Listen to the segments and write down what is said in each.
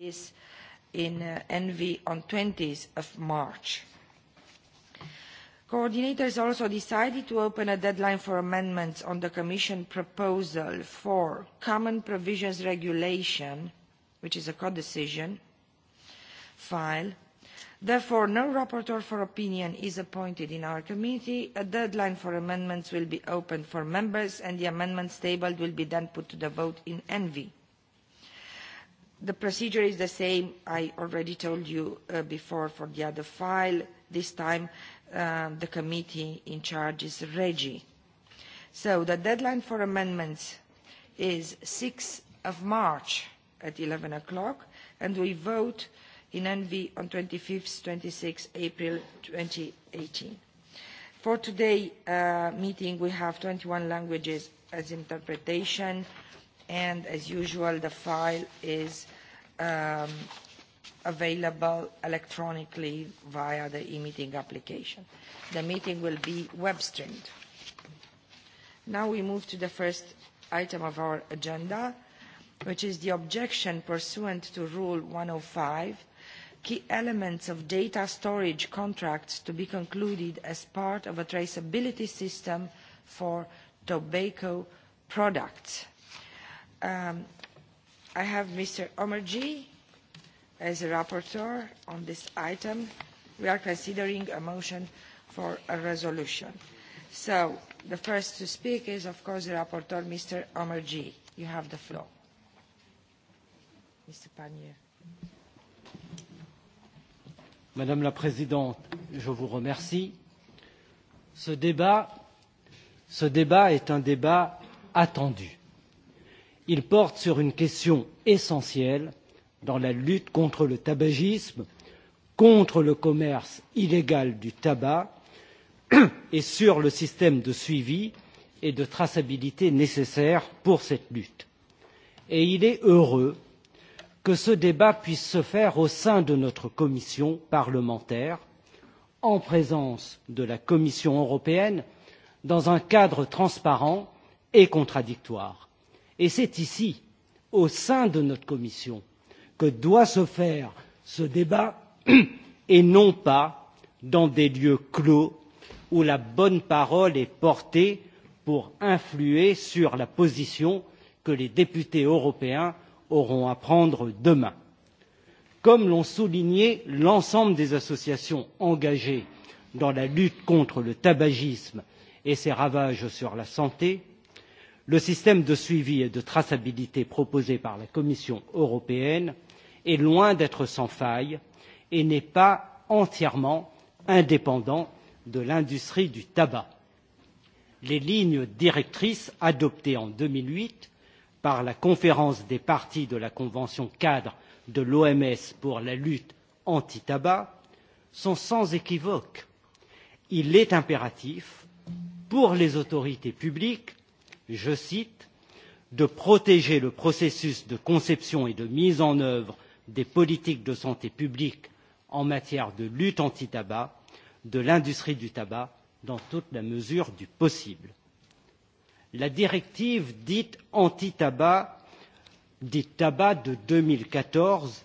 is in uh, Envy on 20th of March. Coordinators also decided to open a deadline for amendments on the Commission proposal for Common Provisions Regulation, which is a codecision file. Therefore, no rapporteur for opinion is appointed in our committee. A deadline for amendments will be opened for members, and the amendments tabled will be then put to the vote in Envy. The procedure is the same I already told you uh, before for the other file. This time uh, the committee in charge is REGI. So the deadline for amendments is 6th of March at 11 o'clock and we vote in N.V. on 25th, 26th April 2018. For today's uh, meeting we have 21 languages as interpretation and as usual the file is um, available electronically via the e-meeting application. The meeting will be web-streamed. Now we move to the first item of our agenda, which is the objection pursuant to Rule 105, key elements of data storage contracts to be concluded as part of a traceability system for tobacco products. Um, I have Mr. Omerji as a rapporteur on this item. We are considering a motion for a resolution. So the first to speak is, of course, the rapporteur, Mr. Omerji. You have the floor. Mr. Panier. Madame la Présidente, je vous remercie. Ce débat, ce débat est un débat attendu Il porte sur une question essentielle dans la lutte contre le tabagisme, contre le commerce illégal du tabac et sur le système de suivi et de traçabilité nécessaire pour cette lutte. Et il est heureux que ce débat puisse se faire au sein de notre commission parlementaire, en présence de la Commission européenne, dans un cadre transparent et contradictoire. Et c'est ici, au sein de notre commission, que doit se faire ce débat et non pas dans des lieux clos où la bonne parole est portée pour influer sur la position que les députés européens auront à prendre demain. Comme l'ont souligné l'ensemble des associations engagées dans la lutte contre le tabagisme et ses ravages sur la santé, Le système de suivi et de traçabilité proposé par la Commission européenne est loin d'être sans faille et n'est pas entièrement indépendant de l'industrie du tabac. Les lignes directrices adoptées en 2008 par la conférence des parties de la Convention cadre de l'OMS pour la lutte anti-tabac sont sans équivoque. Il est impératif pour les autorités publiques je cite, de protéger le processus de conception et de mise en œuvre des politiques de santé publique en matière de lutte anti-tabac de l'industrie du tabac dans toute la mesure du possible. La directive dite anti-tabac, dite tabac de 2014,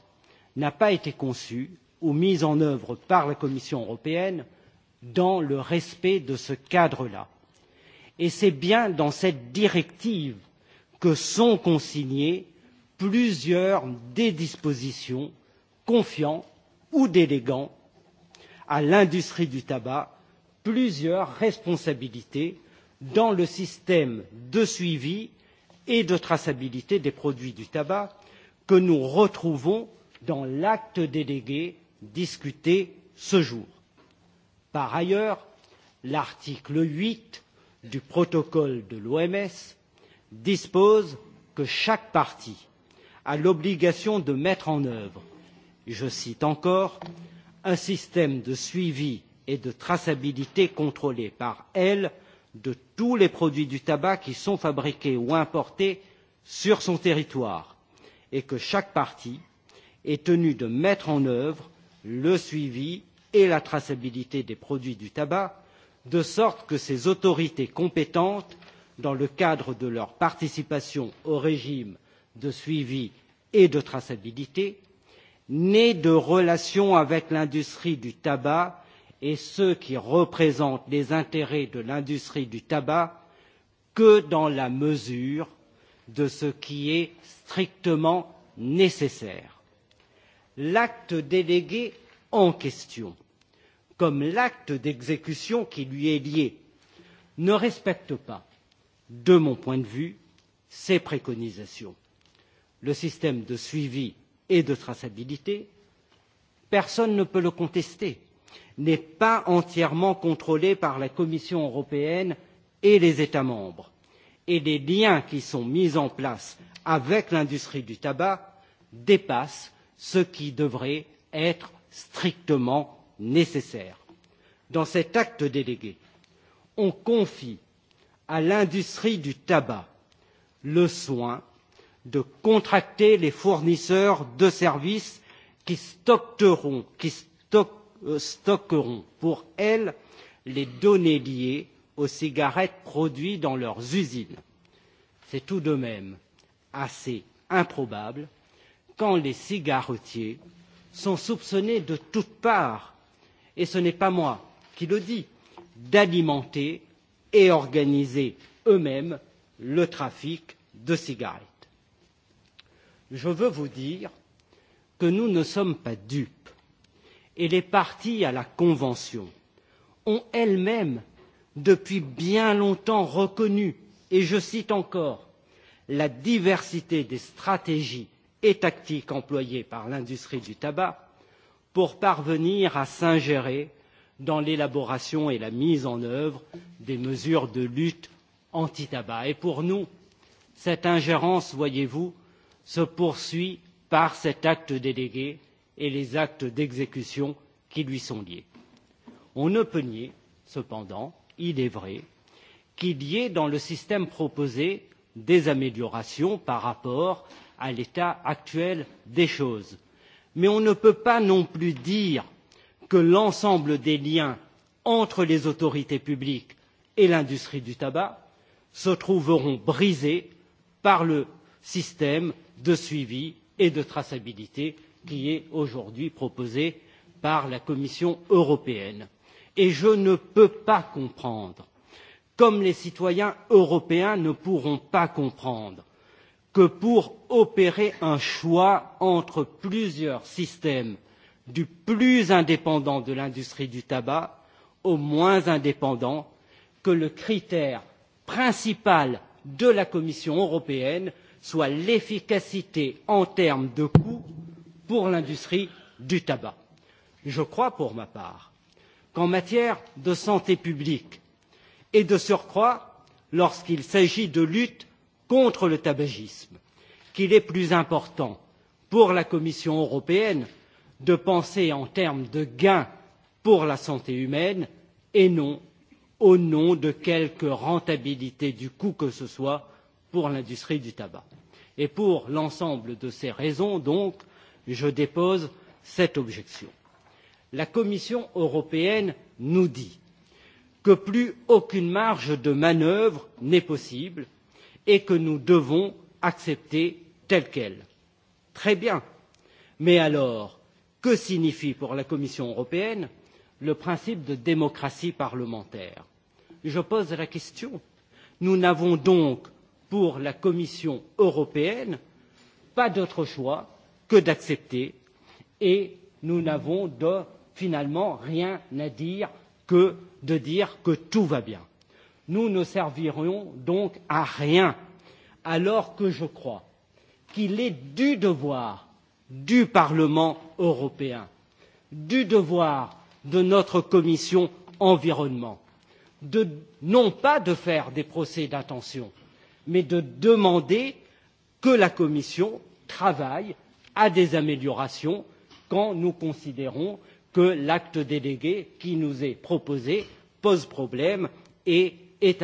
n'a pas été conçue ou mise en œuvre par la Commission européenne dans le respect de ce cadre-là. Et c'est bien dans cette directive que sont consignées plusieurs des dispositions confiant ou déléguant à l'industrie du tabac plusieurs responsabilités dans le système de suivi et de traçabilité des produits du tabac que nous retrouvons dans l'acte délégué discuté ce jour. Par ailleurs, l'article 8 du protocole de l'OMS dispose que chaque partie a l'obligation de mettre en œuvre, je cite encore, un système de suivi et de traçabilité contrôlé par elle de tous les produits du tabac qui sont fabriqués ou importés sur son territoire et que chaque partie est tenue de mettre en œuvre le suivi et la traçabilité des produits du tabac de sorte que ces autorités compétentes, dans le cadre de leur participation au régime de suivi et de traçabilité, n'aient de relation avec l'industrie du tabac et ceux qui représentent les intérêts de l'industrie du tabac que dans la mesure de ce qui est strictement nécessaire. L'acte délégué en question comme l'acte d'exécution qui lui est lié, ne respecte pas, de mon point de vue, ses préconisations. Le système de suivi et de traçabilité, personne ne peut le contester, n'est pas entièrement contrôlé par la Commission européenne et les États membres. Et les liens qui sont mis en place avec l'industrie du tabac dépassent ce qui devrait être strictement nécessaire. Dans cet acte délégué, on confie à l'industrie du tabac le soin de contracter les fournisseurs de services qui stockeront, qui stock, euh, stockeront pour elles les données liées aux cigarettes produites dans leurs usines. C'est tout de même assez improbable quand les cigarettiers sont soupçonnés de toutes parts et ce n'est pas moi qui le dis, d'alimenter et organiser eux-mêmes le trafic de cigarettes. Je veux vous dire que nous ne sommes pas dupes et les parties à la Convention ont elles-mêmes depuis bien longtemps reconnu, et je cite encore, la diversité des stratégies et tactiques employées par l'industrie du tabac pour parvenir à s'ingérer dans l'élaboration et la mise en œuvre des mesures de lutte anti-tabac. Et pour nous, cette ingérence, voyez-vous, se poursuit par cet acte délégué et les actes d'exécution qui lui sont liés. On ne peut nier, cependant, il est vrai, qu'il y ait dans le système proposé des améliorations par rapport à l'état actuel des choses. Mais on ne peut pas non plus dire que l'ensemble des liens entre les autorités publiques et l'industrie du tabac se trouveront brisés par le système de suivi et de traçabilité qui est aujourd'hui proposé par la Commission européenne. Et je ne peux pas comprendre, comme les citoyens européens ne pourront pas comprendre, que pour opérer un choix entre plusieurs systèmes, du plus indépendant de l'industrie du tabac au moins indépendant, que le critère principal de la Commission européenne soit l'efficacité en termes de coûts pour l'industrie du tabac. Je crois pour ma part qu'en matière de santé publique et de surcroît lorsqu'il s'agit de lutte contre le tabagisme qu'il est plus important pour la Commission européenne de penser en termes de gains pour la santé humaine et non au nom de quelque rentabilité du coût que ce soit pour l'industrie du tabac. Et pour l'ensemble de ces raisons, donc, je dépose cette objection. La Commission européenne nous dit que plus aucune marge de manœuvre n'est possible et que nous devons accepter tel quel. Très bien. Mais alors, que signifie pour la Commission européenne le principe de démocratie parlementaire Je pose la question. Nous n'avons donc pour la Commission européenne pas d'autre choix que d'accepter et nous n'avons finalement rien à dire que de dire que tout va bien nous ne servirions donc à rien, alors que je crois qu'il est du devoir du Parlement européen, du devoir de notre commission environnement, de, non pas de faire des procès d'intention, mais de demander que la commission travaille à des améliorations quand nous considérons que l'acte délégué qui nous est proposé pose problème et est,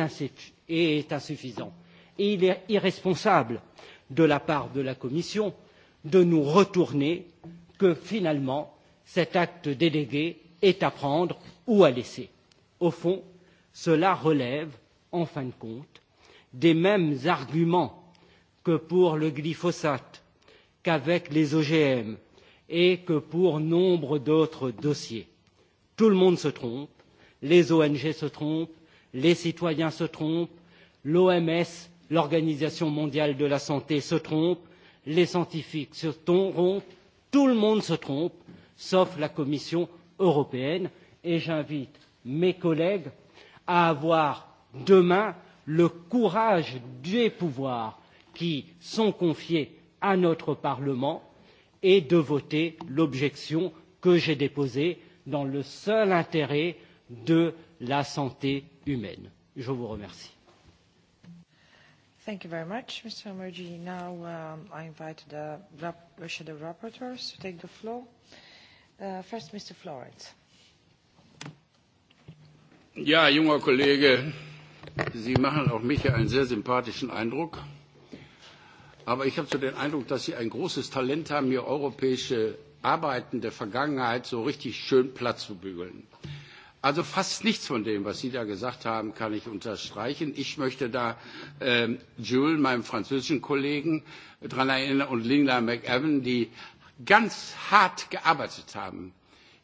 est insuffisant. Et il est irresponsable de la part de la Commission de nous retourner que finalement cet acte délégué est à prendre ou à laisser. Au fond, cela relève, en fin de compte, des mêmes arguments que pour le glyphosate, qu'avec les OGM et que pour nombre d'autres dossiers. Tout le monde se trompe, les ONG se trompent, les citoyens se trompent, l'OMS, l'Organisation mondiale de la santé se trompe, les scientifiques se trompent, tout le monde se trompe, sauf la Commission européenne. Et j'invite mes collègues à avoir demain le courage des pouvoirs qui sont confiés à notre Parlement et de voter l'objection que j'ai déposée dans le seul intérêt de la santé humaine. Je vous remercie. Thank you very much, Mr. Mergi. Now um, I invite the uh, shadow rapporteurs to take the floor. Uh, first, Mr. Florence. Ja, junger Kollege, Sie machen auf mich einen sehr sympathischen Eindruck. Aber ich habe so den Eindruck, dass Sie ein großes Talent haben, hier europäische Arbeiten der Vergangenheit so richtig schön platt zu bügeln. Also fast nichts von dem, was Sie da gesagt haben, kann ich unterstreichen. Ich möchte da äh, Jules, meinem französischen Kollegen, daran erinnern und Linda McEwan, die ganz hart gearbeitet haben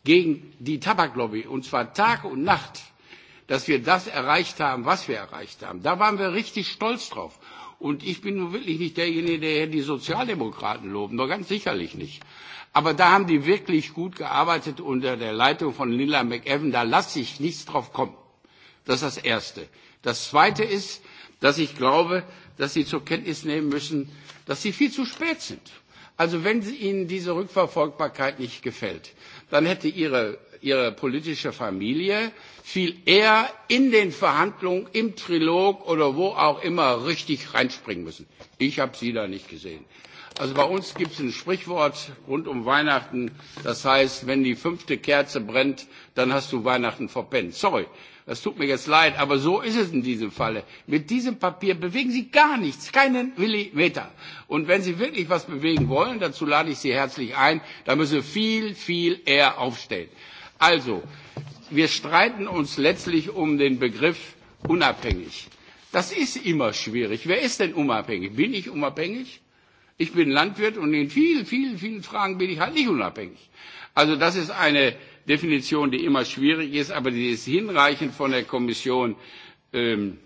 gegen die Tabaklobby, und zwar Tag und Nacht, dass wir das erreicht haben, was wir erreicht haben. Da waren wir richtig stolz drauf. Und ich bin nun wirklich nicht derjenige, der hier die Sozialdemokraten loben, nur ganz sicherlich nicht. Aber da haben die wirklich gut gearbeitet unter der Leitung von Lila McEwan. Da lasse ich nichts drauf kommen. Das ist das Erste. Das Zweite ist, dass ich glaube, dass Sie zur Kenntnis nehmen müssen, dass Sie viel zu spät sind. Also wenn Ihnen diese Rückverfolgbarkeit nicht gefällt, dann hätte Ihre ihre politische Familie viel eher in den Verhandlungen, im Trilog oder wo auch immer richtig reinspringen müssen. Ich habe sie da nicht gesehen. Also bei uns gibt es ein Sprichwort rund um Weihnachten, das heißt, wenn die fünfte Kerze brennt, dann hast du Weihnachten verpennt. Sorry, das tut mir jetzt leid, aber so ist es in diesem Falle. Mit diesem Papier bewegen Sie gar nichts, keinen Millimeter. Und wenn Sie wirklich was bewegen wollen, dazu lade ich Sie herzlich ein, da müssen Sie viel, viel eher aufstehen. Also, wir streiten uns letztlich um den Begriff unabhängig. Das ist immer schwierig. Wer ist denn unabhängig? Bin ich unabhängig? Ich bin Landwirt und in vielen, vielen, vielen Fragen bin ich halt nicht unabhängig. Also das ist eine Definition, die immer schwierig ist, aber die ist hinreichend von der Kommission ähm,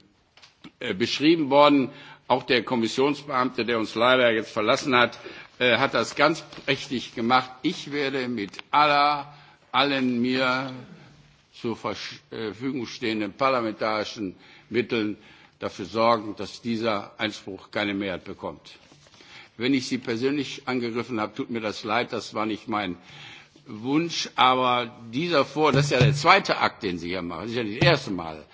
äh, beschrieben worden. Auch der Kommissionsbeamte, der uns leider jetzt verlassen hat, äh, hat das ganz prächtig gemacht. Ich werde mit aller allen mir zur Verfügung stehenden parlamentarischen Mitteln dafür sorgen, dass dieser Einspruch keine Mehrheit bekommt. Wenn ich Sie persönlich angegriffen habe, tut mir das leid, das war nicht mein Wunsch, aber dieser Vor, das ist ja der zweite Akt, den Sie hier machen, das ist ja nicht das erste Mal.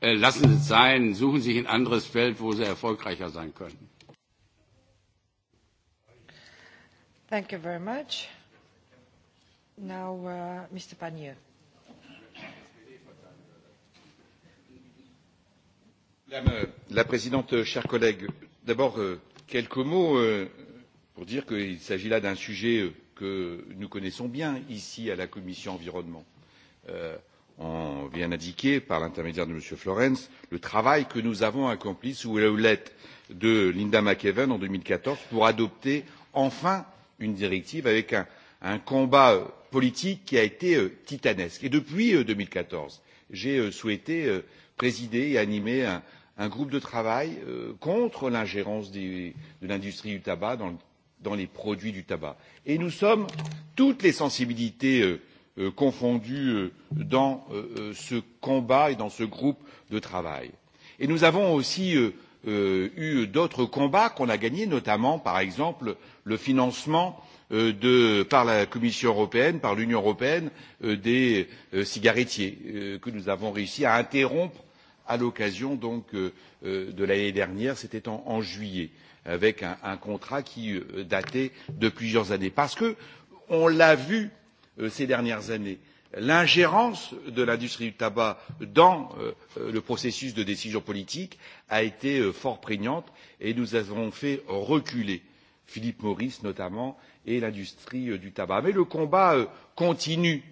Äh, lassen Sie es sein, suchen Sie sich ein anderes Feld, wo Sie erfolgreicher sein können. Thank you very much. Now, uh, Mr. Panier. Madame euh, la Présidente, euh, chers collègues, d'abord euh, quelques mots pour dire qu'il s'agit là d'un sujet que nous connaissons bien ici à la Commission environnement. on vient d'indiquer par l'intermédiaire de M. Florence le travail que nous avons accompli sous la houlette de Linda McEwen en 2014 pour adopter enfin une directive avec un, un combat politique qui a été euh, titanesque. Et depuis euh, deux mille quatorze, j'ai euh, souhaité présider et animer un, un groupe de travail contre l'ingérence de l'industrie du tabac dans, dans, les produits du tabac. Et nous sommes toutes les sensibilités confondues dans ce combat et dans ce groupe de travail. Et nous avons aussi eu d'autres combats qu'on a gagnés, notamment par exemple le financement Euh, de, par la Commission européenne, par l'Union européenne, euh, des euh, cigarettiers que nous avons réussi à interrompre à l'occasion donc de l'année dernière, c'était en, en juillet, avec un, un contrat qui datait de plusieurs années. Parce que on l'a vu ces dernières années, l'ingérence de l'industrie du tabac dans le processus de décision politique a été fort prégnante et nous avons fait reculer Philippe Maurice notamment, et l'industrie euh, du tabac. Mais le combat euh, continue.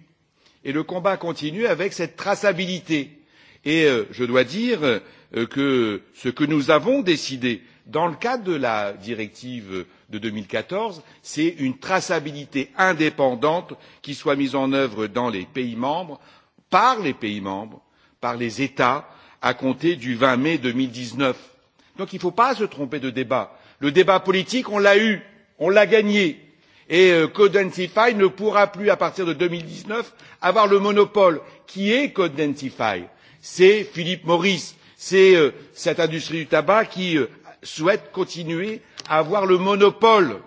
Et le combat continue avec cette traçabilité. Et euh, je dois dire que ce que nous avons décidé dans le cadre de la directive de deux mille quatorze c'est une traçabilité indépendante qui soit mise en œuvre dans les pays membres par les pays membres par les états à compter du vingt mai. deux mille dix neuf donc il ne faut pas se tromper de débat Le débat politique, on l'a eu, on l'a gagné. Et euh, Codentify ne pourra plus, à partir de 2019, avoir le monopole. Qui est Codentify C'est Philippe Maurice, c'est euh, cette industrie du tabac qui euh, souhaite continuer à avoir le monopole,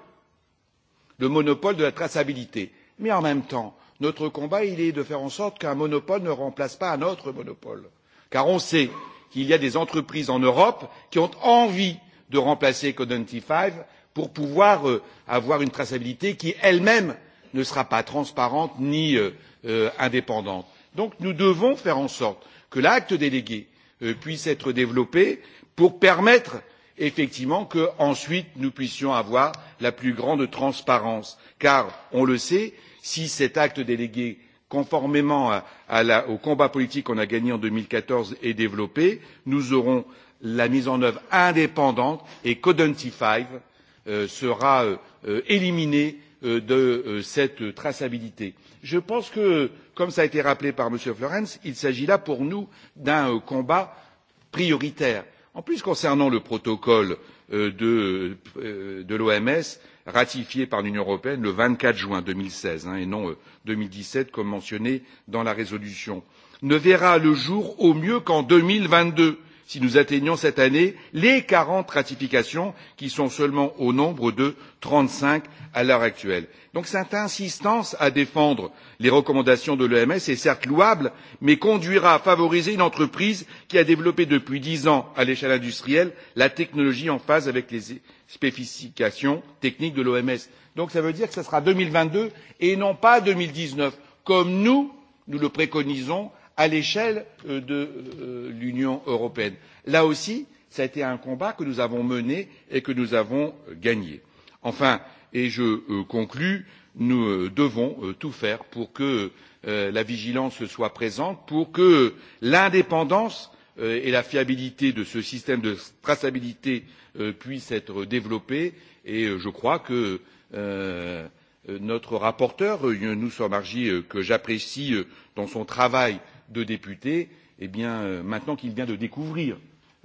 le monopole de la traçabilité. Mais en même temps, notre combat, il est de faire en sorte qu'un monopole ne remplace pas un autre monopole. Car on sait qu'il y a des entreprises en Europe qui ont envie de remplacer Codunty 5 pour pouvoir euh, avoir une traçabilité qui elle-même ne sera pas transparente ni euh, euh, indépendante. Donc nous devons faire en sorte que l'acte délégué euh, puisse être développé pour permettre effectivement que ensuite nous puissions avoir la plus grande transparence car on le sait si cet acte délégué conformément à, à la, au combat politique qu'on a gagné en deux mille quatorze est développé nous aurons la mise en œuvre indépendante et Codenty Five euh, sera euh, euh, éliminée euh, de euh, cette traçabilité. Je pense que, comme cela a été rappelé par M. Florenz, il s'agit là pour nous d'un euh, combat prioritaire. En plus, concernant le protocole de, de l'OMS, ratifié par l'Union européenne le vingt quatre juin deux mille seize et non deux mille dix sept comme mentionné dans la résolution, ne verra le jour au mieux qu'en deux mille vingt deux si nous atteignons cette année les quarante ratifications qui sont seulement au nombre de trente cinq à l'heure actuelle. donc cette insistance à défendre les recommandations de l'oms est certes louable mais conduira à favoriser une entreprise qui a développé depuis dix ans à l'échelle industrielle la technologie en phase avec les spécifications techniques de l'oms. donc cela veut dire que ce sera deux mille vingt deux et non pas deux mille dix neuf comme nous nous le préconisons à l'échelle euh, de euh, l'Union européenne. Là aussi, ça a été un combat que nous avons mené et que nous avons euh, gagné. Enfin, et je conclus, nous devons tout faire pour que la vigilance soit présente, pour que l'indépendance et la fiabilité de ce système de traçabilité puisse être développée et je crois que euh, notre rapporteur, Nussor Margi, que j'apprécie dans son travail de députés, eh bien, euh, maintenant qu'il vient de découvrir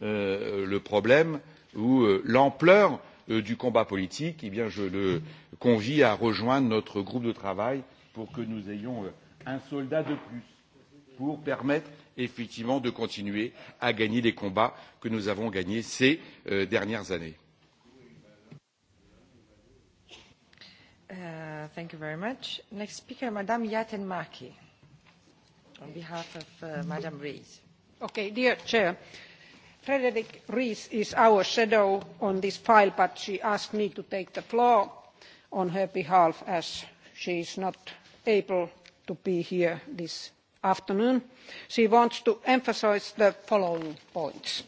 euh, le problème ou euh, l'ampleur euh, du combat politique, eh bien, je le convie à rejoindre notre groupe de travail pour que nous ayons euh, un soldat de plus pour permettre effectivement de continuer à gagner les combats que nous avons gagnés ces euh, dernières années. Uh, thank you very much. Next speaker, Madame Yaten Maki on behalf of uh, Madam Rees. Okay, dear Chair, Frederick Rees is our shadow on this file, but she asked me to take the floor on her behalf as she is not able to be here this afternoon. She wants to emphasise the following points.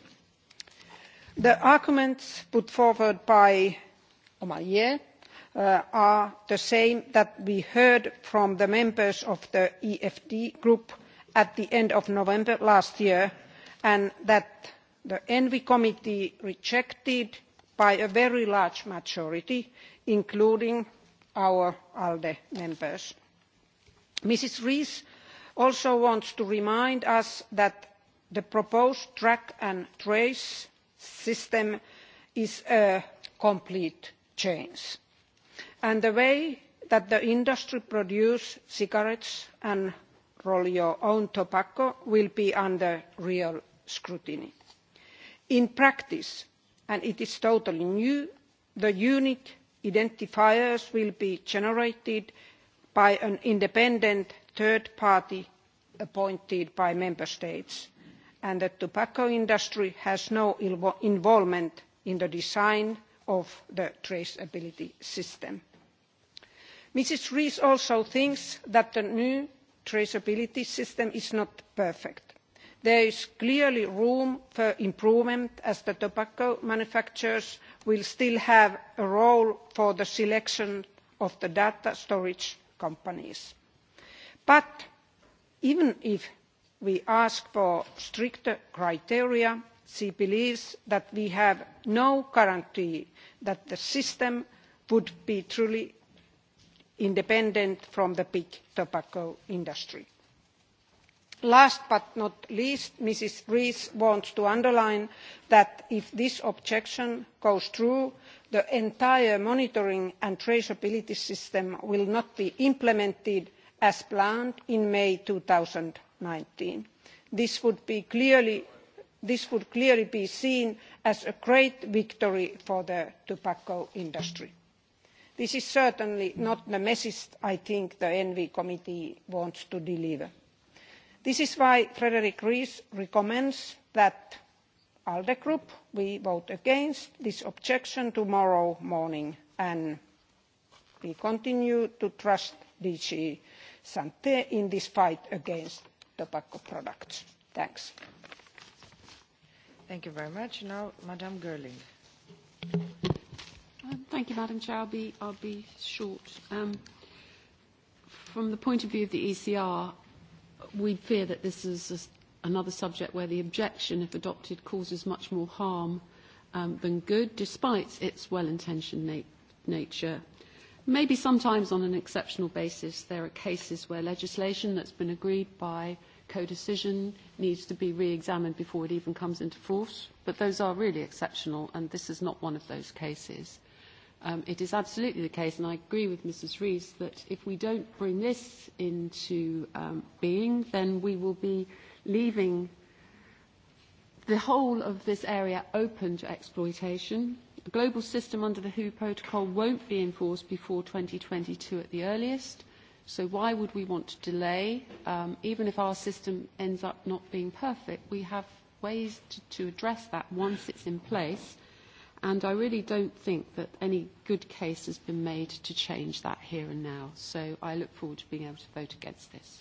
The arguments put forward by Omaye uh, are the same that we heard from the members of the EFD group at the end of November last year and that the ENVI committee rejected by a very large majority, including our ALDE members. Mrs. Ries also wants to remind us that the proposed track and trace system is a complete change. And the way that the industry produces cigarettes and roll your own tobacco will be under real scrutiny. In practice, and it is totally new, the unique identifiers will be generated by an independent third party appointed by member states and the tobacco industry has no involvement in the design of the traceability system. Mrs Rees also thinks that the new traceability system is not perfect. There is clearly room for improvement as the tobacco manufacturers will still have a role for the selection of the data storage companies. But even if we ask for stricter criteria, she believes that we have no guarantee that the system would be truly independent from the big tobacco industry. Last but not least, Mrs. Rees wants to underline that if this objection goes through, the entire monitoring and traceability system will not be implemented as planned in May nineteen. This would, be clearly, this would clearly be seen as a great victory for the tobacco industry. This is certainly not the message I think the ENVI committee wants to deliver. This is why Frederick Ries recommends that ALDE group we vote against this objection tomorrow morning and we continue to trust DG Santé in this fight against tobacco products. Thanks. Thank you very much. Now, Madame Gerling thank you, Madam Chair. I'll be, I'll be short. Um, from the point of view of the ECR, we fear that this is a, another subject where the objection, if adopted, causes much more harm um, than good, despite its well-intentioned na nature. Maybe sometimes on an exceptional basis, there are cases where legislation that's been agreed by co-decision needs to be re-examined before it even comes into force, but those are really exceptional, and this is not one of those cases. Um, it is absolutely the case, and I agree with Mrs. Rees, that if we don't bring this into um, being, then we will be leaving the whole of this area open to exploitation. A global system under the WHO protocol won't be enforced before 2022 at the earliest, so why would we want to delay? Um, even if our system ends up not being perfect, we have ways to, to address that once it's in place And I really don't think that any good case has been made to change that here and now. So I look forward to being able to vote against this.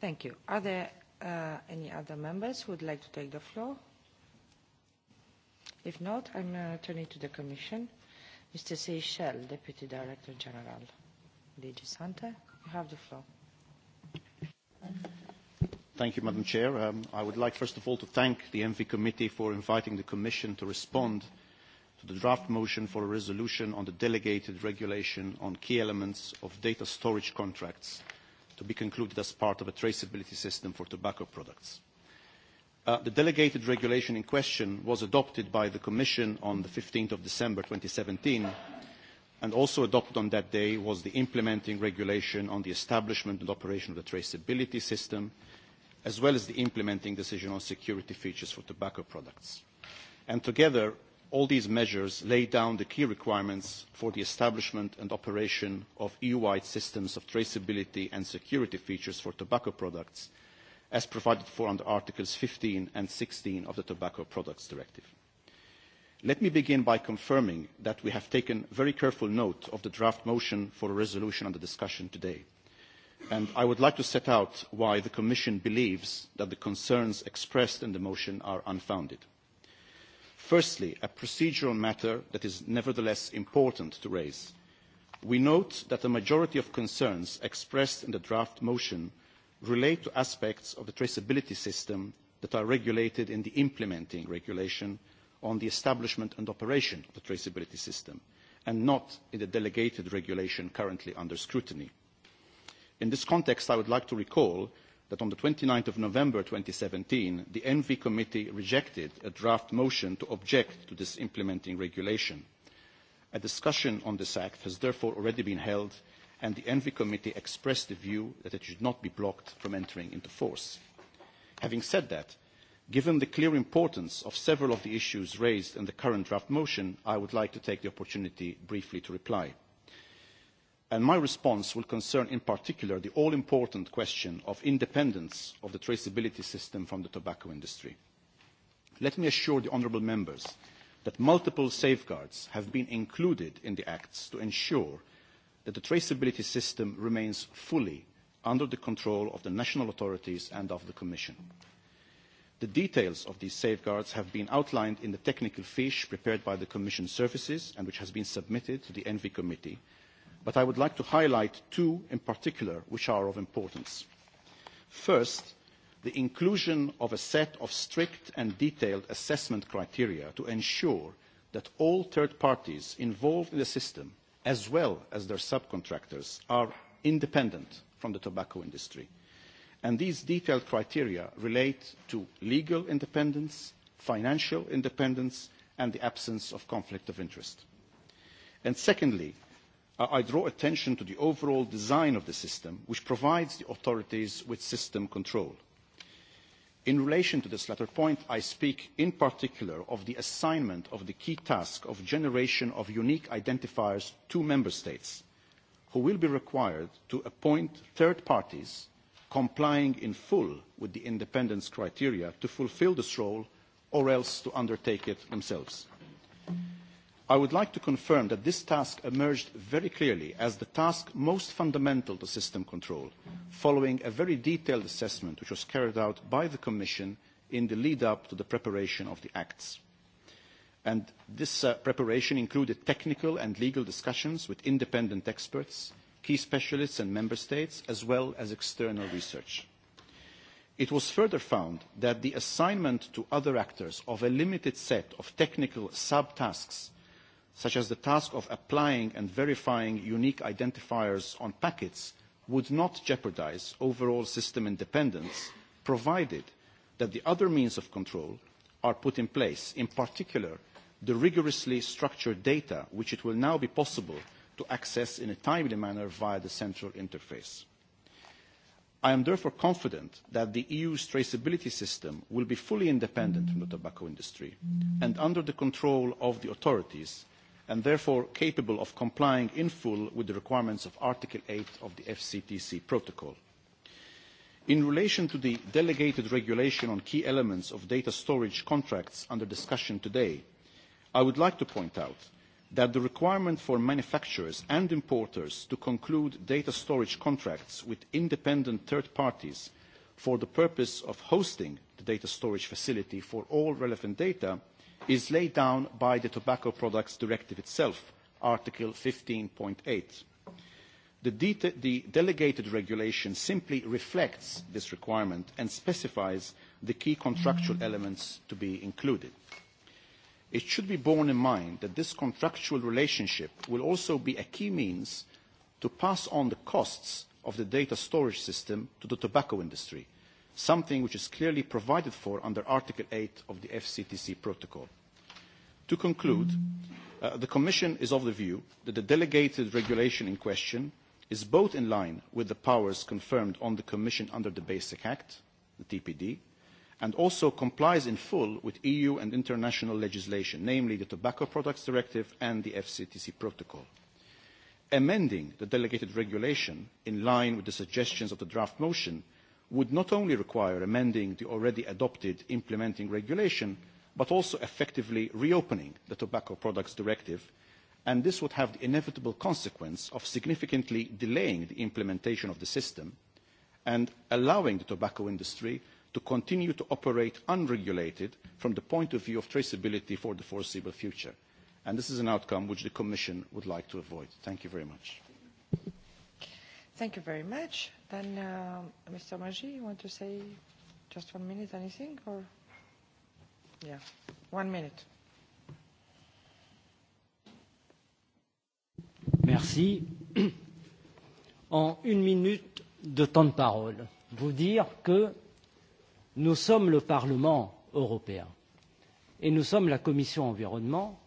Thank you. Are there uh, any other members who would like to take the floor? If not, I'm uh, turning to the Commission. Mr. Seychelles, Deputy Director General. Lady Santa, you have the floor. Thank you, Madam Chair. Um, I would like, first of all, to thank the ENVI Committee for inviting the Commission to respond to the draft motion for a resolution on the delegated regulation on key elements of data storage contracts to be concluded as part of a traceability system for tobacco products. Uh, the delegated regulation in question was adopted by the Commission on the 15th of December 2017 and also adopted on that day was the implementing regulation on the establishment and operation of the traceability system as well as the implementing decision on security features for tobacco products. And together, all these measures lay down the key requirements for the establishment and operation of EU-wide systems of traceability and security features for tobacco products, as provided for under Articles 15 and 16 of the Tobacco Products Directive. Let me begin by confirming that we have taken very careful note of the draft motion for a resolution under discussion today – and I would like to set out why the Commission believes that the concerns expressed in the motion are unfounded. Firstly, a procedural matter that is nevertheless important to raise. We note that the majority of concerns expressed in the draft motion relate to aspects of the traceability system that are regulated in the implementing regulation on the establishment and operation of the traceability system, and not in the delegated regulation currently under scrutiny. In this context, I would like to recall that on the 29th of November seventeen the ENVI Committee rejected a draft motion to object to this implementing regulation. A discussion on this act has therefore already been held and the ENVI Committee expressed the view that it should not be blocked from entering into force. Having said that, given the clear importance of several of the issues raised in the current draft motion, I would like to take the opportunity briefly to reply and my response will concern in particular the all-important question of independence of the traceability system from the tobacco industry. Let me assure the honourable members that multiple safeguards have been included in the acts to ensure that the traceability system remains fully under the control of the national authorities and of the Commission. The details of these safeguards have been outlined in the technical fiche prepared by the Commission services and which has been submitted to the Envi Committee, but I would like to highlight two in particular which are of importance. First, the inclusion of a set of strict and detailed assessment criteria to ensure that all third parties involved in the system, as well as their subcontractors, are independent from the tobacco industry. And these detailed criteria relate to legal independence, financial independence, and the absence of conflict of interest. secondly, I draw attention to the overall design of the system, which provides the authorities with system control. In relation to this latter point, I speak in particular of the assignment of the key task of generation of unique identifiers to Member States, who will be required to appoint third parties complying in full with the independence criteria to fulfil this role or else to undertake it themselves. Mm -hmm. I would like to confirm that this task emerged very clearly as the task most fundamental to system control, following a very detailed assessment which was carried out by the Commission in the lead-up to the preparation of the acts. And this uh, preparation included technical and legal discussions with independent experts, key specialists and member states, as well as external research. It was further found that the assignment to other actors of a limited set of technical sub-tasks such as the task of applying and verifying unique identifiers on packets, would not jeopardise overall system independence, provided that the other means of control are put in place, in particular the rigorously structured data which it will now be possible to access in a timely manner via the central interface. I am therefore confident that the EU's traceability system will be fully independent from the tobacco industry and under the control of the authorities and therefore capable of complying in full with the requirements of Article 8 of the FCTC Protocol. In relation to the delegated regulation on key elements of data storage contracts under discussion today, I would like to point out that the requirement for manufacturers and importers to conclude data storage contracts with independent third parties for the purpose of hosting the data storage facility for all relevant data is laid down by the Tobacco Products Directive itself, Article 15.8. The, de the delegated regulation simply reflects this requirement and specifies the key contractual elements to be included. It should be borne in mind that this contractual relationship will also be a key means to pass on the costs of the data storage system to the tobacco industry – something which is clearly provided for under Article 8 of the FCTC Protocol. To conclude, uh, the Commission is of the view that the delegated regulation in question is both in line with the powers confirmed on the Commission under the Basic Act, the TPD, and also complies in full with EU and international legislation, namely the Tobacco Products Directive and the FCTC Protocol. Amending the delegated regulation in line with the suggestions of the draft motion would not only require amending the already adopted implementing regulation, but also effectively reopening the Tobacco Products Directive, and this would have the inevitable consequence of significantly delaying the implementation of the system and allowing the tobacco industry to continue to operate unregulated from the point of view of traceability for the foreseeable future. And this is an outcome which the Commission would like to avoid. Thank you very much. Thank you very much. Then, uh, Mr. Maggi, you want to say just one minute, anything, or? Yeah, one minute. Merci. En une minute de temps de parole, vous dire que nous sommes le Parlement européen et nous sommes la Commission environnement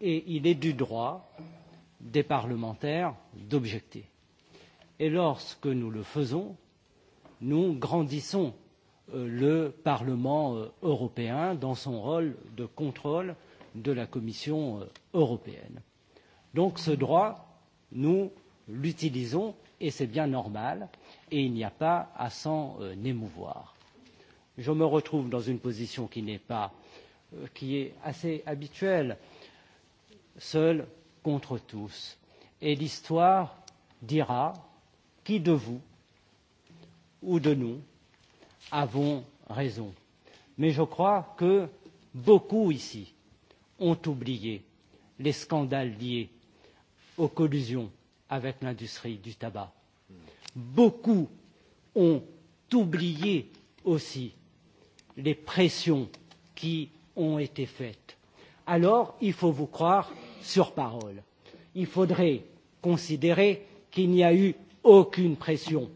et il est du droit des parlementaires d'objecter. Et lorsque nous le faisons, nous grandissons euh, le Parlement euh, européen dans son rôle de contrôle de la Commission euh, européenne. Donc ce droit, nous l'utilisons et c'est bien normal et il n'y a pas à s'en émouvoir. Je me retrouve dans une position qui n'est pas qui est assez habituelle, seul contre tous. Et l'histoire dira qui de vous ou de nous avons raison. Mais je crois que beaucoup ici ont oublié les scandales liés aux collusions avec l'industrie du tabac. Beaucoup ont oublié aussi les pressions qui ont été faites. Alors, il faut vous croire sur parole. Il faudrait considérer qu'il n'y a eu aucune pression.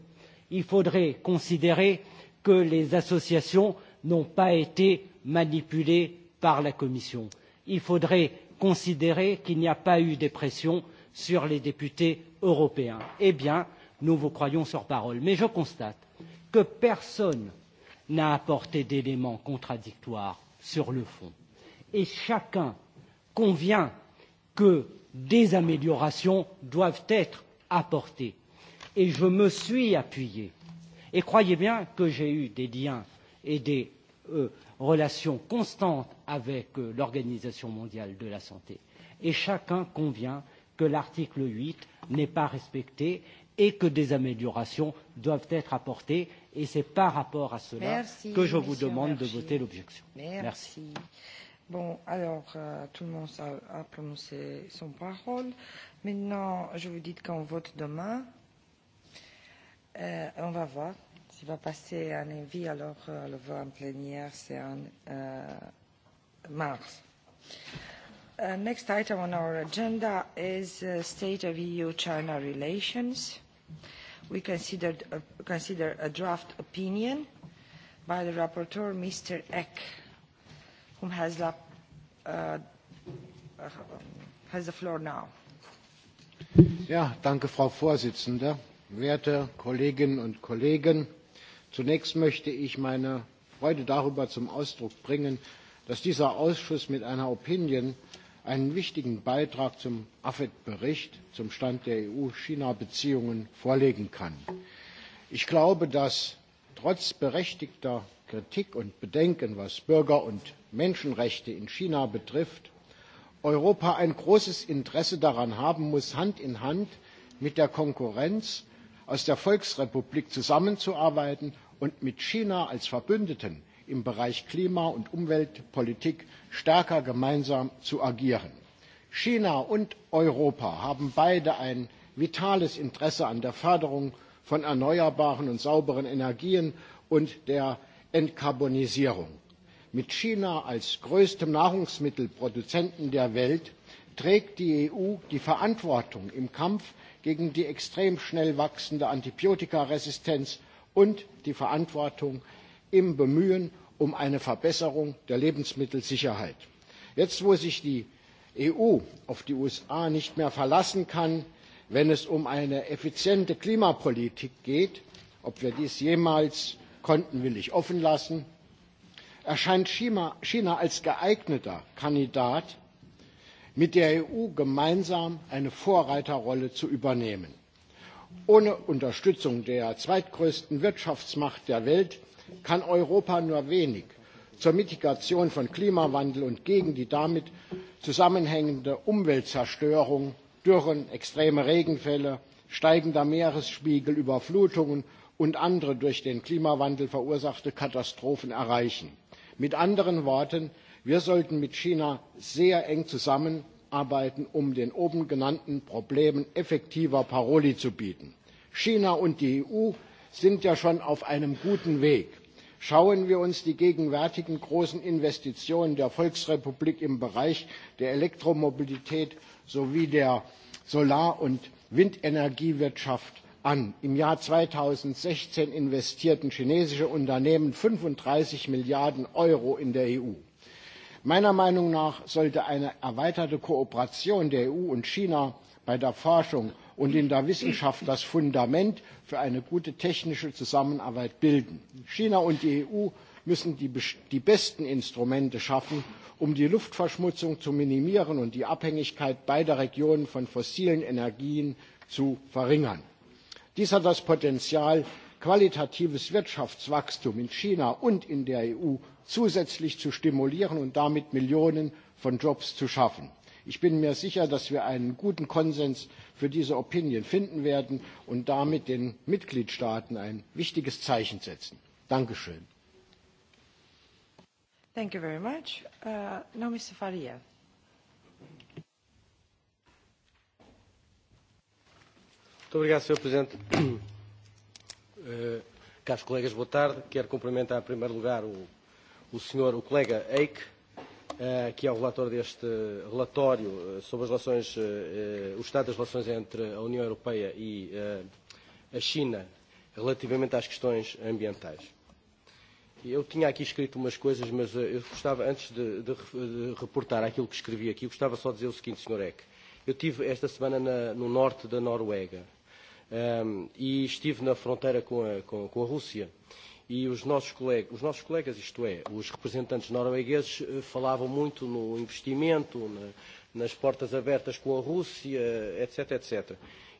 Il faudrait considérer que les associations n'ont pas été manipulées par la Commission. Il faudrait considérer qu'il n'y a pas eu de pression sur les députés européens. Eh bien, nous vous croyons sur parole. Mais je constate que personne n'a apporté d'éléments contradictoires sur le fond. Et chacun convient que des améliorations doivent être apportées et je me suis appuyé. Et croyez bien que j'ai eu des liens et des euh, relations constantes avec euh, l'Organisation mondiale de la santé. Et chacun convient que l'article 8 n'est pas respecté et que des améliorations doivent être apportées. Et c'est par rapport à cela merci, que je vous demande merci. de voter l'objection. Merci. merci. Bon, alors, euh, tout le monde a, a prononcé son parole. Maintenant, je vous dis qu'on vote demain. Euh, on va voir. S'il va passer un avis alors euh, le vote en plénière, c'est en euh, mars. Uh, next item on our agenda is uh, State of EU-China Relations. We considered, uh, consider a draft opinion by the rapporteur, Mr. Eck, whom has, la, uh, uh, has the floor now. Ja, danke, Frau Vorsitzende werte Kolleginnen und Kollegen! Zunächst möchte ich meine Freude darüber zum Ausdruck bringen, dass dieser Ausschuss mit einer Opinion einen wichtigen Beitrag zum AFET-Bericht zum Stand der EU-China-Beziehungen vorlegen kann. Ich glaube, dass trotz berechtigter Kritik und Bedenken, was Bürger- und Menschenrechte in China betrifft, Europa ein großes Interesse daran haben muss, Hand in Hand mit der Konkurrenz aus der Volksrepublik zusammenzuarbeiten und mit China als Verbündeten im Bereich Klima- und Umweltpolitik stärker gemeinsam zu agieren. China und Europa haben beide ein vitales Interesse an der Förderung von erneuerbaren und sauberen Energien und der Entkarbonisierung. Mit China als größtem Nahrungsmittelproduzenten der Welt trägt die EU die Verantwortung im Kampf gegen die extrem schnell wachsende Antibiotikaresistenz und die Verantwortung im Bemühen um eine Verbesserung der Lebensmittelsicherheit. Jetzt, wo sich die EU auf die USA nicht mehr verlassen kann, wenn es um eine effiziente Klimapolitik geht, ob wir dies jemals konnten, will ich offen lassen, erscheint China als geeigneter Kandidat mit der EU gemeinsam eine Vorreiterrolle zu übernehmen. Ohne Unterstützung der zweitgrößten Wirtschaftsmacht der Welt kann Europa nur wenig zur Mitigation von Klimawandel und gegen die damit zusammenhängende Umweltzerstörung, Dürren, extreme Regenfälle, steigender Meeresspiegel, Überflutungen und andere durch den Klimawandel verursachte Katastrophen erreichen. Mit anderen Worten, Wir sollten mit China sehr eng zusammenarbeiten, um den oben genannten Problemen effektiver Paroli zu bieten. China und die EU sind ja schon auf einem guten Weg. Schauen wir uns die gegenwärtigen großen Investitionen der Volksrepublik im Bereich der Elektromobilität sowie der Solar- und Windenergiewirtschaft an. Im Jahr 2016 investierten chinesische Unternehmen 35 Milliarden Euro in der EU. Meiner Meinung nach sollte eine erweiterte Kooperation der EU und China bei der Forschung und in der Wissenschaft das Fundament für eine gute technische Zusammenarbeit bilden. China und die EU müssen die, die besten Instrumente schaffen, um die Luftverschmutzung zu minimieren und die Abhängigkeit beider Regionen von fossilen Energien zu verringern. Dies hat das Potenzial, qualitatives Wirtschaftswachstum in China und in der EU zusätzlich zu stimulieren und damit Millionen von Jobs zu schaffen. Ich bin mir sicher, dass wir einen guten Konsens für diese Opinion finden werden und damit den Mitgliedstaaten ein wichtiges Zeichen setzen. Dankeschön. Thank you very much. Uh, now Mr. Faria. Muito obrigado, Sr. Presidente. Eh, caros colegas, boa tarde. Quero cumprimentar, em primeiro lugar, o, o senhor, o colega Eik, uh, que é o relator deste relatório eh, sobre as relações, uh, o estado das relações entre a União Europeia e uh, a China relativamente às questões ambientais. Eu tinha aqui escrito umas coisas, mas eu gostava, antes de, de, de reportar aquilo que escrevi aqui, eu gostava só de dizer o seguinte, Sr. Eck. Eu estive esta semana na, no norte da Noruega, Um, e estive na fronteira com a, com, com a Rússia e os nossos, colegas, os nossos colegas, isto é, os representantes noruegueses, eh, falavam muito no investimento, na, nas portas abertas com a Rússia, etc, etc.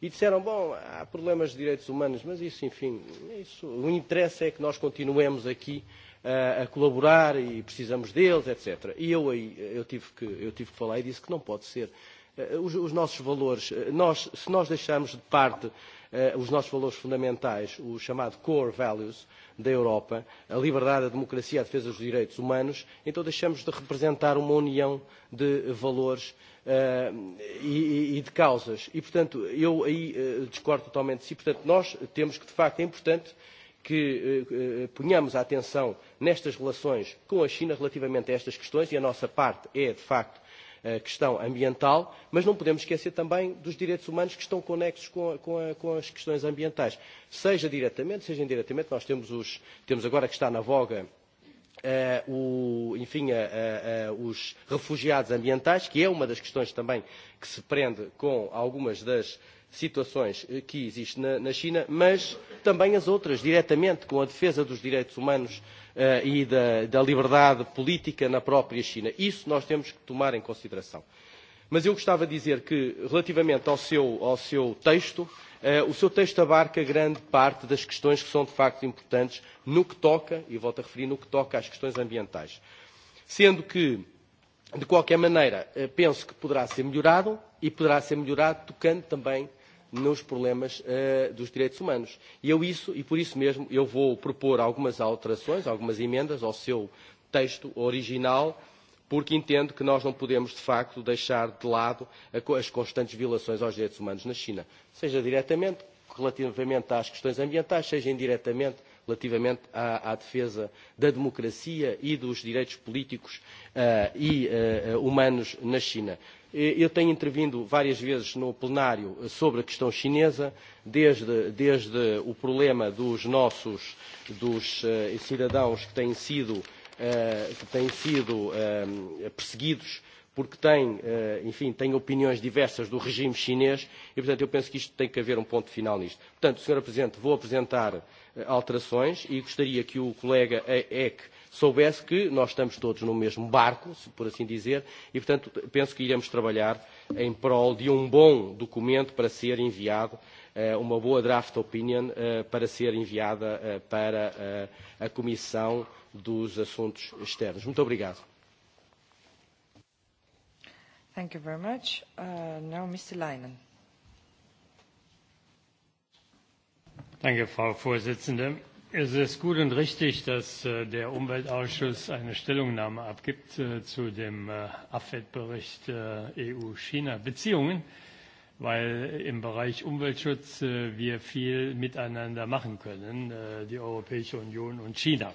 E disseram, bom, há problemas de direitos humanos, mas isso, enfim, isso, o interesse é que nós continuemos aqui a, eh, a colaborar e precisamos deles, etc. E eu aí eu tive, que, eu tive que falar e disse que não pode ser. Eh, os, os nossos valores, nós, se nós deixarmos de parte Eh, os nossos valores fundamentais, o chamado core values da Europa, a liberdade, a democracia, a defesa dos direitos humanos, então deixamos de representar uma união de valores uh, e, e de causas. E, portanto, eu aí uh, discordo totalmente de si. Portanto, nós temos que, de facto, é importante que uh, ponhamos a atenção nestas relações com a China relativamente a estas questões e a nossa parte é, de facto, Eh, questão ambiental, mas não podemos esquecer também dos direitos humanos que estão conexos com, com, com as questões ambientais. Seja diretamente, seja indiretamente, nós temos, os, temos agora que está na voga uh, o, enfim, uh, uh, os refugiados ambientais, que é uma das questões também que se prende com algumas das situações que existem na, na China, mas também as outras, diretamente com a defesa dos direitos humanos uh, e da, da liberdade política na própria China. Isso nós temos que tomar em consideração. Mas eu gostava de dizer que, relativamente ao seu, ao seu texto, uh, o seu texto abarca grande parte das questões que são de facto importantes no que toca, e volto a referir, no que toca às questões ambientais. Sendo que, de qualquer maneira, eh, penso que poderá ser melhorado e poderá ser melhorado tocando também nos problemas uh, dos direitos humanos. E eu isso, e por isso mesmo, eu vou propor algumas alterações, algumas emendas ao seu texto original, porque entendo que nós não podemos, de facto, deixar de lado as constantes violações aos direitos humanos na China, seja diretamente relativamente às questões ambientais, seja indiretamente relativamente à, à defesa da democracia e dos direitos políticos uh, e uh, humanos na China. E eu tenho intervindo várias vezes no plenário eh, sobre a questão chinesa, desde, desde o problema dos nossos dos, uh, cidadãos que têm sido, uh, que têm sido uh, perseguidos porque têm, enfim, têm opiniões diversas do regime chinês e, portanto, eu penso que isto tem que haver um ponto final nisto. Portanto, Sr. Presidente, vou apresentar alterações e gostaria que o colega Eck soubesse que nós estamos todos no mesmo barco, por assim dizer, e, portanto, penso que iremos trabalhar em prol de um bom documento para ser enviado, eh, uma boa draft opinion eh, para ser enviada eh, para a Comissão dos Assuntos Externos. Muito obrigado. Thank you very much. Uh, now, Mr. Leinen. you, Frau Vorsitzende. Es ist gut und richtig, dass äh, der Umweltausschuss eine Stellungnahme abgibt äh, zu dem äh, AFET bericht EU-China-Beziehungen, weil im Bereich Umweltschutz wir viel miteinander machen können, die Europäische Union und China.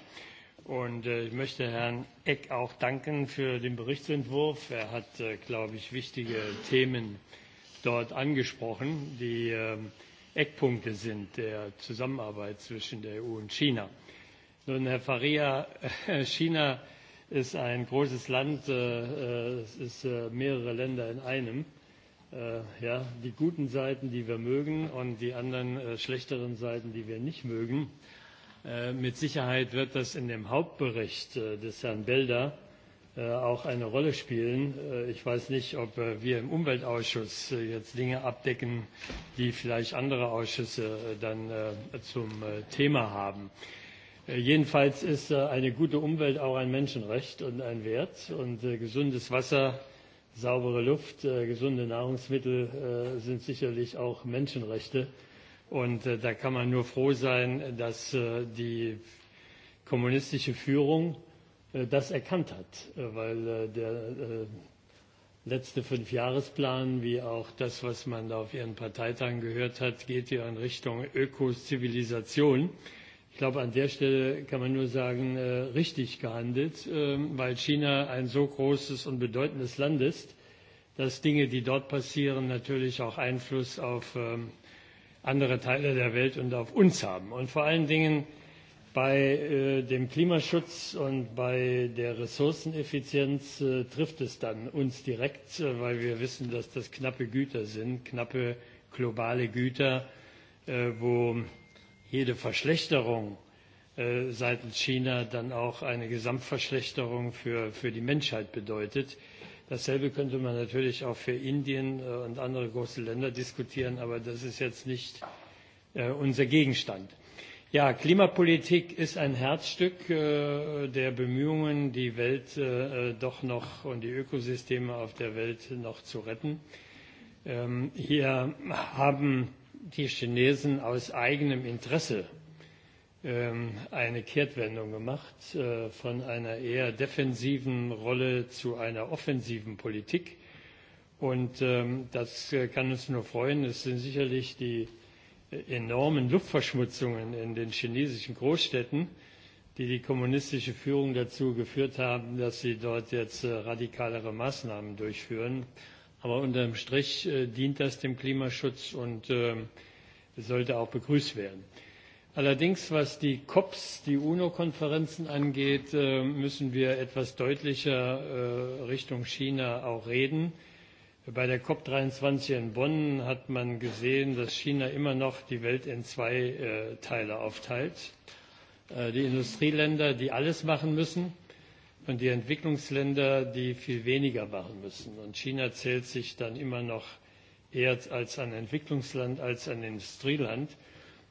Und ich möchte Herrn Eck auch danken für den Berichtsentwurf. Er hat, glaube ich, wichtige Themen dort angesprochen, die äh, Eckpunkte sind der Zusammenarbeit zwischen der EU und China. Nun, Herr Faria, China ist ein großes Land, äh, es ist äh, mehrere Länder in einem. Äh, ja, die guten Seiten, die wir mögen und die anderen schlechteren Seiten, die wir nicht mögen. mit Sicherheit wird das in dem Hauptbericht des Herrn Belder Äh, auch eine Rolle spielen. Äh, ich weiß nicht, ob äh, wir im Umweltausschuss jetzt Dinge abdecken, die vielleicht andere Ausschüsse dann zum Thema haben. Jedenfalls ist eine gute Umwelt auch ein Menschenrecht und ein Wert. Und gesundes Wasser, saubere Luft, gesunde Nahrungsmittel sind sicherlich auch Menschenrechte. Und da kann man nur froh sein, dass die kommunistische Führung Äh, das erkannt hat, äh, weil äh, der letzte Fünfjahresplan, wie auch das, was man da auf Ihren Parteitagen gehört hat, geht ja in Richtung Ökozivilisation. Ich glaube, an der Stelle kann man nur sagen, richtig gehandelt, ähm, weil China ein so großes und bedeutendes Land ist, dass Dinge, die dort passieren, natürlich auch Einfluss auf ähm, andere Teile der Welt und auf uns haben. Und vor allen Dingen, Bei äh, dem Klimaschutz und bei der Ressourceneffizienz äh, trifft es dann uns direkt, äh, weil wir wissen, dass das knappe Güter sind, knappe globale Güter, äh, wo jede Verschlechterung äh, seitens China dann auch eine Gesamtverschlechterung für, für die Menschheit bedeutet. Dasselbe könnte man natürlich auch für Indien äh, und andere große Länder diskutieren, aber das ist jetzt nicht äh, unser Gegenstand. Ja, Klimapolitik ist ein Herzstück äh, der Bemühungen, die Welt äh, doch noch und die Ökosysteme auf der Welt noch zu retten. Ähm, hier haben die Chinesen aus eigenem Interesse ähm, eine Kehrtwendung gemacht äh, von einer eher defensiven Rolle zu einer offensiven Politik. Und ähm, das äh, kann uns nur freuen. Es sind sicherlich die äh, enormen Luftverschmutzungen in den chinesischen Großstädten, die die kommunistische Führung dazu geführt haben, dass sie dort jetzt äh, radikalere Maßnahmen durchführen. Aber unterm Strich äh, dient das dem Klimaschutz und ähm, sollte auch begrüßt werden. Allerdings, was die COPs, die UNO-Konferenzen angeht, äh, müssen wir etwas deutlicher Richtung China auch reden. Bei der COP23 in Bonn hat man gesehen, dass China immer noch die Welt in zwei äh, Teile aufteilt. Äh, die Industrieländer, die alles machen müssen, und die Entwicklungsländer, die viel weniger machen müssen. Und China zählt sich dann immer noch eher als ein Entwicklungsland, als ein Industrieland.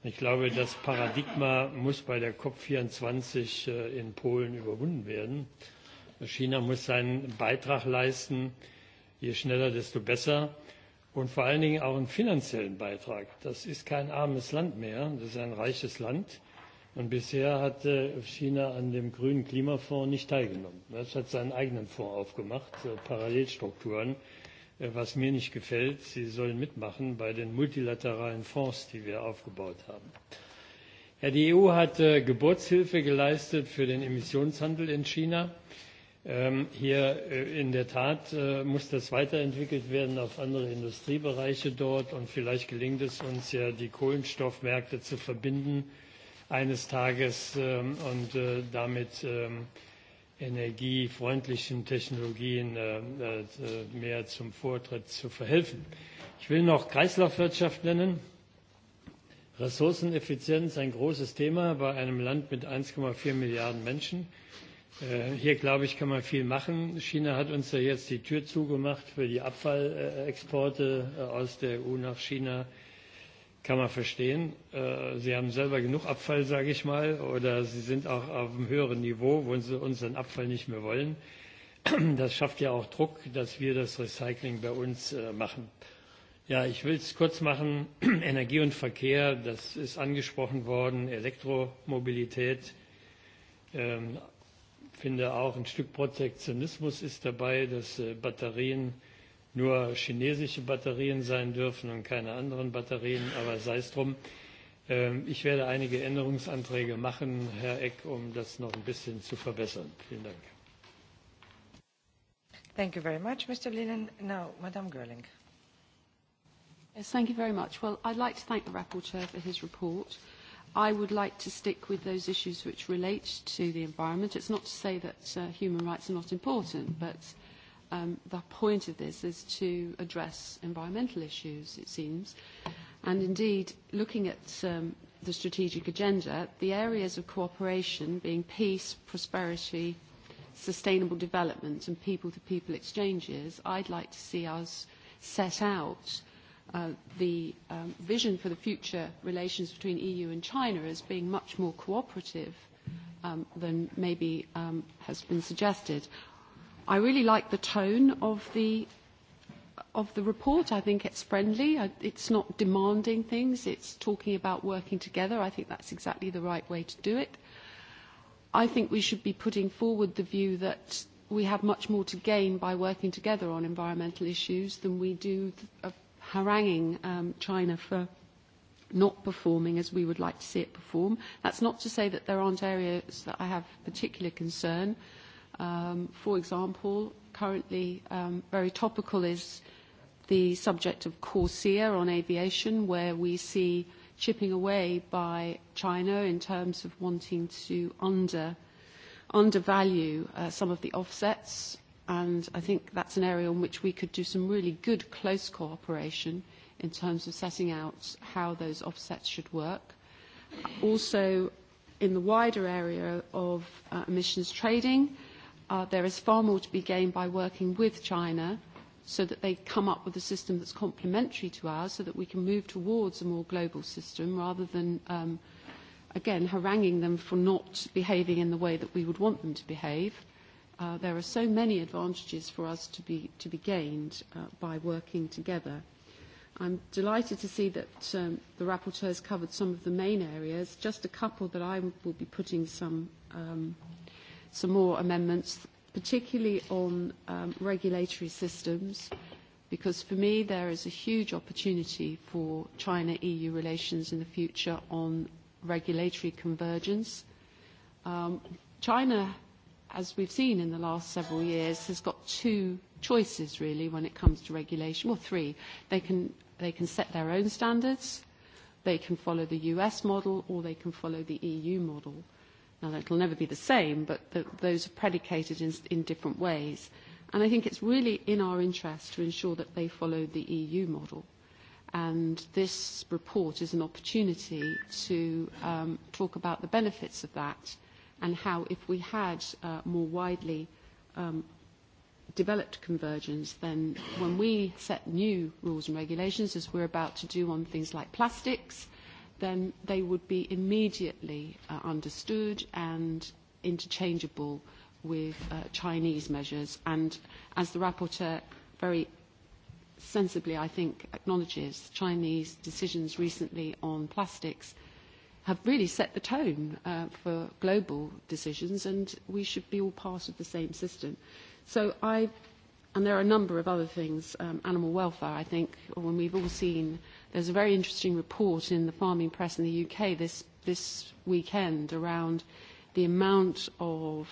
ich glaube, das Paradigma muss bei der COP24 äh, in Polen überwunden werden. China muss seinen Beitrag leisten, äh, je schneller, desto besser und vor allen Dingen auch einen finanziellen Beitrag. Das ist kein armes Land mehr, das ist ein reiches Land. Und bisher hat äh, China an dem grünen Klimafonds nicht teilgenommen. Es hat seinen eigenen Fonds aufgemacht, äh, Parallelstrukturen, äh, was mir nicht gefällt. Sie sollen mitmachen bei den multilateralen Fonds, die wir aufgebaut haben. Ja, die EU hat Geburtshilfe geleistet für den Emissionshandel in China. Ähm, hier äh, in der Tat äh, muss das weiterentwickelt werden auf andere Industriebereiche dort und vielleicht gelingt es uns ja, die Kohlenstoffmärkte zu verbinden eines Tages äh, und äh, damit äh, energiefreundlichen Technologien äh, äh, mehr zum Vortritt zu verhelfen. Ich will noch Kreislaufwirtschaft nennen. Ressourceneffizienz ein großes Thema bei einem Land mit 1,4 Milliarden Menschen. Äh, hier, glaube ich, kann man viel machen. China hat uns ja jetzt die Tür zugemacht für die Abfallexporte äh, aus der EU nach China. Kann man verstehen. Äh, sie haben selber genug Abfall, sage ich mal, oder Sie sind auch auf einem höheren Niveau, wo Sie unseren Abfall nicht mehr wollen. Das schafft ja auch Druck, dass wir das Recycling bei uns machen. Ja, ich will es kurz machen. Energie und Verkehr, das ist angesprochen worden, Elektromobilität. Ähm, finde auch ein Stück Protektionismus ist dabei, dass äh, Batterien nur chinesische Batterien sein dürfen und keine anderen Batterien, aber sei es drum. Ähm, ich werde einige Änderungsanträge machen, Herr Eck, um das noch ein bisschen zu verbessern. Vielen Dank. Thank you very much, Mr. Linen. Now, Madame Gerling. Yes, thank you very much. Well, I'd like to thank the rapporteur for his report. I would like to stick with those issues which relate to the environment. It's not to say that uh, human rights are not important, but um, the point of this is to address environmental issues, it seems. And indeed, looking at um, the strategic agenda, the areas of cooperation being peace, prosperity, sustainable development and people-to-people -people exchanges, I'd like to see us set out uh, the um, vision for the future relations between EU and China as being much more cooperative um, than maybe um, has been suggested. I really like the tone of the of the report. I think it's friendly. It's not demanding things. It's talking about working together. I think that's exactly the right way to do it. I think we should be putting forward the view that we have much more to gain by working together on environmental issues than we do uh, haranguing um, China for not performing as we would like to see it perform. That's not to say that there aren't areas that I have particular concern. Um, for example, currently um, very topical is the subject of Corsair on aviation, where we see chipping away by China in terms of wanting to under, undervalue uh, some of the offsets And I think that's an area in which we could do some really good close cooperation in terms of setting out how those offsets should work. Also, in the wider area of uh, emissions trading, uh, there is far more to be gained by working with China so that they come up with a system that's complementary to ours so that we can move towards a more global system rather than, um, again, haranguing them for not behaving in the way that we would want them to behave uh, there are so many advantages for us to be, to be gained uh, by working together. I'm delighted to see that um, the rapporteur has covered some of the main areas, just a couple that I will be putting some, um, some more amendments, particularly on um, regulatory systems, because for me there is a huge opportunity for China-EU relations in the future on regulatory convergence. Um, China as we've seen in the last several years, has got two choices really when it comes to regulation, well three. They can, they can set their own standards, they can follow the US model, or they can follow the EU model. Now that will never be the same, but the, those are predicated in, in different ways. And I think it's really in our interest to ensure that they follow the EU model. And this report is an opportunity to um, talk about the benefits of that and how if we had uh, more widely um, developed convergence, then when we set new rules and regulations, as we're about to do on things like plastics, then they would be immediately uh, understood and interchangeable with uh, Chinese measures. And as the rapporteur very sensibly, I think, acknowledges, Chinese decisions recently on plastics have really set the tone uh, for global decisions, and we should be all part of the same system. So I, and there are a number of other things, um, animal welfare, I think, when we've all seen, there's a very interesting report in the farming press in the UK this, this weekend around the amount of,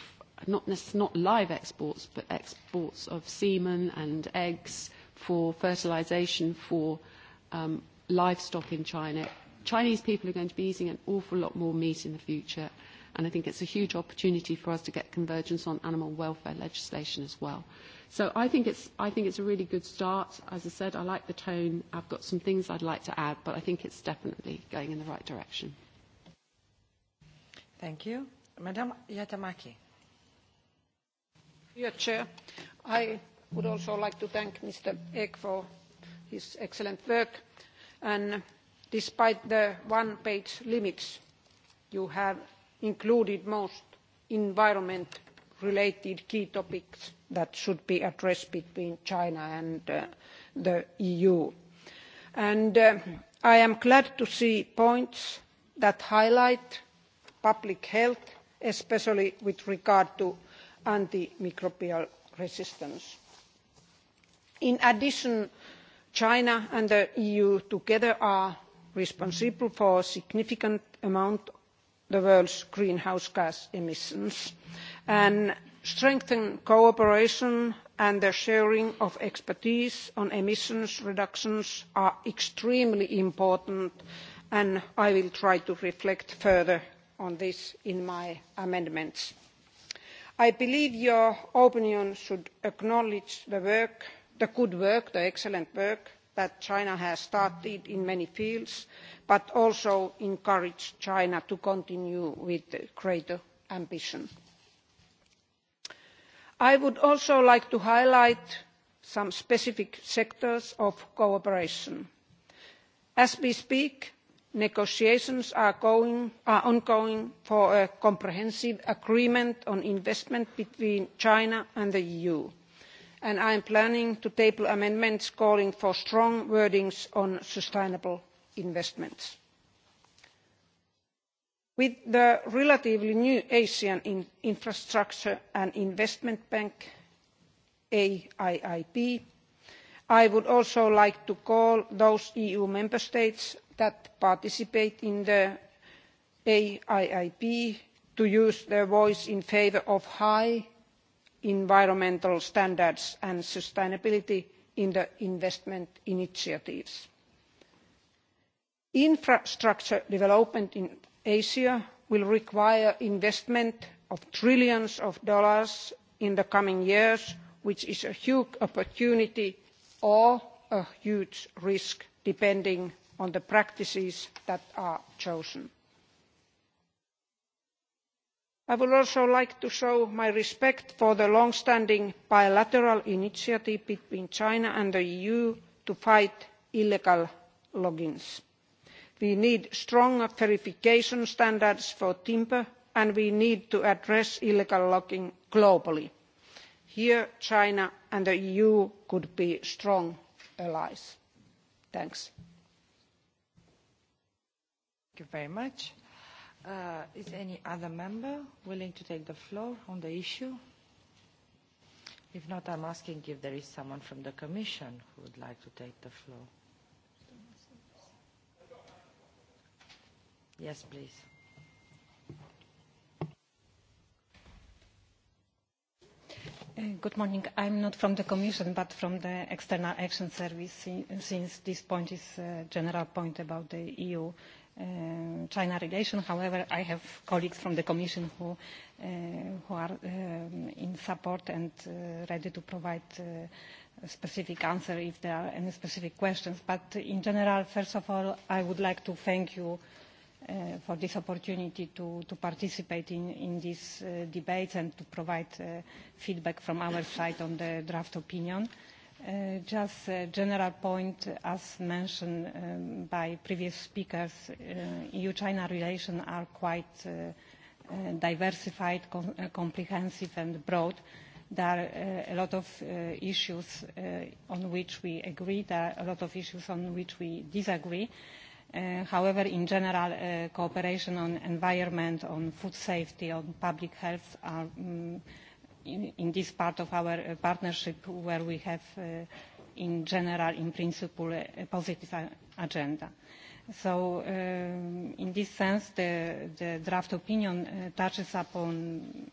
not, not live exports, but exports of semen and eggs for fertilization for um, livestock in China Chinese people are going to be eating an awful lot more meat in the future, and I think it's a huge opportunity for us to get convergence on animal welfare legislation as well. So I think it's, I think it's a really good start. As I said, I like the tone. I've got some things I'd like to add, but I think it's definitely going in the right direction. Thank you. Madam Yatamaki. Dear Chair, I would also like to thank Mr. Ek for his excellent work. And despite the one page limits you have included most environment related key topics that should be addressed between China and uh, the EU. And uh, I am glad to see points that highlight public health, especially with regard to antimicrobial resistance. In addition, China and the EU together are responsible for a significant amount of the world's greenhouse gas emissions and strengthen cooperation and the sharing of expertise on emissions reductions are extremely important and I will try to reflect further on this in my amendments. I believe your opinion should acknowledge the work, the good work, the excellent work that China has started in many fields, but also encourage China to continue with greater ambition. I would also like to highlight some specific sectors of cooperation. As we speak, negotiations are, ongoing for a comprehensive agreement on investment between China and the EU and i am planning to table amendments calling for strong wordings on sustainable investments. with the relatively new asian infrastructure and investment bank aiib i would also like to call on those eu member states that participate in the aiib to use their voice in favour of high environmental standards and sustainability in the investment initiatives. Infrastructure development in Asia will require investment of trillions of dollars in the coming years, which is a huge opportunity or a huge risk depending on the practices that are chosen i would also like to show my respect for the long standing bilateral initiative between china and the eu to fight illegal loggings. we need stronger verification standards for timber and we need to address illegal logging globally. here china and the eu could be strong allies. thanks. Thank you very much. Uh, is any other member willing to take the floor on the issue? If not, I'm asking if there is someone from the Commission who would like to take the floor. Yes, please. Uh, good morning. I'm not from the Commission, but from the External Action Service, since this point is a uh, general point about the EU uh, China relation. However, I have colleagues from the Commission who, uh, who are um, in support and uh, ready to provide uh, a specific answer if there are any specific questions. But in general, first of all, I would like to thank you uh, for this opportunity to, to participate in, in these uh, debates and to provide uh, feedback from our side on the draft opinion. Uh, Uh, just a general point, as mentioned um, by previous speakers, uh, EU-China relations are quite uh, uh, diversified, com uh, comprehensive and broad. There are uh, a lot of uh, issues uh, on which we agree, there are a lot of issues on which we disagree. Uh, however, in general, uh, cooperation on environment, on food safety, on public health are um, in, in this part of our uh, partnership where we have uh, in general, in principle, a, a positive agenda. So um, in this sense, the, the draft opinion uh, touches upon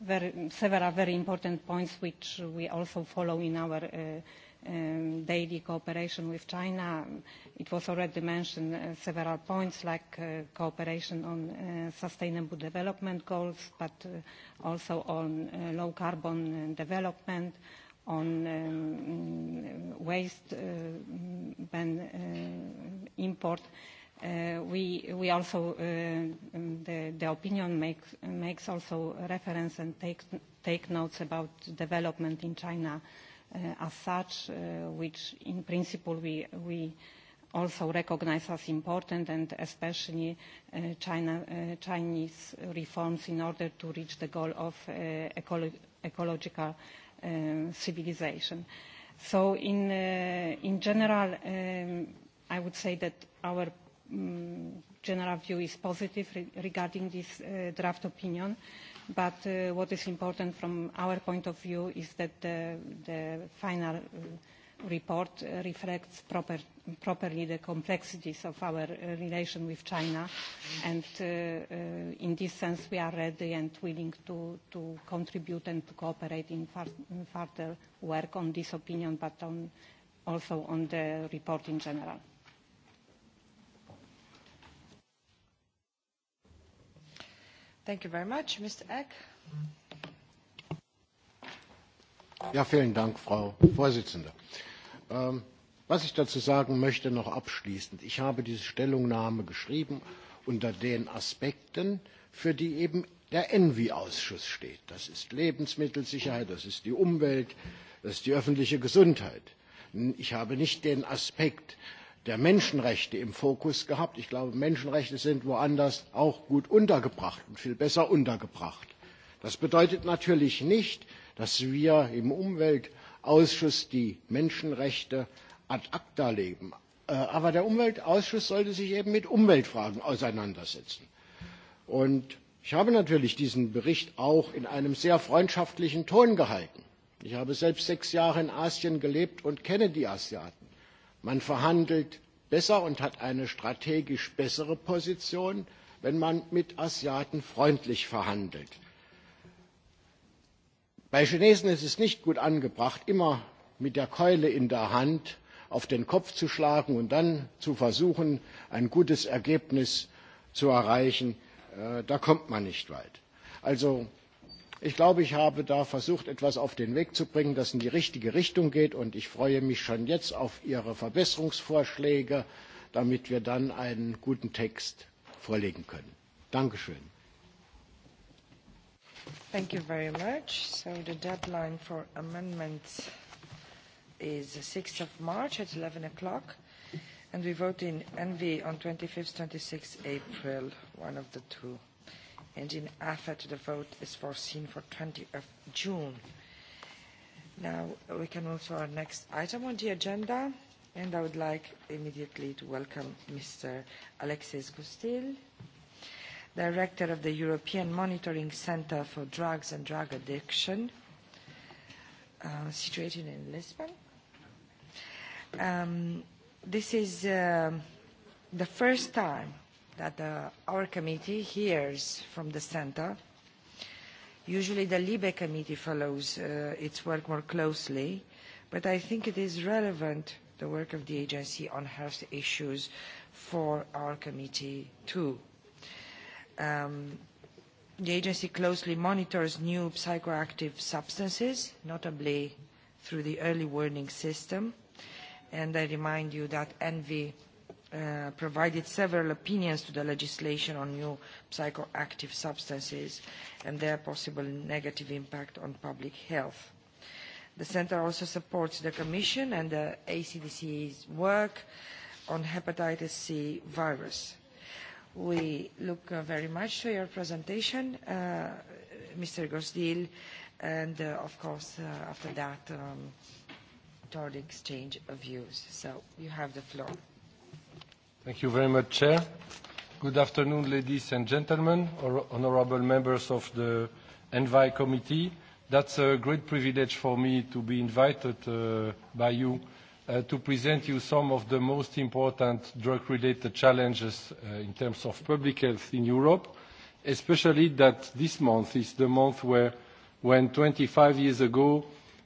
very, several very important points which we also follow in our uh, um, daily cooperation with China. It was already mentioned uh, several points like uh, cooperation on uh, sustainable development goals, but uh, also on uh, low carbon uh, development, on um, waste uh, ban uh, import. Uh, we, we also, uh, the, the opinion makes, makes also reference and take, take notes about development in China uh, uh, as such, uh, which in principle we, we also recognize as important and especially uh, China, uh, Chinese reforms in order to reach the goal of uh, ecolo ecological um, civilization. So in, uh, in general, um, I would say that our um, general view is positive re regarding this uh, draft opinion. Uh, but uh, what is important from our point of view is that the, the final uh, report uh, reflects proper, properly the complexities of our uh, relation with China and uh, uh, in this sense we are ready and willing to, to contribute and to cooperate in, far, in further work on this opinion but on, also on the report in general. Thank you very much. Mr. Eck. Ja, vielen Dank, Frau Vorsitzende. Ähm, was ich dazu sagen möchte, noch abschließend. Ich habe diese Stellungnahme geschrieben unter den Aspekten, für die eben der Envi-Ausschuss steht. Das ist Lebensmittelsicherheit, das ist die Umwelt, das ist die öffentliche Gesundheit. Ich habe nicht den Aspekt der Menschenrechte im Fokus gehabt. Ich glaube, Menschenrechte sind woanders auch gut untergebracht und viel besser untergebracht. Das bedeutet natürlich nicht, dass wir im Umweltausschuss die Menschenrechte ad acta leben, äh, Aber der Umweltausschuss sollte sich eben mit Umweltfragen auseinandersetzen. Und ich habe natürlich diesen Bericht auch in einem sehr freundschaftlichen Ton gehalten. Ich habe selbst sechs Jahre in Asien gelebt und kenne die Asiaten. Man verhandelt besser und hat eine strategisch bessere Position, wenn man mit Asiaten freundlich verhandelt. Bei Chinesen ist es nicht gut angebracht, immer mit der Keule in der Hand auf den Kopf zu schlagen und dann zu versuchen, ein gutes Ergebnis zu erreichen. Äh, da kommt man nicht weit. Also Ich glaube, ich habe da versucht, etwas auf den Weg zu bringen, das in die richtige Richtung geht. Und ich freue mich schon jetzt auf Ihre Verbesserungsvorschläge, damit wir dann einen guten Text vorlegen können. Dankeschön. Thank you very much. So the deadline for amendments is the 6th of March at 11 o'clock. And we vote in NV on 25th, 26th April, one of the two and in effect the vote is foreseen for 20 of June. Now we can move to our next item on the agenda and I would like immediately to welcome Mr. Alexis Gustil, Director of the European Monitoring Center for Drugs and Drug Addiction, uh, situated in Lisbon. Um, this is uh, the first time that the, our committee hears from the center. Usually the LIBE committee follows uh, its work more closely, but I think it is relevant, the work of the agency on health issues, for our committee too. Um, the agency closely monitors new psychoactive substances, notably through the early warning system, and I remind you that ENVI uh, provided several opinions to the legislation on new psychoactive substances and their possible negative impact on public health. The Center also supports the Commission and the ACDC's work on hepatitis C virus. We look uh, very much to your presentation, uh, Mr. Gosdil, and uh, of course, uh, after that, um, toward exchange of views. So you have the floor. Thank you very much, Chair. Good afternoon, ladies and gentlemen, or honorable members of the Envi Committee. That's a great privilege for me to be invited uh, by you uh, to present you some of the most important drug-related challenges uh, in terms of public health in Europe, especially that this month is the month where, when 25 years ago,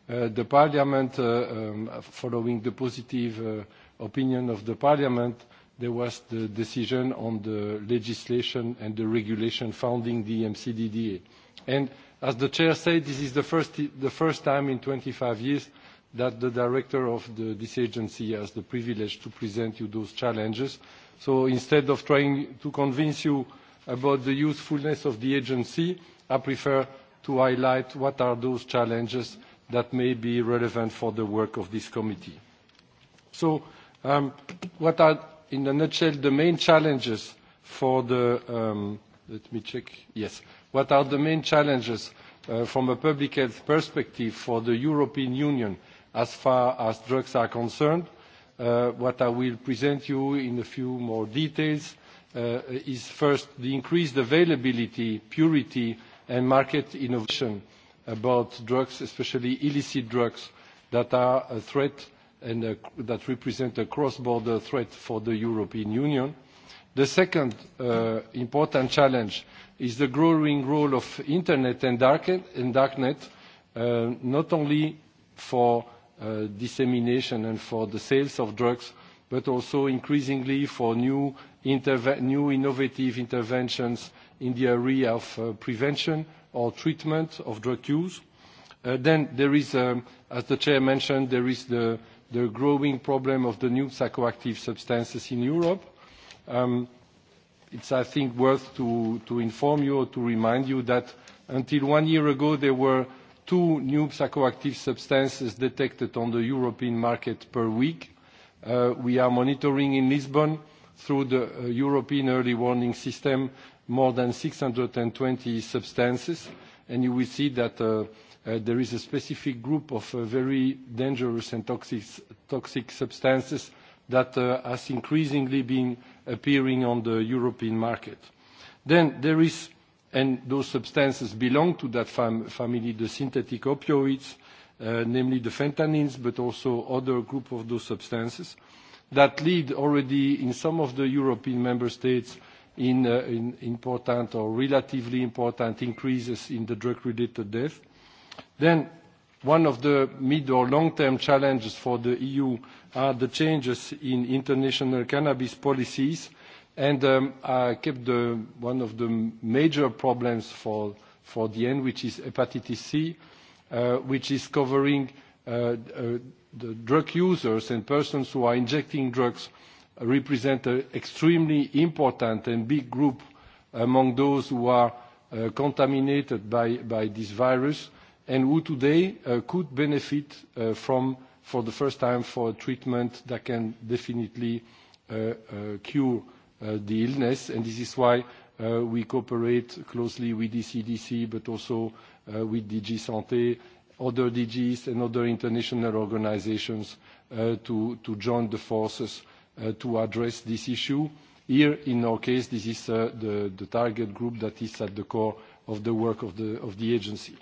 uh, the Parliament, uh, um, following the positive uh, opinion of the Parliament, there was the decision on the legislation and the regulation founding the MCDDA. And as the chair said, this is the first, the first time in 25 years that the director of the, this agency has the privilege to present you those challenges. So instead of trying to convince you about the usefulness of the agency, I prefer to highlight what are those challenges that may be relevant for the work of this committee. So um, what are in a nutshell, the main challenges for the, um, let me check, yes, what are the main challenges uh, from a public health perspective for the European Union as far as drugs are concerned? Uh, what I will present you in a few more details uh, is first the increased availability, purity, and market innovation about drugs, especially illicit drugs, that are a threat and uh, that represent a cross-border threat for the European Union. The second uh, important challenge is the growing role of Internet and, and Darknet, uh, not only for uh, dissemination and for the sales of drugs, but also increasingly for new, new innovative interventions in the area of uh, prevention or treatment of drug use. Uh, then there is, um, as the chair mentioned, there is the the growing problem of the new psychoactive substances in Europe. Um, it's, I think, worth to, to inform you or to remind you that until one year ago there were two new psychoactive substances detected on the European market per week. Uh, we are monitoring in Lisbon through the uh, European Early Warning System more than 620 substances, and you will see that uh, Uh, there is a specific group of uh, very dangerous and toxic, toxic substances that uh, has increasingly been appearing on the European market. Then there is, and those substances belong to that fam family, the synthetic opioids, uh, namely the fentanyls, but also other group of those substances that lead already in some of the European member states in, uh, in important or relatively important increases in the drug-related death. Then one of the mid or long-term challenges for the EU are the changes in international cannabis policies. And um, I kept the, one of the major problems for, for the end, which is hepatitis C, uh, which is covering uh, uh, the drug users and persons who are injecting drugs represent an extremely important and big group among those who are uh, contaminated by, by this virus and who today uh, could benefit uh, from, for the first time, for a treatment that can definitely uh, cure the illness. And this is why we cooperate closely with the CDC, but also with DG Santé, other DGs, and other international organizations to, join the forces to address this issue. Here, in our case, this is the, target group that is at the core of the work of the agency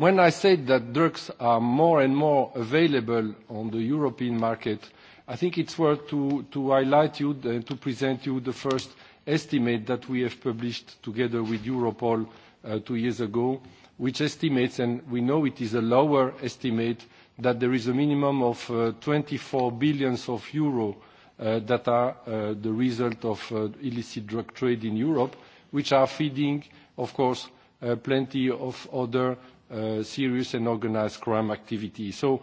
when I said that drugs are more and more available on the European market, I think it's worth to, to highlight you and uh, to present you the first estimate that we have published together with Europol uh, two years ago, which estimates, and we know it is a lower estimate, that there is a minimum of uh, 24 billion of euro uh, that are the result of illicit drug trade in Europe, which are feeding, of course, plenty of other Uh, serious and organized crime activity. So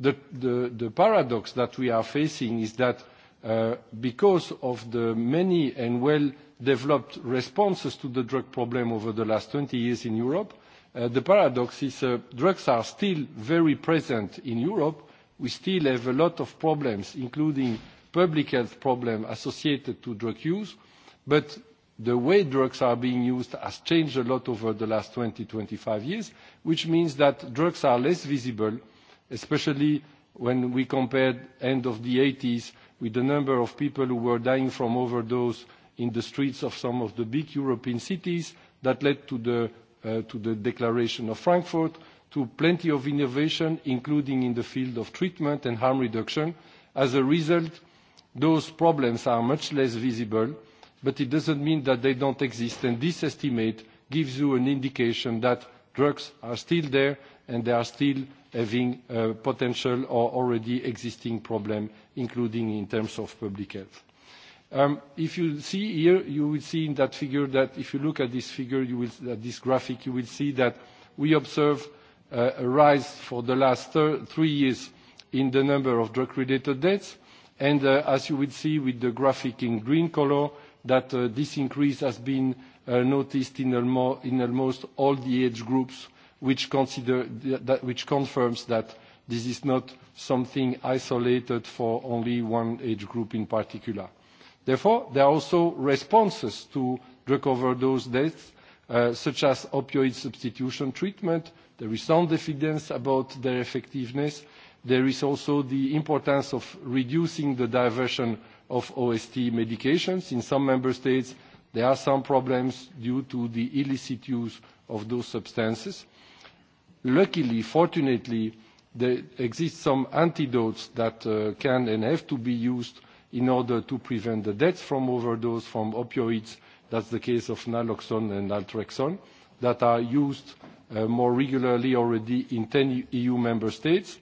the, the, the paradox that we are facing is that uh, because of the many and well-developed responses to the drug problem over the last 20 years in Europe, uh, the paradox is uh, drugs are still very present in Europe. We still have a lot of problems, including public health problems associated to drug use, but the way drugs are being used has changed a lot over the last 20, 25 years, which means that drugs are less visible, especially when we compare end of the 80s with the number of people who were dying from overdose in the streets of some of the big European cities that led to the, uh, to the Declaration of Frankfurt, to plenty of innovation, including in the field of treatment and harm reduction. As a result, those problems are much less visible, but it doesn't mean that they don't exist, and this estimate gives you an indication that drugs are still there and they are still having a potential or already existing problem, including in terms of public health. Um, if you see here, you will see in that figure that if you look at this figure, you will, at this graphic, you will see that we observe uh, a rise for the last three years in the number of drug-related deaths. And, uh, as you will see with the graphic in green color, that uh, this increase has been uh, noticed in, almo in almost all the age groups, which, consider th that, which confirms that this is not something isolated for only one age group in particular. Therefore, there are also responses to drug overdose deaths, uh, such as opioid substitution treatment. There is sound evidence about their effectiveness. There is also the importance of reducing the diversion of OST medications. In some member states, there are some problems due to the illicit use of those substances. Luckily, fortunately, there exist some antidotes that uh, can and have to be used in order to prevent the deaths from overdose from opioids. That's the case of naloxone and naltrexone that are used uh, more regularly already in 10 EU member states,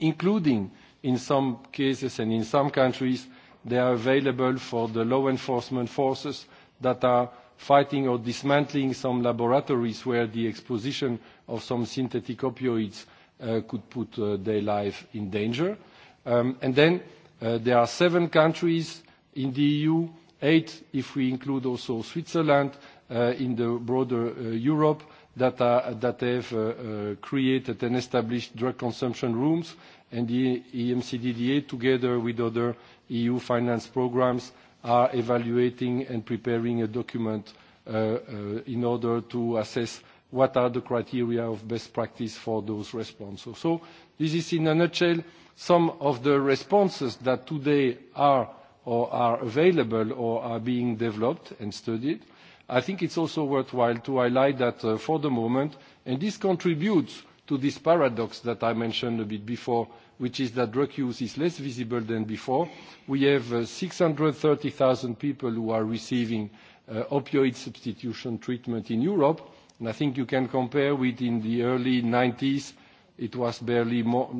including in some cases and in some countries They are available for the law enforcement forces that are fighting or dismantling some laboratories where the exposition of some synthetic opioids uh, could put uh, their life in danger. Um, and then uh, there are seven countries in the EU, eight if we include also Switzerland uh, in the broader uh, Europe, are that have uh, uh, created and established drug consumption rooms and the EMCDDA together with other EU finance programs are evaluating and preparing a document uh, uh, in order to assess what are the criteria of best practice for those responses. So this is in a nutshell some of the responses that today are or are available or are being developed and studied. I think it's also worthwhile to highlight that uh, for the moment, and this contributes to this paradox that I mentioned a bit before, which is that drug use is less visible than before. We have uh, 630,000 people who are receiving uh, opioid substitution treatment in Europe, and I think you can compare with in the early 90s, it was barely more,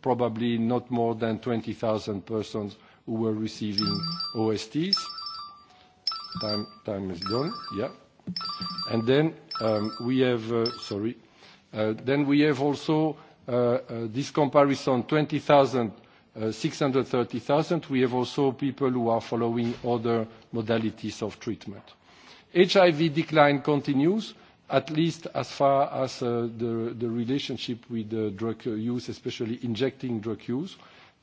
probably not more than 20,000 persons who were receiving OSTs time, time is gone, yeah. And then um, we have, uh, sorry, uh, then we have also uh, uh, this comparison 20,000, 630,000. Uh, we have also people who are following other modalities of treatment. HIV decline continues, at least as far as uh, the, the relationship with the drug use, especially injecting drug use.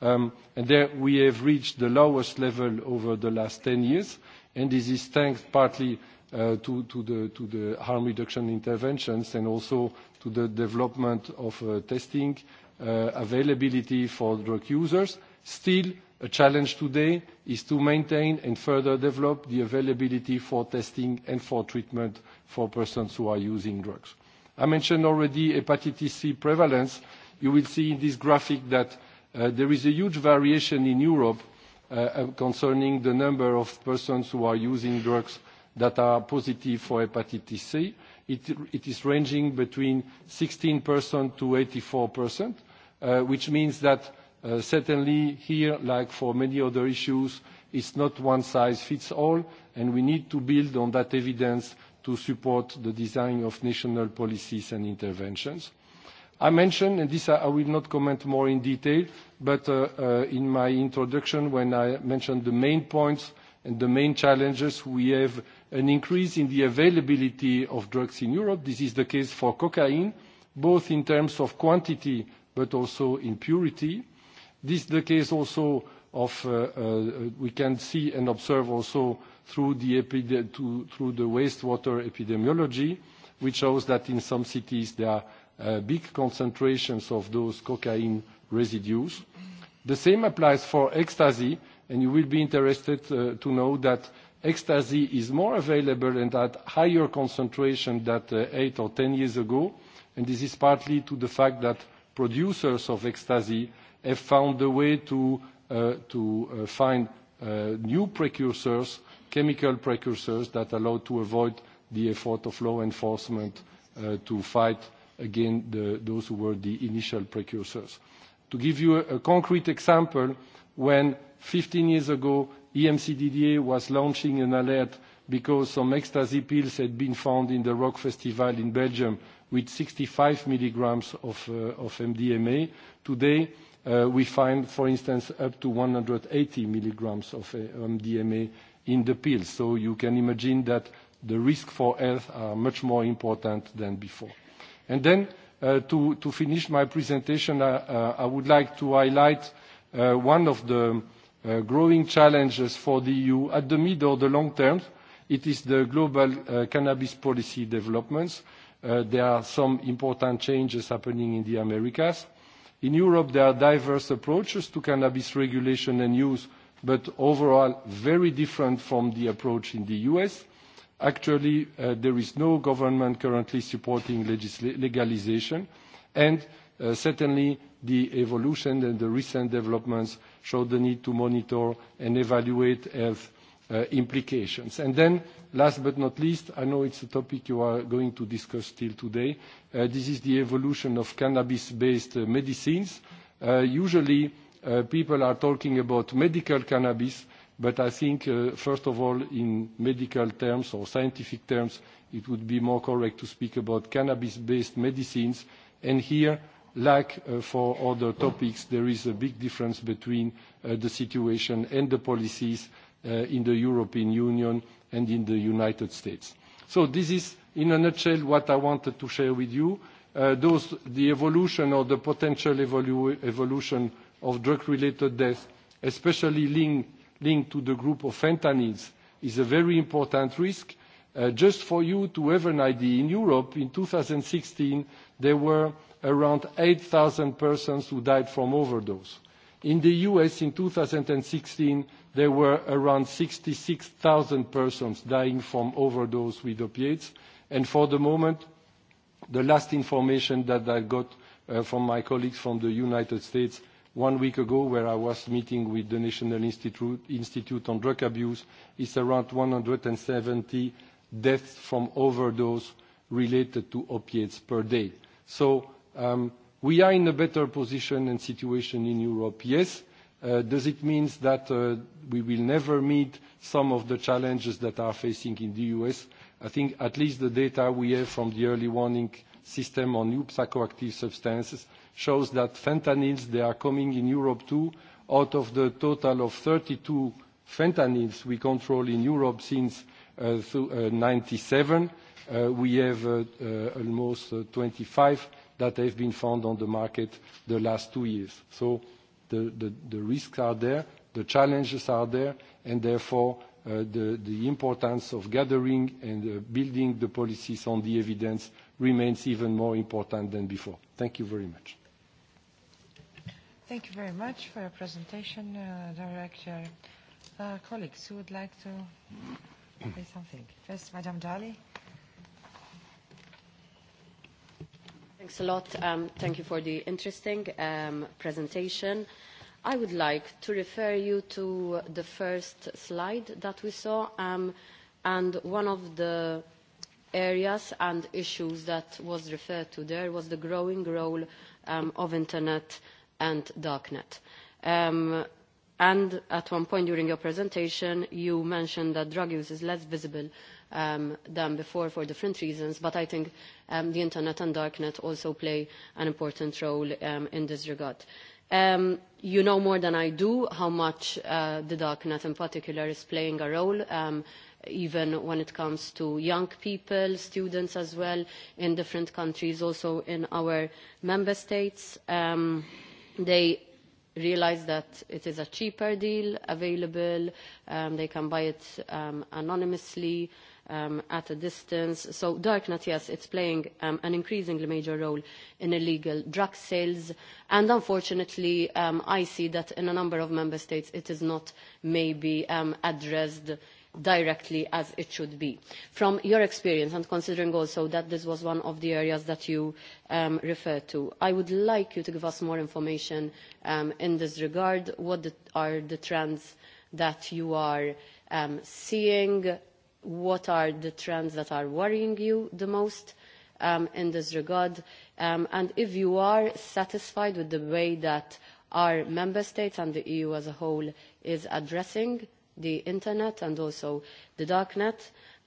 Um, and there we have reached the lowest level over the last 10 years and this is thanks partly uh, to, to, the, to the harm reduction interventions and also to the development of uh, testing uh, availability for drug users. Still, a challenge today is to maintain and further develop the availability for testing and for treatment for persons who are using drugs. I mentioned already hepatitis C prevalence. You will see in this graphic that uh, there is a huge variation in Europe Uh, uh, concerning the number of persons who are using drugs that are positive for hepatitis C. It, it is ranging between 16% to 84%, uh, which means that uh, certainly here, like for many other issues, it's not one size fits all, and we need to build on that evidence to support the design of national policies and interventions. I mentioned, and this I will not comment more in detail, but uh, uh, in my introduction, when I mentioned the main points and the main challenges, we have an increase in the availability of drugs in Europe. This is the case for cocaine, both in terms of quantity but also in purity. This is the case also of, uh, uh we can see and observe also through the, to, through the wastewater epidemiology, which shows that in some cities there are big concentrations of those cocaine residues. The same applies for ecstasy, and you will be interested uh, to know that ecstasy is more available and at higher concentration than uh, eight or ten years ago, and this is partly to the fact that producers of ecstasy have found a way to, uh, to uh, find uh, new precursors, chemical precursors that allow to avoid the effort of law enforcement uh, to fight against those who were the initial precursors. To give you a, concrete example, when 15 years ago EMCDDA was launching an alert because some ecstasy pills had been found in the rock festival in Belgium with 65 milligrams of, uh, MDMA. Today, uh, we find, for instance, up to 180 milligrams of uh, MDMA in the pills. So you can imagine that the risk for health are much more important than before. And then Uh, to, finish my presentation, I uh, would like to highlight uh, one of the growing challenges for the EU at the mid or the long term. It is the global cannabis policy developments. there are some important changes happening in the Americas. In Europe, there are diverse approaches to cannabis regulation and use, but overall very different from the approach in the US. Actually, uh, there is no government currently supporting legalization, and uh, certainly the evolution and the recent developments show the need to monitor and evaluate health uh, implications. And then, last but not least, I know it's a topic you are going to discuss still today, uh, this is the evolution of cannabis-based uh, medicines. Uh, usually, uh, people are talking about medical cannabis, But I think, uh, first of all, in medical terms or scientific terms, it would be more correct to speak about cannabis-based medicines. And here, like uh, for other topics, there is a big difference between uh, the situation and the policies in the European Union and in the United States. So this is, in a nutshell, what I wanted to share with you. those, the evolution or the potential evolution of drug-related death, especially linked linked to the group of fentanyls is a very important risk. Uh, just for you to have an idea, in Europe in 2016 there were around 8,000 persons who died from overdose. In the U.S. in 2016, there were around 66,000 persons dying from overdose with opiates. And for the moment, the last information that I got uh, from my colleagues from the United States one week ago where I was meeting with the National Institute, Institute on Drug Abuse is around 170 deaths from overdose related to opiates per day. So um, we are in a better position and situation in Europe, yes. Uh, does it mean that uh, we will never meet some of the challenges that are facing in the US? I think at least the data we have from the early warning system on new psychoactive substances shows that fentanyls, they are coming in Europe too. Out of the total of 32 fentanyls we control in Europe since uh, uh, 97, uh, we have uh, uh, almost uh, 25 that have been found on the market the last two years. So the, the, the risks are there, the challenges are there, and therefore uh, the, the importance of gathering and uh, building the policies on the evidence remains even more important than before. Thank you very much. Thank you very much for your presentation, uh, Director. Uh, colleagues, who would like to say something? First, Madame Dali. Thanks a lot. Um, thank you for the interesting um, presentation. I would like to refer you to the first slide that we saw um, and one of the areas and issues that was referred to there was the growing role um, of Internet and darknet. Um, and at one point during your presentation, you mentioned that drug use is less visible um, than before for different reasons, but I think um, the internet and darknet also play an important role um, in this regard. Um, you know more than I do how much uh, the darknet in particular is playing a role, um, even when it comes to young people, students as well, in different countries, also in our member states. Um, they realize that it is a cheaper deal available, um, they can buy it um, anonymously um, at a distance. So darknet, yes, it's playing um, an increasingly major role in illegal drug sales. And unfortunately, um, I see that in a number of member states, it is not maybe um, addressed directly as it should be. From your experience, and considering also that this was one of the areas that you um, referred to, I would like you to give us more information um, in this regard. What the, are the trends that you are um, seeing? What are the trends that are worrying you the most um, in this regard? Um, and if you are satisfied with the way that our member states and the EU as a whole is addressing the internet and also the darknet,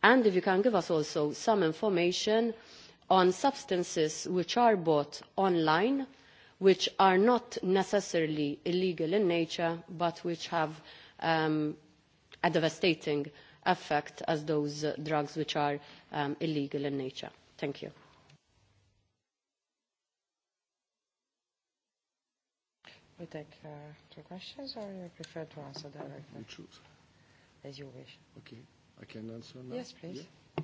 and if you can give us also some information on substances which are bought online, which are not necessarily illegal in nature, but which have um, a devastating effect as those uh, drugs which are um, illegal in nature. Thank you. We take uh, two questions, or you prefer to answer directly? We choose as you wish. Okay, I can answer now. Yes, please. Yeah.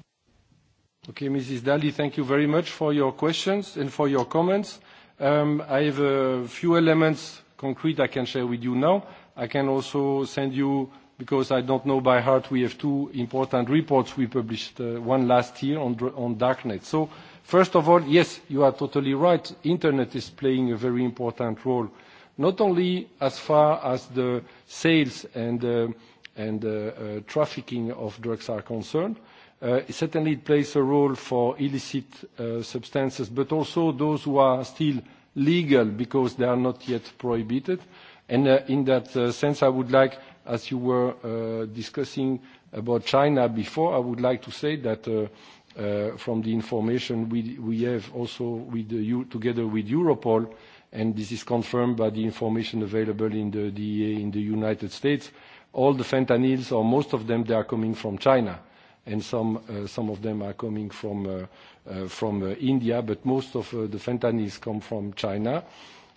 Okay, Mrs. Daly, thank you very much for your questions and for your comments. Um, I have a few elements concrete I can share with you now. I can also send you, because I don't know by heart, we have two important reports we published, uh, one last year on, on darknet. So first of all, yes, you are totally right. Internet is playing a very important role, not only as far as the sales and uh, and uh, uh, trafficking of drugs are concerned. Uh, certainly it plays a role for illicit uh, substances, but also those who are still legal because they are not yet prohibited. And uh, in that uh, sense, I would like, as you were uh, discussing about China before, I would like to say that uh, uh, from the information we, we have also with the, together with Europol, and this is confirmed by the information available in the DEA in the United States, all the fentanyls, or most of them, they are coming from China. And some, uh, some of them are coming from, uh, uh, from uh, India, but most of uh, the fentanyls come from China.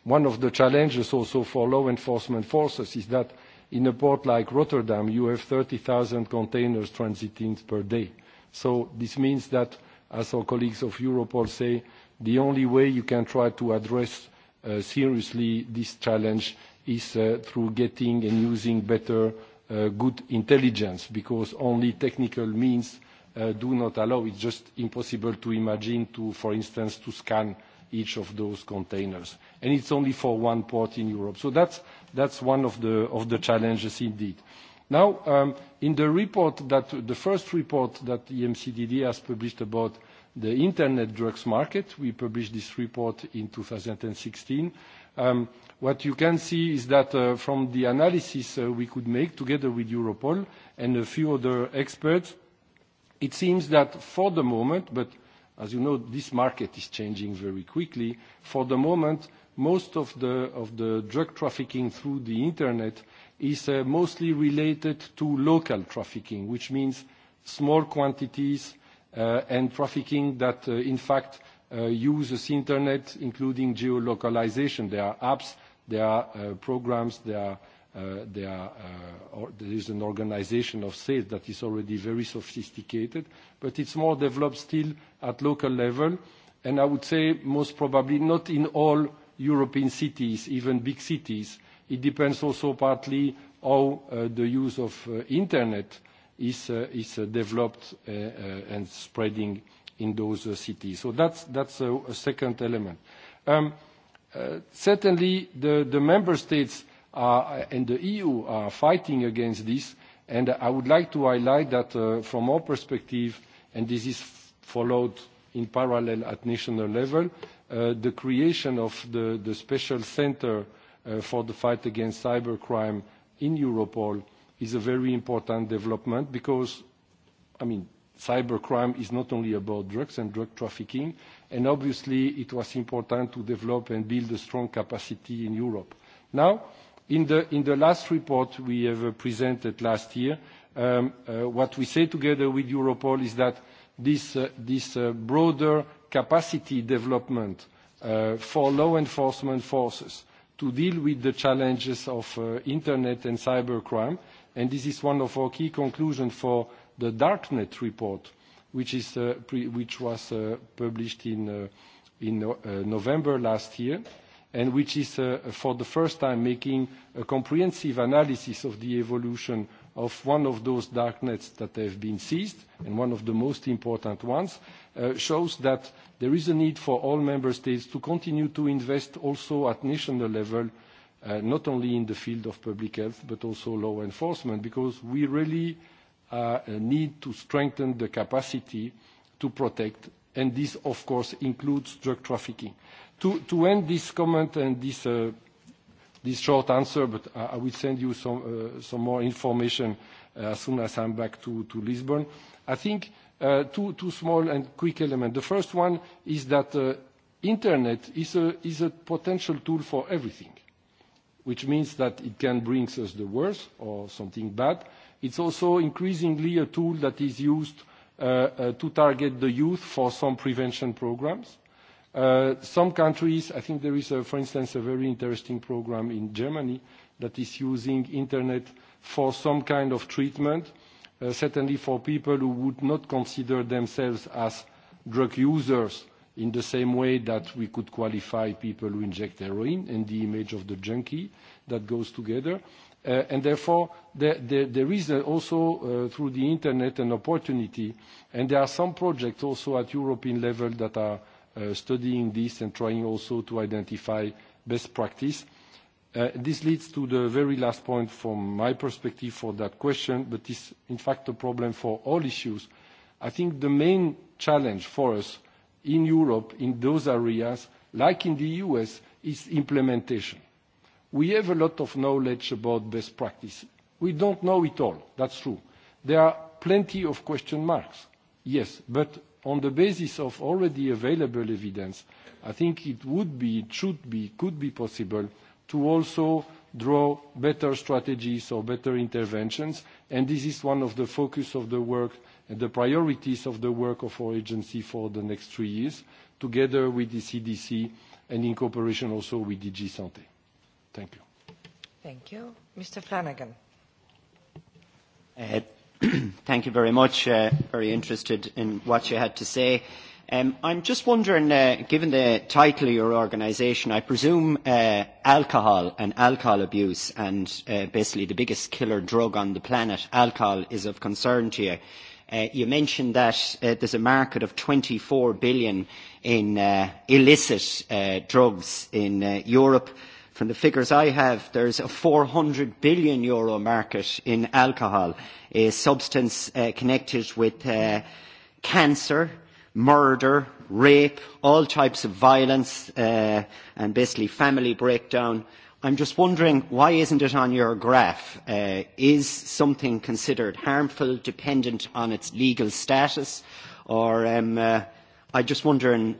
One of the challenges also for law enforcement forces is that in a port like Rotterdam, you have 30,000 containers transiting per day. So this means that, as our colleagues of Europol say, the only way you can try to address uh, seriously this challenge is uh, through getting and using better uh, good intelligence because only technical means uh, do not allow. It's just impossible to imagine to, for instance, to scan each of those containers. And it's only for one port in Europe. So that's, that's one of the, of the challenges indeed. Now, um, in the report that, the first report that EMCDD has published about the internet drugs market, we published this report in 2016, Um, what you can see is that uh, from the analysis uh, we could make together with Europol and a few other experts, it seems that for the moment, but as you know, this market is changing very quickly. For the moment, most of the, drug trafficking through the internet is uh, mostly related to local trafficking, which means small quantities and trafficking that, in fact, Uh, uses use this internet, including geolocalization. There are apps, there are uh, programs, there are uh, there, or there is an organization of sales that is already very sophisticated, but it's more developed still at local level, and I would say most probably not in all European cities, even big cities. It depends also partly how the use of internet is developed and spreading in those uh, cities. So that's, that's a, a second element. Um, uh, certainly, the, the member states are, and the EU are fighting against this, and I would like to highlight that uh, from our perspective, and this is followed in parallel at national level, uh, the creation of the, the special center uh, for the fight against cybercrime in Europol is a very important development because, I mean, cybercrime is not only about drugs and drug trafficking, and obviously it was important to develop and build a strong capacity in Europe. Now, in the, in the last report we have uh, presented last year, um, uh, what we say together with Europol is that this, uh, this uh, broader capacity development uh, for law enforcement forces to deal with the challenges of uh, internet and cybercrime, and this is one of our key conclusions for the Darknet report, which, is, uh, pre which was uh, published in, uh, in November last year, and which is for the first time making a comprehensive analysis of the evolution of one of those dark nets that have been seized, and one of the most important ones, uh, shows that there is a need for all member states to continue to invest also at national level, uh, not only in the field of public health, but also law enforcement, because we really a need to strengthen the capacity to protect, and this, of course, includes drug trafficking. To, end this comment and this, uh, short answer, but I, will send you some, uh, some more information uh, as soon as I'm back to, Lisbon, I think uh, two, two small and quick elements. The first one is that uh, Internet is a, is a potential tool for everything, which means that it can bring us the worst or something bad, It's also increasingly a tool that is used uh, uh, to target the youth for some prevention programs. Uh, some countries, I think there is, for instance, a very interesting program in Germany that is using internet for some kind of treatment, certainly for people who would not consider themselves as drug users in the same way that we could qualify people who inject heroin and the image of the junkie that goes together. Uh, and therefore, the, there is also uh, through the internet an opportunity, and there are some projects also at European level that are uh, studying this and trying also to identify best practice. this leads to the very last point from my perspective for that question, but is in fact a problem for all issues. I think the main challenge for us in Europe in those areas, like in the US, is implementation. We have a lot of knowledge about best practice. We don't know it all, that's true. There are plenty of question marks, yes, but on the basis of already available evidence, I think it would be, it should be, could be possible to also draw better strategies or better interventions, and this is one of the focus of the work and the priorities of the work of our agency for the next three years, together with the CDC and in cooperation also with DG Santé. Thank you. Thank you. Mr. Flanagan. Uh, thank you very much. Uh, very interested in what you had to say. Um, I'm just wondering, uh, given the title of your organisation, I presume uh, alcohol and alcohol abuse and uh, basically the biggest killer drug on the planet, alcohol, is of concern to you. Uh, you mentioned that uh, there's a market of 24 billion in uh, illicit uh, drugs in uh, Europe. From the figures I have, there's a 400 billion euro market in alcohol, a substance uh, connected with uh, cancer, murder, rape, all types of violence, uh, and basically family breakdown. I'm just wondering, why isn't it on your graph? Uh, is something considered harmful dependent on its legal status? Or um, uh, I just wondering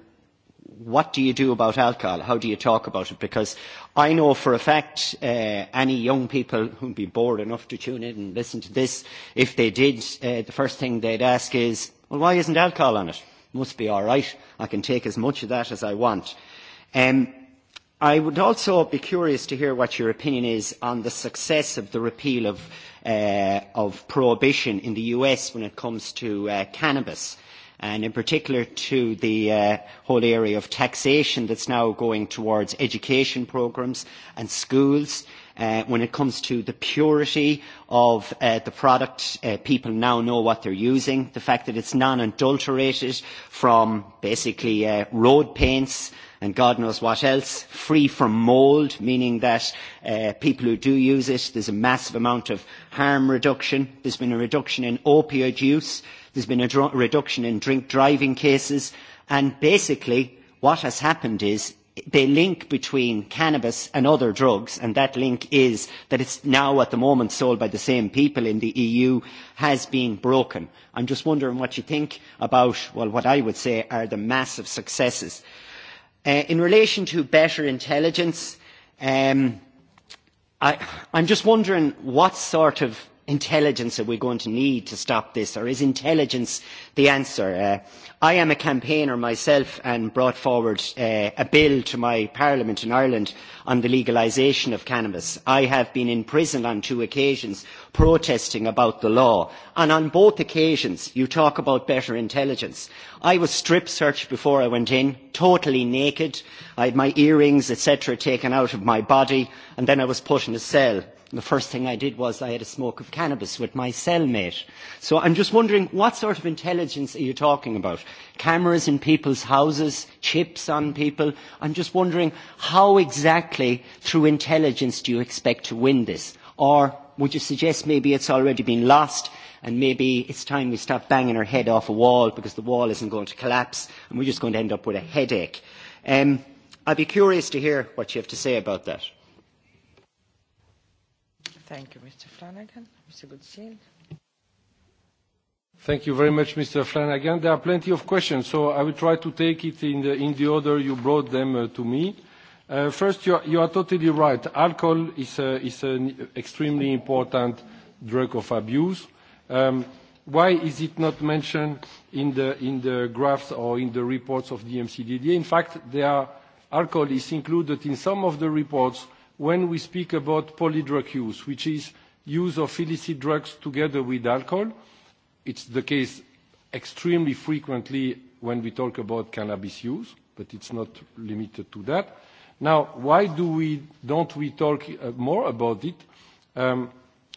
what do you do about alcohol? How do you talk about it? Because I know for a fact uh, any young people who'd be bored enough to tune in and listen to this, if they did, uh, the first thing they'd ask is, well, why isn't alcohol on it? Must be all right. I can take as much of that as I want. Um, I would also be curious to hear what your opinion is on the success of the repeal of, uh, of prohibition in the US when it comes to uh, cannabis and in particular to the uh, whole area of taxation that's now going towards education programmes and schools. Uh, when it comes to the purity of uh, the product, uh, people now know what they're using, the fact that it's non-adulterated from basically uh, road paints, and God knows what else, free from mould, meaning that uh, people who do use it, there's a massive amount of harm reduction. There's been a reduction in opioid use. There's been a reduction in drink driving cases, and basically what has happened is the link between cannabis and other drugs, and that link is that it's now at the moment sold by the same people in the EU, has been broken. I'm just wondering what you think about, well, what I would say are the massive successes. Uh, in relation to better intelligence, um, I, I'm just wondering what sort of intelligence that we're going to need to stop this, or is intelligence the answer? Uh, I am a campaigner myself and brought forward uh, a bill to my parliament in Ireland on the legalisation of cannabis. I have been in prison on two occasions protesting about the law, and on both occasions you talk about better intelligence. I was strip searched before I went in, totally naked. I had my earrings, etc., taken out of my body, and then I was put in a cell the first thing I did was I had a smoke of cannabis with my cellmate. So I'm just wondering, what sort of intelligence are you talking about? Cameras in people's houses, chips on people? I'm just wondering, how exactly through intelligence do you expect to win this? Or would you suggest maybe it's already been lost and maybe it's time we stop banging our head off a wall because the wall isn't going to collapse and we're just going to end up with a headache? Um, I'd be curious to hear what you have to say about that. Thank you, Mr. Flanagan. Mr. Goodsin. Thank you very much, Mr. Flanagan. There are plenty of questions, so I will try to take it in the, in the order you brought them uh, to me. Uh, first, you are, you are totally right. Alcohol is, a, is an extremely important drug of abuse. Um, why is it not mentioned in the, in the graphs or in the reports of the MCDDA? In fact, there are, alcohol is included in some of the reports when we speak about polydrug use, which is use of illicit drugs together with alcohol. It's the case extremely frequently when we talk about cannabis use, but it's not limited to that. Now, why do we, don't we talk uh, more about it? Um,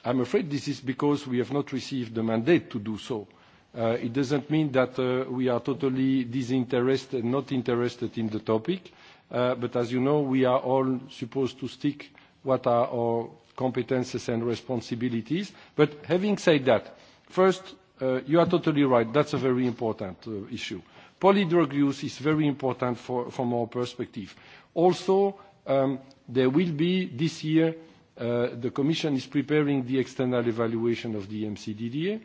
I'm afraid this is because we have not received the mandate to do so. Uh, it doesn't mean that uh, we are totally disinterested, not interested in the topic. Uh, but as you know, we are all supposed to stick what are our competences and responsibilities. But having said that, first, uh, you are totally right. That's a very important uh, issue. Polydrug use is very important for, from our perspective. Also, um, there will be this year, the Commission is preparing the external evaluation of the MCDDA,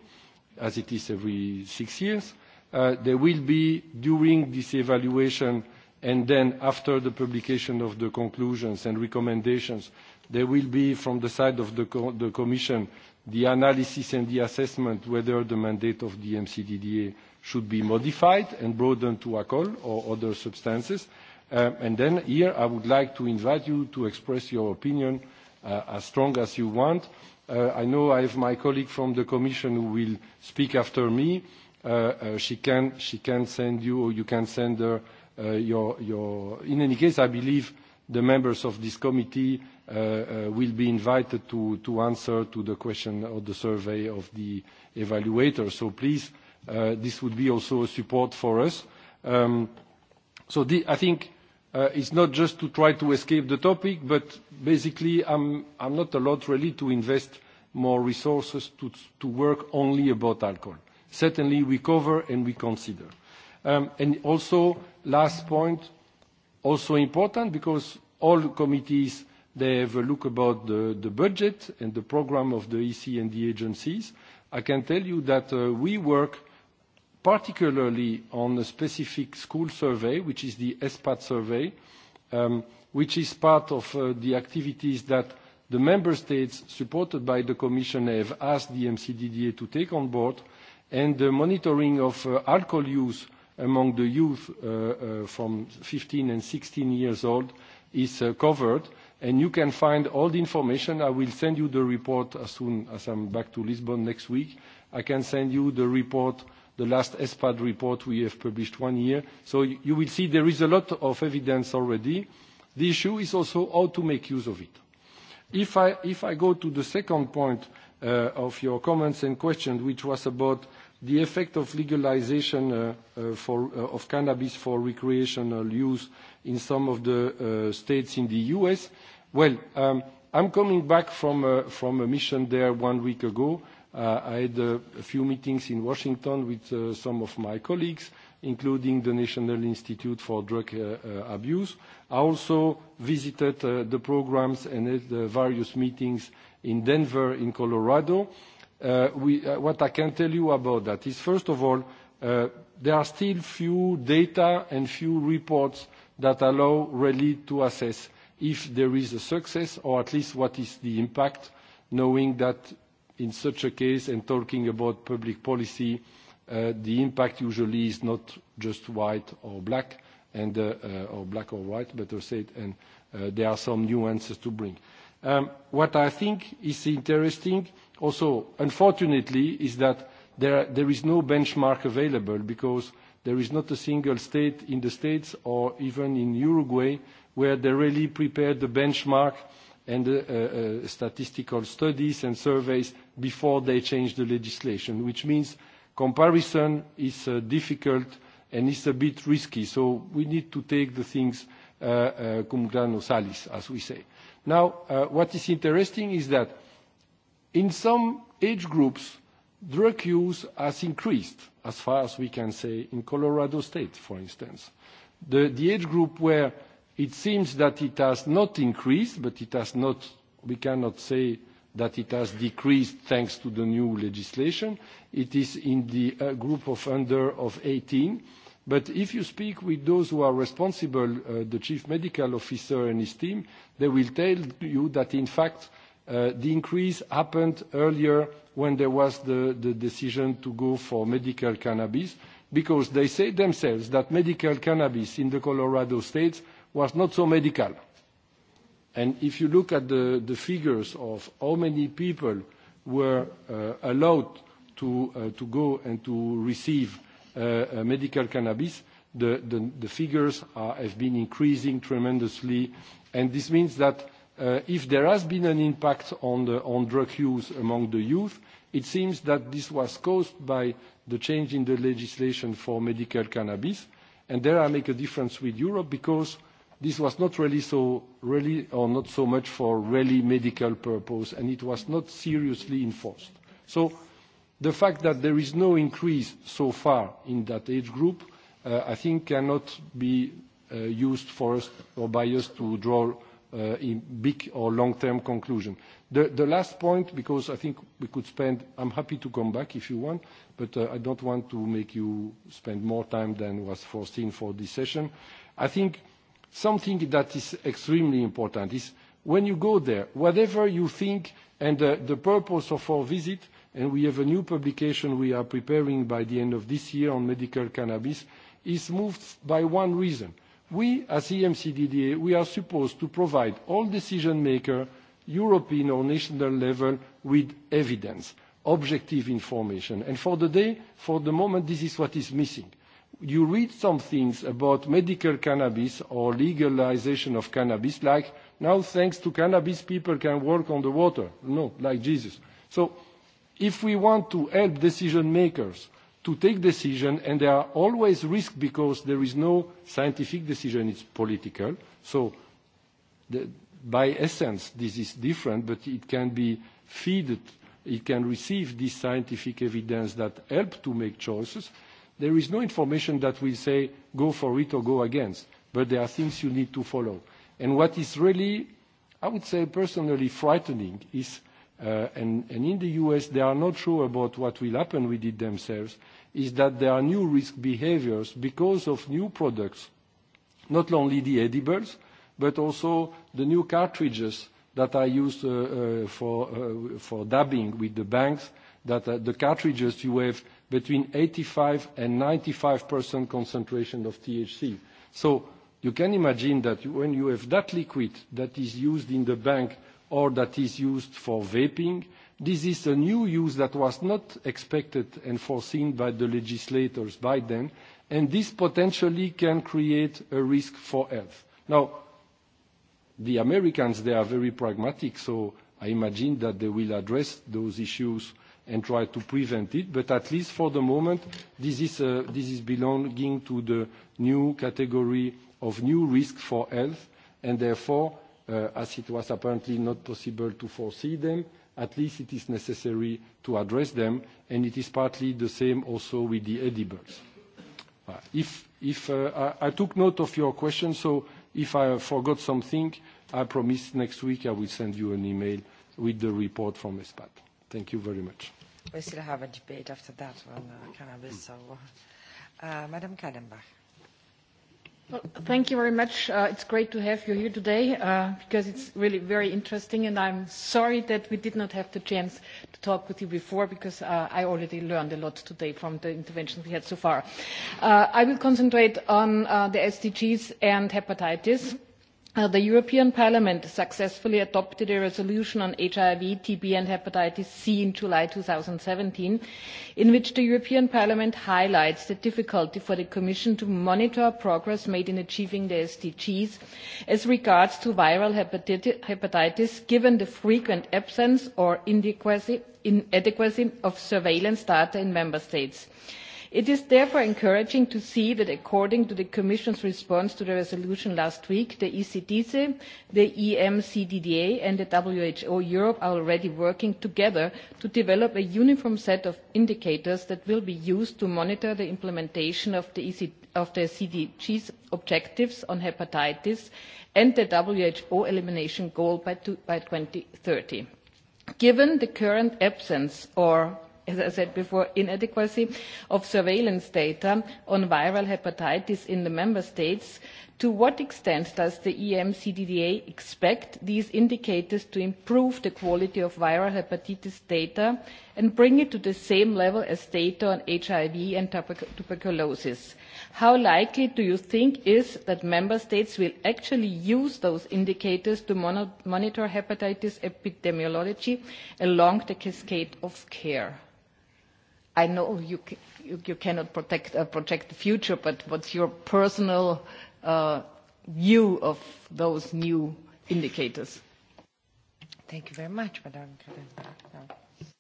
as it is every six years. there will be, during this evaluation, and then after the publication of the conclusions and recommendations, there will be from the side of the, co the Commission the analysis and the assessment whether the mandate of the MCDDA should be modified and broadened to alcohol or other substances. Um, and then here I would like to invite you to express your opinion uh, as strong as you want. Uh, I know I have my colleague from the Commission who will speak after me. Uh, uh, she, can, she can send you or you can send her uh, your, your, in any case, I believe the members of this committee uh, uh, will be invited to, to answer to the question of the survey of the evaluator. So please, uh, this would be also a support for us. Um, so the, I think uh, it's not just to try to escape the topic, but basically I'm, I'm not allowed really to invest more resources to, to work only about alcohol. Certainly we cover and we consider. Um, and also last point, also important because all committees, they have a look about the, the budget and the program of the EC and the agencies. I can tell you that uh, we work particularly on a specific school survey, which is the ESPAT survey, um, which is part of uh, the activities that the member states, supported by the Commission, have asked the MCDDA to take on board, and the monitoring of uh, alcohol use among the youth uh, uh, from 15 and 16 years old is uh, covered. And you can find all the information. I will send you the report as soon as I'm back to Lisbon next week. I can send you the report, the last ESPAD report we have published one year. So you will see there is a lot of evidence already. The issue is also how to make use of it. If I, if I go to the second point uh, of your comments and questions, which was about The effect of legalization uh, uh, uh, of cannabis for recreational use in some of the states in the US, well, um, I'm coming back from, a mission there one week ago. I had a few meetings in Washington with some of my colleagues, including the National Institute for Drug Abuse. I also visited the programs and had various meetings in Denver, in Colorado uh, we, uh, what I can tell you about that is, first of all, uh, there are still few data and few reports that allow really to assess if there is a success or at least what is the impact, knowing that in such a case and talking about public policy, uh, the impact usually is not just white or black, and, uh, uh or black or white, better said, and uh, there are some nuances to bring. Um, what I think is interesting also unfortunately is that there, is no benchmark available because there is not a single state in the States or even in Uruguay where they really prepared the benchmark and uh, uh, statistical studies and surveys before they changed the legislation, which means comparison is uh, difficult and it's a bit risky. So we need to take the things cum grano salis, as we say. Now, what is interesting is that In some age groups, drug use has increased, as far as we can say, in Colorado State, for instance. The, age group where it seems that it has not increased, but it has not, we cannot say that it has decreased thanks to the new legislation. It is in the uh, group of under of 18. But if you speak with those who are responsible, uh, the chief medical officer and his team, they will tell you that in fact Uh, the increase happened earlier when there was the, decision to go for medical cannabis, because they say themselves that medical cannabis in the Colorado states was not so medical. And if you look at the, the figures of how many people were uh, allowed uh, to, go and to receive medical cannabis, the, the figures are, have been increasing tremendously. And this means that Uh, if there has been an impact on, the, on drug use among the youth, it seems that this was caused by the change in the legislation for medical cannabis. And there I make a difference with Europe because this was not really so really or not so much for really medical purpose and it was not seriously enforced. So the fact that there is no increase so far in that age group uh, I think cannot be uh, used for us or by us to draw uh, in big or long-term conclusion. The, the last point, because I think we could spend, I'm happy to come back if you want, but uh, I don't want to make you spend more time than was foreseen for this session. I think something that is extremely important is when you go there, whatever you think and uh, the purpose of our visit, and we have a new publication we are preparing by the end of this year on medical cannabis, is moved by one reason We, as EMCDDA, we are supposed to provide all decision makers, European or national level, with evidence, objective information. And for the day, for the moment, this is what is missing. You read some things about medical cannabis or legalization of cannabis, like now thanks to cannabis people can work on the water. No, like Jesus. So if we want to help decision makers to take decision and there are always risks because there is no scientific decision, it's political. So the, by essence, this is different, but it can be feeded, it can receive this scientific evidence that help to make choices. There is no information that will say, go for it or go against, but there are things you need to follow. And what is really, I would say personally, frightening is Uh, and, and in the US they are not sure about what will happen with it themselves, is that there are new risk behaviors because of new products, not only the edibles, but also the new cartridges that are used uh, uh, for, for dabbing with the banks, that the cartridges you have between 85 and 95% concentration of THC. So you can imagine that when you have that liquid that is used in the bank or that is used for vaping. This is a new use that was not expected and foreseen by the legislators by then, and this potentially can create a risk for health. Now, the Americans, they are very pragmatic, so I imagine that they will address those issues and try to prevent it, but at least for the moment, this is, uh, this is belonging to the new category of new risk for health, and therefore uh, as it was apparently not possible to foresee them, at least it is necessary to address them, and it is partly the same also with the edibles. Uh, if if uh, I, I took note of your question, so if I forgot something, I promise next week I will send you an email with the report from ESPAT. Thank you very much. We still have a debate after that on uh, cannabis, so... Uh, Madam Kallenbach. Well, thank you very much. Uh, it's great to have you here today uh, because it's really very interesting and I'm sorry that we did not have the chance to talk with you before because uh, I already learned a lot today from the interventions we had so far. Uh, I will concentrate on uh, the SDGs and hepatitis. Mm -hmm. Uh, the European Parliament successfully adopted a resolution on HIV, TB and hepatitis C in July seventeen, in which the European Parliament highlights the difficulty for the Commission to monitor progress made in achieving the SDGs as regards to viral hepatitis, given the frequent absence or inadequacy of surveillance data in member states. It is therefore encouraging to see that according to the Commission's response to the resolution last week, the ECDC, the EMCDDA and the WHO Europe are already working together to develop a uniform set of indicators that will be used to monitor the implementation of the, EC, of the CDG's objectives on hepatitis and the WHO elimination goal by, two, by 2030. Given the current absence or as I said before, inadequacy of surveillance data on viral hepatitis in the member states, to what extent does the EMCDDA expect these indicators to improve the quality of viral hepatitis data and bring it to the same level as data on HIV and tuberculosis? How likely do you think is that member states will actually use those indicators to monitor hepatitis epidemiology along the cascade of care? I know you, you, you cannot protect, uh, project the future, but what's your personal uh, view of those new indicators? Thank you very much, Madam Kadenbach. Thank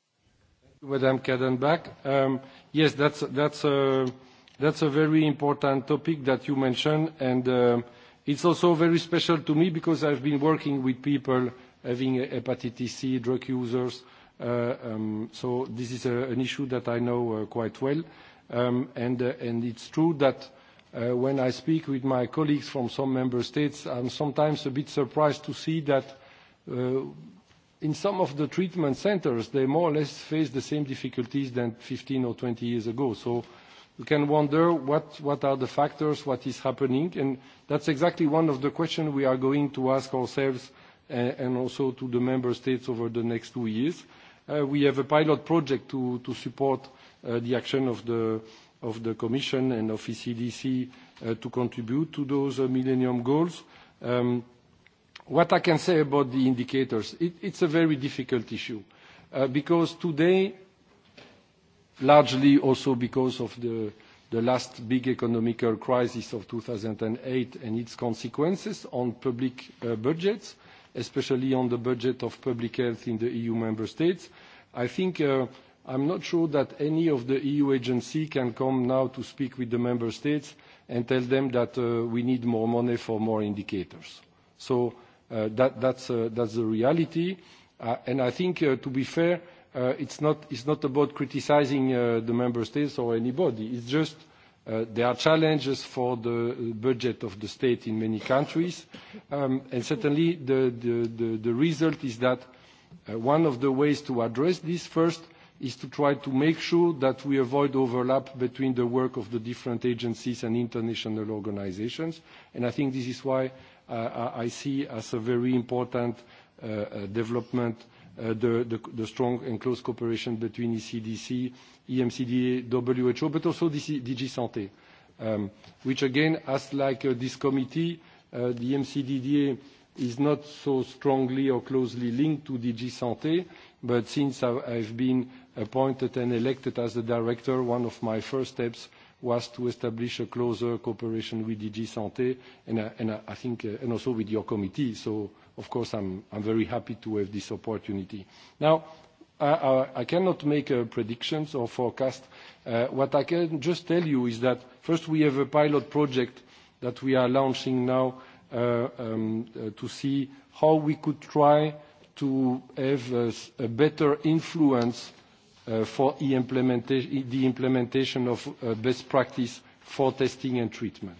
you Madam Kadenbach, um, yes, that's, that's, a, that's a very important topic that you mentioned, and um, it's also very special to me because I've been working with people having hepatitis C, drug users, uh, Uh, um, so this is uh, an issue that I know uh, quite well. Um, uh, and, it's true that when I speak with my colleagues from some member states, I'm sometimes a bit surprised to see that in some of the treatment centers, they more or less face the same difficulties than 15 or 20 years ago. So you can wonder what, what are the factors, what is happening, and that's exactly one of the questions we are going to ask ourselves and also to the member states over the next two years. Uh, we have a pilot project to, to support uh, the action of the, Commission and of ECDC uh, to contribute to those Millennium Goals. Um, what I can say about the indicators, it's a very difficult issue because today, largely also because of the, the last big economic crisis of 2008 and its consequences on public budgets, especially on the budget of public health in the EU member states. I think uh, I'm not sure that any of the EU agency can come now to speak with the member states and tell them that uh, we need more money for more indicators. So uh, that, that's, uh, that's the reality. Uh, and I think, uh, to be fair, uh, it's, not, it's not about criticizing uh, the member states or anybody. It's just Uh, there are challenges for the budget of the state in many countries, um, and certainly the, the, the, the result is that uh, one of the ways to address this first is to try to make sure that we avoid overlap between the work of the different agencies and international organizations, and I think this is why uh, I see as a very important uh, uh development Uh, the, the, the strong and close cooperation between ECDC, EMCDA, WHO, but also DG Santé, um, which again, as like uh, this committee, uh, the EMCDDA is not so strongly or closely linked to DG Santé, but since I, I've been appointed and elected as the director, one of my first steps was to establish a closer cooperation with DG Santé and, I think and also with your committee. So of course, I'm, I'm very happy to have this opportunity. Now, I, I cannot make uh, predictions or forecast. Uh, what I can just tell you is that first we have a pilot project that we are launching now uh, um, uh, to see how we could try to have a, a better influence uh, for the implementation of uh, best practice for testing and treatment.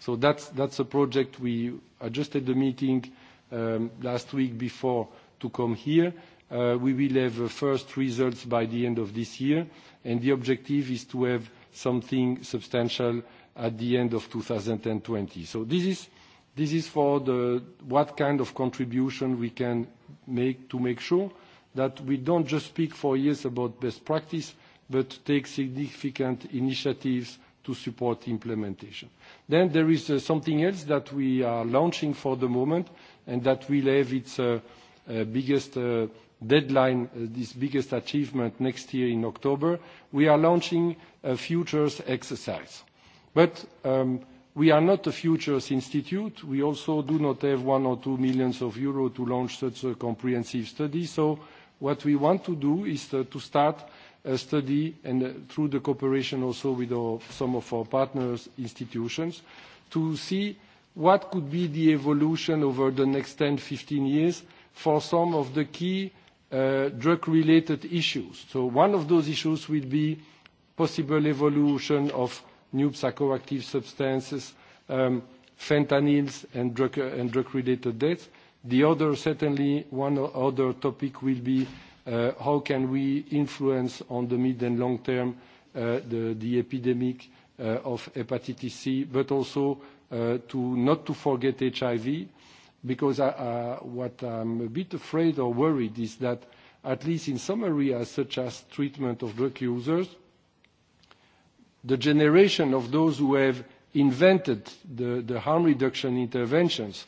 So that's, that's a project we, I just had the meeting um, last week before to come here. Uh, we will have uh, first results by the end of this year, and the objective is to have something substantial at the end of 2020. So this is, this is for the, what kind of contribution we can make to make sure that we don't just speak for years about best practice, but take significant initiatives to support implementation. Then there is uh, something else that we are launching for the moment, and that will have its uh, uh, biggest uh, deadline, uh, this biggest achievement next year in October, we are launching a futures exercise. But um, we are not a futures institute. We also do not have one or two millions of euro to launch such a comprehensive study. So what we want to do is to, uh, to start a study and uh, through the cooperation also with our, some of our partners institutions to see what could be the evolution over the next 10, 15 years for some of the key uh, drug-related issues. So one of those issues will be possible evolution of new psychoactive substances, um, fentanyls uh, and drug-related deaths. The other, certainly, one other topic will be uh, how can we influence on the mid and long term the epidemic of hepatitis C, but also Uh, to not to forget HIV, because I, uh, uh, what I'm a bit afraid or worried is that at least in some areas, such as treatment of drug users, the generation of those who have invented the, the harm reduction interventions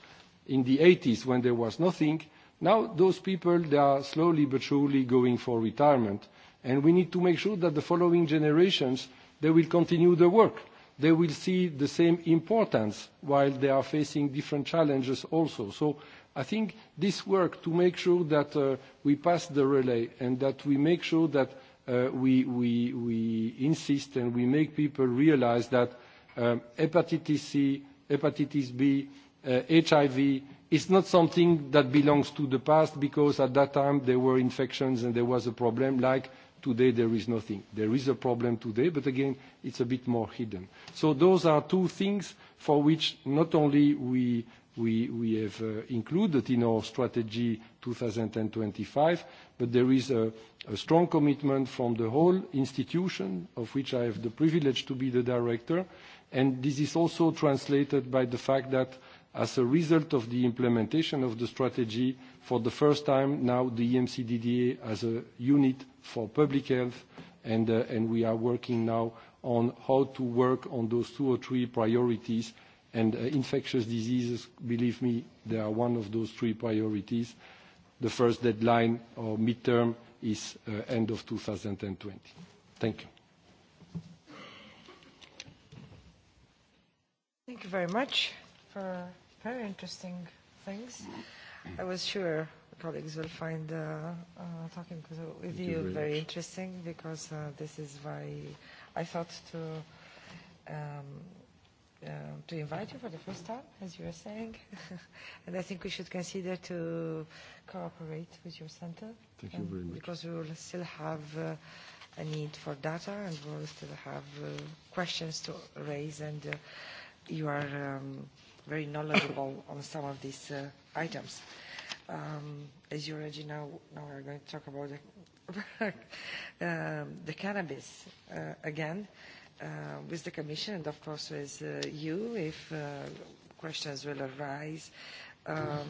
in the 80s when there was nothing, now those people, they are slowly but surely going for retirement. And we need to make sure that the following generations, they will continue the work they will see the same importance while they are facing different challenges also. So I think this work to make sure that uh, we pass the relay and that we make sure that uh, we, we, we insist and we make people realize that um, hepatitis C, hepatitis B, uh, HIV is not something that belongs to the past because at that time there were infections and there was a problem like Today there is nothing. There is a problem today, but again, it's a bit more hidden. So those are two things for which not only we, we, we have uh, included in our strategy 2025, but there is a, a strong commitment from the whole institution, of which I have the privilege to be the director, and this is also translated by the fact that As a result of the implementation of the strategy, for the first time now the EMCDDA as a unit for public health, uh, and, we are working now on how to work on those two or three priorities. and uh, Infectious diseases, believe me, they are one of those three priorities. The first deadline or midterm is uh, end of 2020. Thank you. Thank you very much for very interesting things. I was sure colleagues will find uh, uh, talking to, with Thank you, you very, very interesting because uh, this is why I thought to um, uh, to invite you for the first time, as you were saying, and I think we should consider to cooperate with your center. Thank you very much. Because we will still have uh, a need for data and we will still have uh, questions to raise and uh, you are um, very knowledgeable on some of these uh, items. Um, as you already know, now we're going to talk about the, um, the cannabis uh, again uh, with the Commission and, of course, with uh, you if uh, questions will arise um,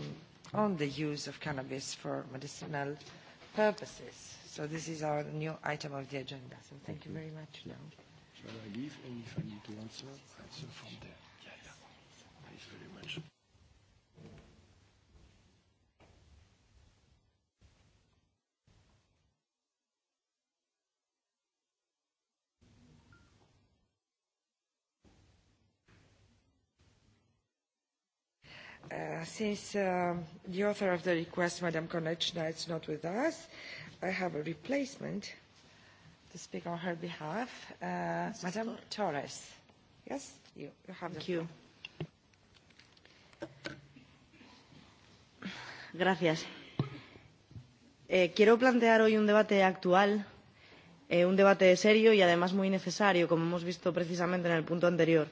on the use of cannabis for medicinal purposes. So this is our new item of the agenda. So thank you very much. Now. Shall I give and if I need to answer, answer from there. Uh, since uh, the author of the request, Madam Konechna, is not with us, I have a replacement to speak on her behalf. Uh, Madam Torres. Yes, you, you have Thank the you. Gracias. Eh, quiero plantear hoy un debate actual, eh, un debate serio y además muy necesario, como hemos visto precisamente en el punto anterior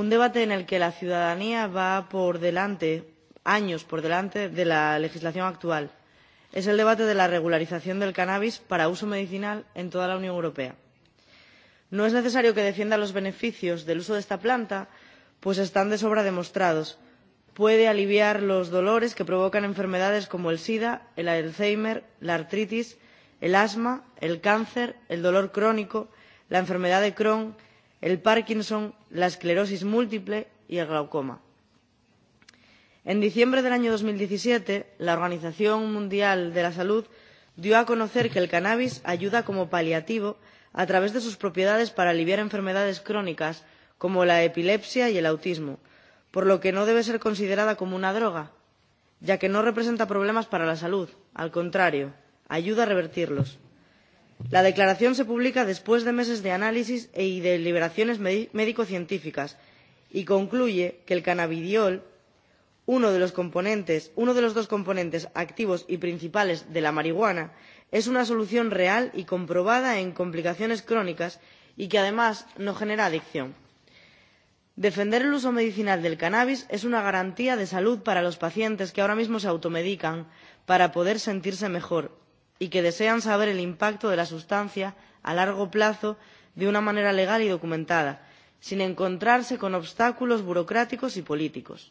un debate en el que la ciudadanía va por delante, años por delante, de la legislación actual. Es el debate de la regularización del cannabis para uso medicinal en toda la Unión Europea. No es necesario que defienda los beneficios del uso de esta planta, pues están de sobra demostrados. Puede aliviar los dolores que provocan enfermedades como el SIDA, el Alzheimer, la artritis, el asma, el cáncer, el dolor crónico, la enfermedad de Crohn, el Parkinson, la esclerosis múltiple y el glaucoma. En diciembre del año 2017, la Organización Mundial de la Salud dio a conocer que el cannabis ayuda como paliativo a través de sus propiedades para aliviar enfermedades crónicas como la epilepsia y el autismo, por lo que no debe ser considerada como una droga, ya que no representa problemas para la salud, al contrario, ayuda a revertirlos. La declaración se publica después de meses de análisis e y e deliberaciones médico-científicas y concluye que el cannabidiol, uno de, los componentes, uno de los dos componentes activos y principales de la marihuana, es una solución real y comprobada en complicaciones crónicas y que además no genera adicción. Defender el uso medicinal del cannabis es una garantía de salud para los pacientes que ahora mismo se automedican para poder sentirse mejor y que desean saber el impacto de la sustancia a largo plazo de una manera legal y documentada, sin encontrarse con obstáculos burocráticos y políticos.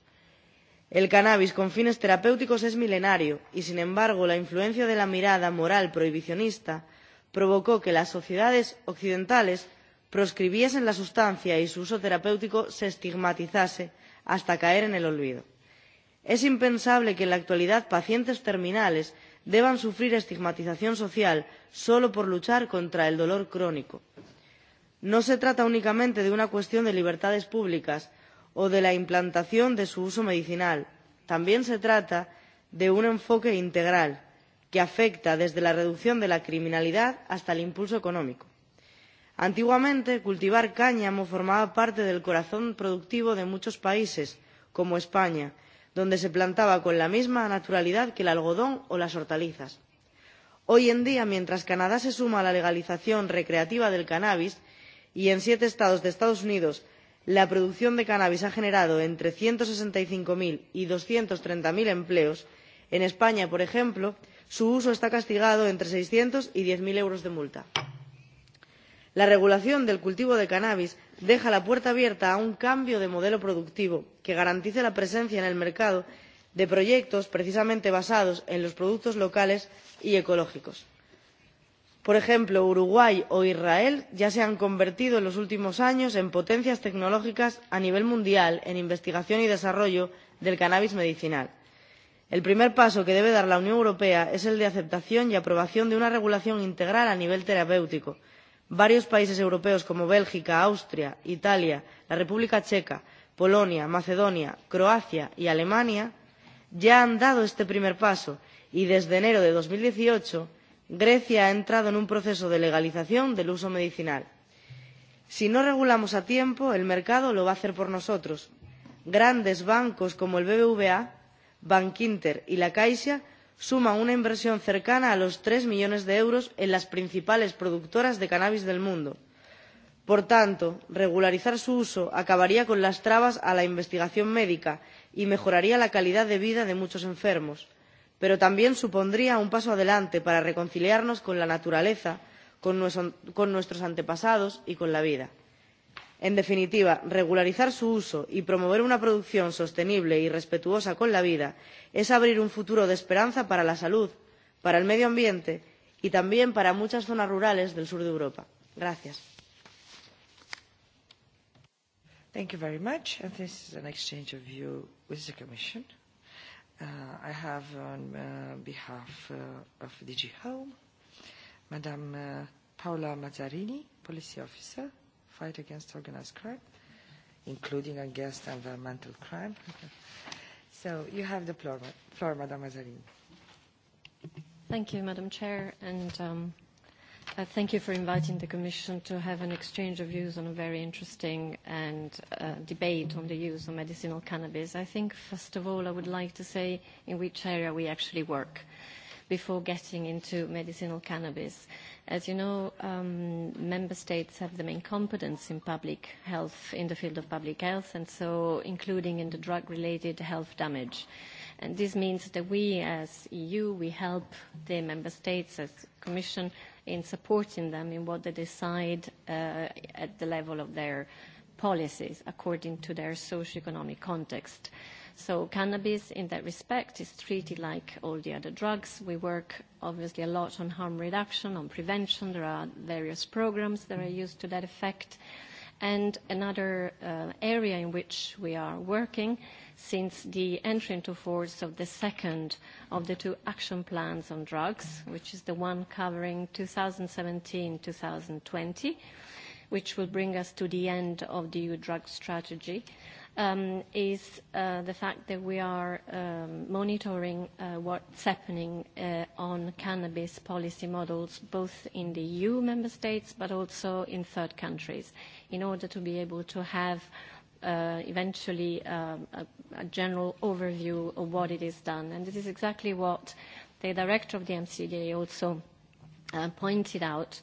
El cannabis con fines terapéuticos es milenario y, sin embargo, la influencia de la mirada moral prohibicionista provocó que las sociedades occidentales proscribiesen la sustancia y su uso terapéutico se estigmatizase hasta caer en el olvido. Es impensable que en la actualidad pacientes terminales deban sufrir estigmatización social solo por luchar contra el dolor crónico. No se trata únicamente de una cuestión de libertades públicas o de la implantación de su uso medicinal. También se trata de un enfoque integral que afecta desde la reducción de la criminalidad hasta el impulso económico. Antiguamente, cultivar cáñamo formaba parte del corazón productivo de muchos países, como España, donde se plantaba con la misma naturalidad que el algodón o las hortalizas. Hoy en día, mientras Canadá se suma a la legalización recreativa del cannabis y en siete estados de Estados Unidos la producción de cannabis ha generado entre 165.000 y 230.000 empleos, en España, por ejemplo, su uso está castigado entre 600 y 10.000 euros de multa. La regulación del cultivo de cannabis deja la puerta abierta a un cambio de modelo productivo que garantice la presencia en el mercado de proyectos precisamente basados en los productos locales y ecológicos. Por ejemplo, Uruguay o Israel ya se han convertido en los últimos años en potencias tecnológicas a nivel mundial en investigación y desarrollo del cannabis medicinal. El primer paso que debe dar la Unión Europea es el de aceptación y aprobación de una regulación integral a nivel terapéutico, Varios países europeos como Bélgica, Austria, Italia, la República Checa, Polonia, Macedonia, Croacia y Alemania ya han dado este primer paso y desde enero de dos mil dieciocho Grecia ha entrado en un proceso de legalización del uso medicinal. Si no regulamos a tiempo, el mercado lo va a hacer por nosotros. Grandes bancos como el BBVA, Bankinter y la Caixa suma una inversión cercana a los 3 millones de euros en las principales productoras de cannabis del mundo. Por tanto, regularizar su uso acabaría con las trabas a la investigación médica y mejoraría la calidad de vida de muchos enfermos, pero también supondría un paso adelante para reconciliarnos con la naturaleza, con, nuestro, con nuestros antepasados y con la vida. En definitiva, regularizar su uso y promover una producción sostenible y respetuosa con la vida es abrir un futuro de esperanza para la salud, para el medio ambiente y también para muchas zonas rurales del sur de Europa. Gracias. Thank you very much. And this is an exchange of view with the Commission. Uh, I have on uh, behalf uh, of DG Home, Madame uh, Paola Mazzarini, Policy Officer, fight against organized crime, including against environmental crime. so you have the floor, floor Madame Mazarini. Thank you, Madam Chair, and um, uh, thank you for inviting the Commission to have an exchange of views on a very interesting and uh, debate on the use of medicinal cannabis. I think, first of all, I would like to say in which area we actually work before getting into medicinal cannabis. Uh, As you know, um, member states have the main competence in public health, in the field of public health, and so including in the drug-related health damage. And this means that we as EU, we help the member states as Commission in supporting them in what they decide uh, at the level of their policies according to their socio-economic context. So cannabis in that respect is treated like all the other drugs. We work obviously a lot on harm reduction, on prevention. There are various programs that are used to that effect. And another uh, area in which we are working since the entry into force of the second of the two action plans on drugs, which is the one covering 2017-2020, which will bring us to the end of the EU drug strategy um, is uh, the fact that we are um, monitoring uh, what's happening uh, on cannabis policy models both in the EU member states but also in third countries in order to be able to have uh, eventually um, a, a general overview of what it is done. And this is exactly what the director of the MCDA also uh, pointed out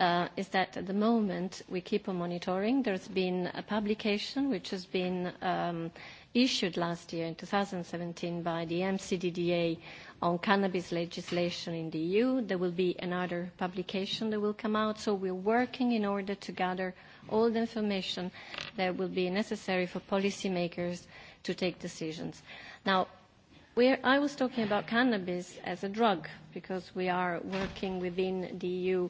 uh, is that at the moment we keep on monitoring. There's been a publication which has been um, issued last year in 2017 by the MCDDA on cannabis legislation in the EU. There will be another publication that will come out. So we're working in order to gather all the information that will be necessary for policymakers to take decisions. Now, We're, I was talking about cannabis as a drug because we are working within the EU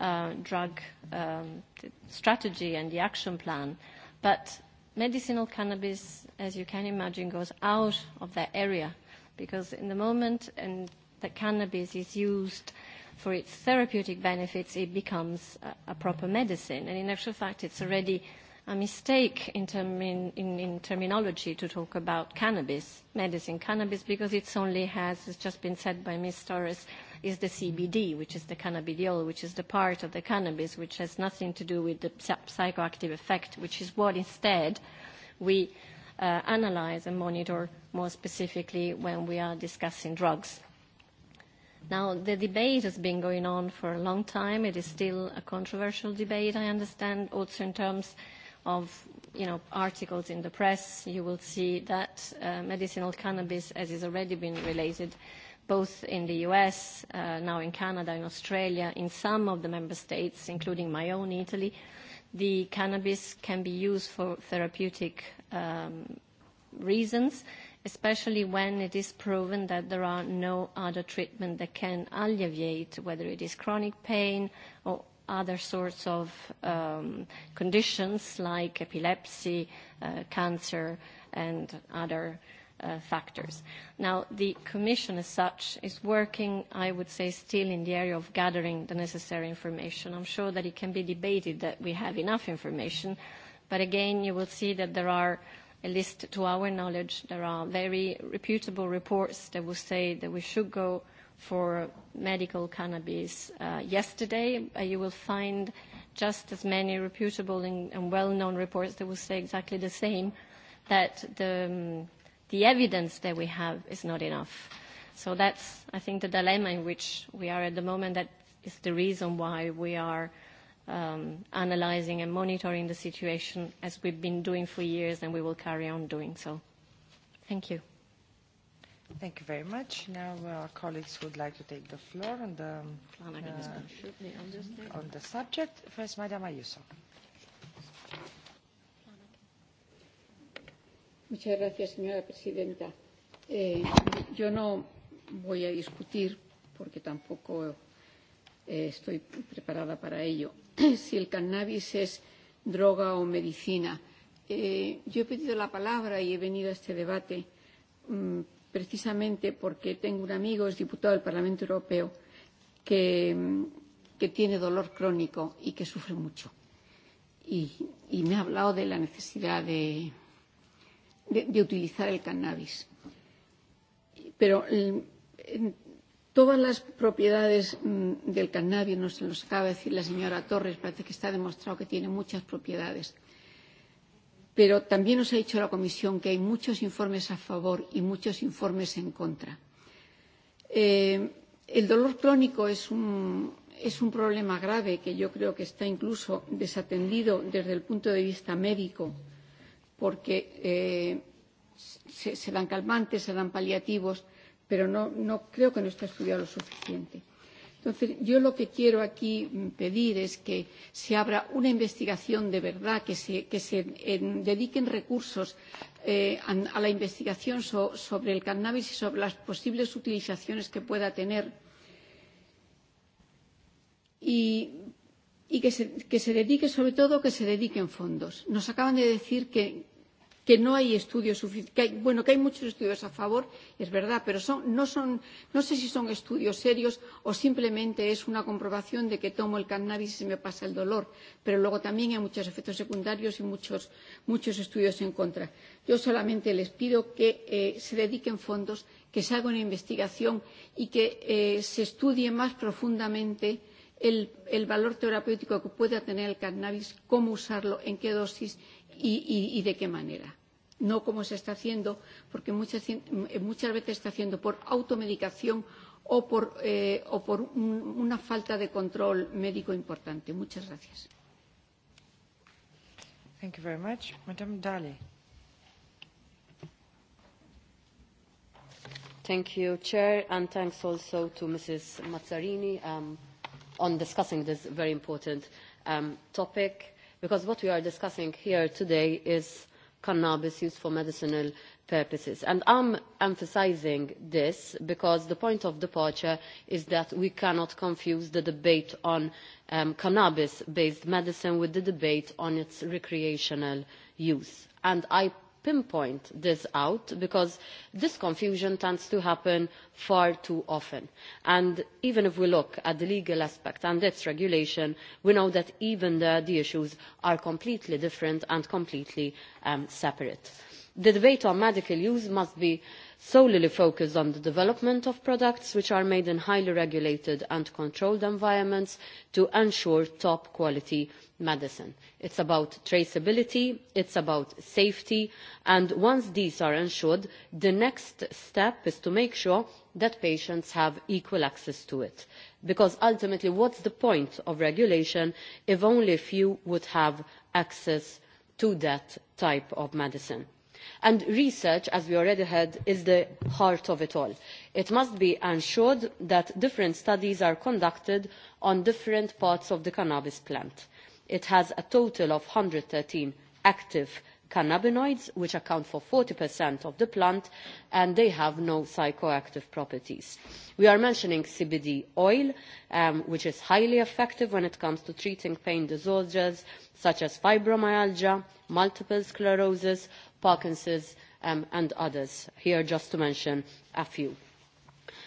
uh, drug um, strategy and the action plan. But medicinal cannabis, as you can imagine, goes out of that area because in the moment and that cannabis is used for its therapeutic benefits, it becomes a, a proper medicine. And in actual fact, it's already a mistake in, term in, in, in terminology to talk about cannabis, medicine cannabis, because it's only has, it's just been said by Ms. Torres, is the CBD, which is the cannabidiol, which is the part of the cannabis, which has nothing to do with the psychoactive effect, which is what instead we uh, analyze and monitor more specifically when we are discussing drugs. Now, the debate has been going on for a long time. It is still a controversial debate, I understand, also in terms of of you know, articles in the press, you will see that uh, medicinal cannabis, as has already been related, both in the US, uh, now in Canada, in Australia, in some of the member states, including my own Italy, the cannabis can be used for therapeutic um, reasons, especially when it is proven that there are no other treatment that can alleviate, whether it is chronic pain or other sorts of um, conditions like epilepsy, uh, cancer, and other uh, factors. Now, the Commission as such is working, I would say, still in the area of gathering the necessary information. I'm sure that it can be debated that we have enough information, but again, you will see that there are at least to our knowledge, there are very reputable reports that will say that we should go for medical cannabis uh, yesterday. Uh, you will find just as many reputable and, and well-known reports that will say exactly the same, that the, um, the evidence that we have is not enough. So that's, I think, the dilemma in which we are at the moment. That is the reason why we are um, analyzing and monitoring the situation as we've been doing for years and we will carry on doing so. Thank you. Thank you very much. Now uh, our colleagues would like to take the floor on the, uh, on the subject. First, Madam Ayuso. Muchas gracias, señora presidenta. Eh, yo no voy a discutir, porque tampoco eh, estoy preparada para ello, si el cannabis es droga o medicina. Eh, yo he pedido la palabra y he venido a este debate mmm, precisamente porque tengo un amigo, es diputado del Parlamento Europeo, que, que tiene dolor crónico y que sufre mucho. Y, y me ha hablado de la necesidad de, de, de utilizar el cannabis. Pero mm, en, todas las propiedades mm, del cannabis, nos los acaba de decir la señora Torres, parece que está demostrado que tiene muchas propiedades. Pero también nos ha dicho la Comisión que hay muchos informes a favor y muchos informes en contra. Eh, el dolor crónico es un, es un problema grave que yo creo que está incluso desatendido desde el punto de vista médico, porque eh, se, se dan calmantes, se dan paliativos, pero no, no creo que no está estudiado lo suficiente. Entonces, yo lo que quiero aquí pedir es que se abra una investigación de verdad, que se, que se en, dediquen recursos eh, a, a la investigación so, sobre el cannabis y sobre las posibles utilizaciones que pueda tener. Y y que se, que se dedique, sobre todo, que se dediquen fondos. Nos acaban de decir que, que no hay estudios suficientes. Bueno, que hay muchos estudios a favor, es verdad, pero son, no, son, no sé si son estudios serios o simplemente es una comprobación de que tomo el cannabis y se me pasa el dolor. Pero luego también hay muchos efectos secundarios y muchos, muchos estudios en contra. Yo solamente les pido que eh, se dediquen fondos, que se haga una investigación y que eh, se estudie más profundamente el, el valor terapéutico que pueda tener el cannabis, cómo usarlo, en qué dosis y, y, y de qué manera no como se está haciendo, porque muchas, eh, muchas veces está haciendo por automedicación o por, eh, o por un, una falta de control médico importante. Muchas gracias. Thank you very much. Madame Dali. Thank you, Chair, and thanks also to Mrs. Mazzarini um, on discussing this very important um, topic, because what we are discussing here today is cannabis used for medicinal purposes. And I'm emphasizing this because the point of departure is that we cannot confuse the debate on um, cannabis-based medicine with the debate on its recreational use. And I pinpoint this out because this confusion tends to happen far too often. And even if we look at the legal aspect and its regulation, we know that even there the issues are completely different and completely um, separate. The debate on medical use must be solely focused on the development of products which are made in highly regulated and controlled environments to ensure top quality medicine. It is about traceability, it is about safety, and once these are ensured, the next step is to make sure that patients have equal access to it. Because ultimately, what is the point of regulation if only a few would have access to that type of medicine? And research, as we already heard, is the heart of it all. It must be ensured that different studies are conducted on different parts of the cannabis plant. It has a total of one hundred and thirteen active cannabinoids, which account for 40% of the plant, and they have no psychoactive properties. We are mentioning CBD oil, um, which is highly effective when it comes to treating pain disorders such as fibromyalgia, multiple sclerosis, Parkinson's um, and others, here just to mention a few.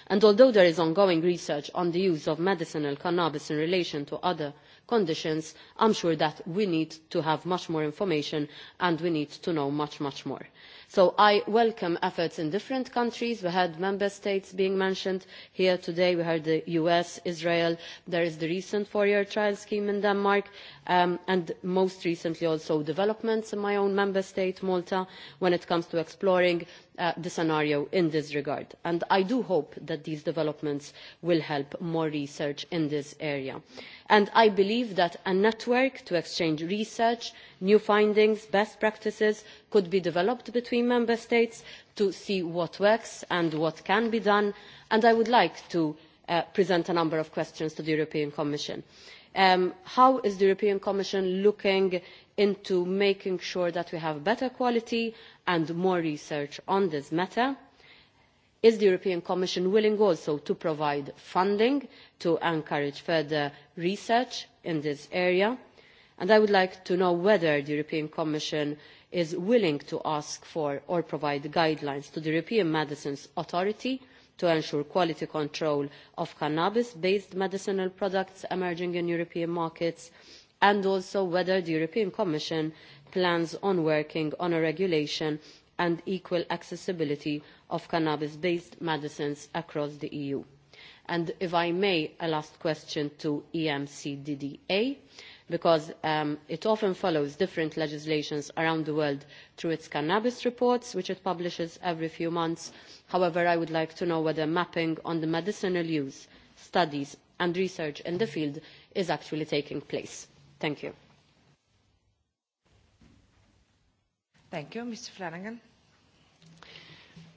And although there is ongoing research on the use of medicinal cannabis in relation to other conditions, I am sure that we need to have much more information and we need to know much, much more. So I welcome efforts in different countries. We had member states being mentioned here today. We heard the US, Israel. There is the recent four-year trial scheme in Denmark um, and most recently also developments in my own member state, Malta, when it comes to exploring uh, the scenario in this regard. And I do hope that these developments will help more research in this area. And I believe that a network to exchange research, new findings, best practices could be developed between member states to see what works and what can be done. And I would like to uh, present a number of questions to the European Commission. Um, how is the European Commission looking into making sure that we have better quality and more research on this matter. Is the European Commission willing also to provide funding to encourage further research in this area? And I would like to know whether the European Commission is willing to ask for or provide guidelines to the European Medicines Authority to ensure quality control of cannabis-based medicinal products emerging in European markets and also whether the European Commission plans on working on a regulation and equal accessibility of cannabis-based medicines across the EU. And if I may, a last question to EMCDDA, because um, it often follows different legislations around the world through its cannabis reports, which it publishes every few months. However, I would like to know whether mapping on the medicinal use, studies and research in the field is actually taking place. Thank you. Thank you, Mr. Flanagan.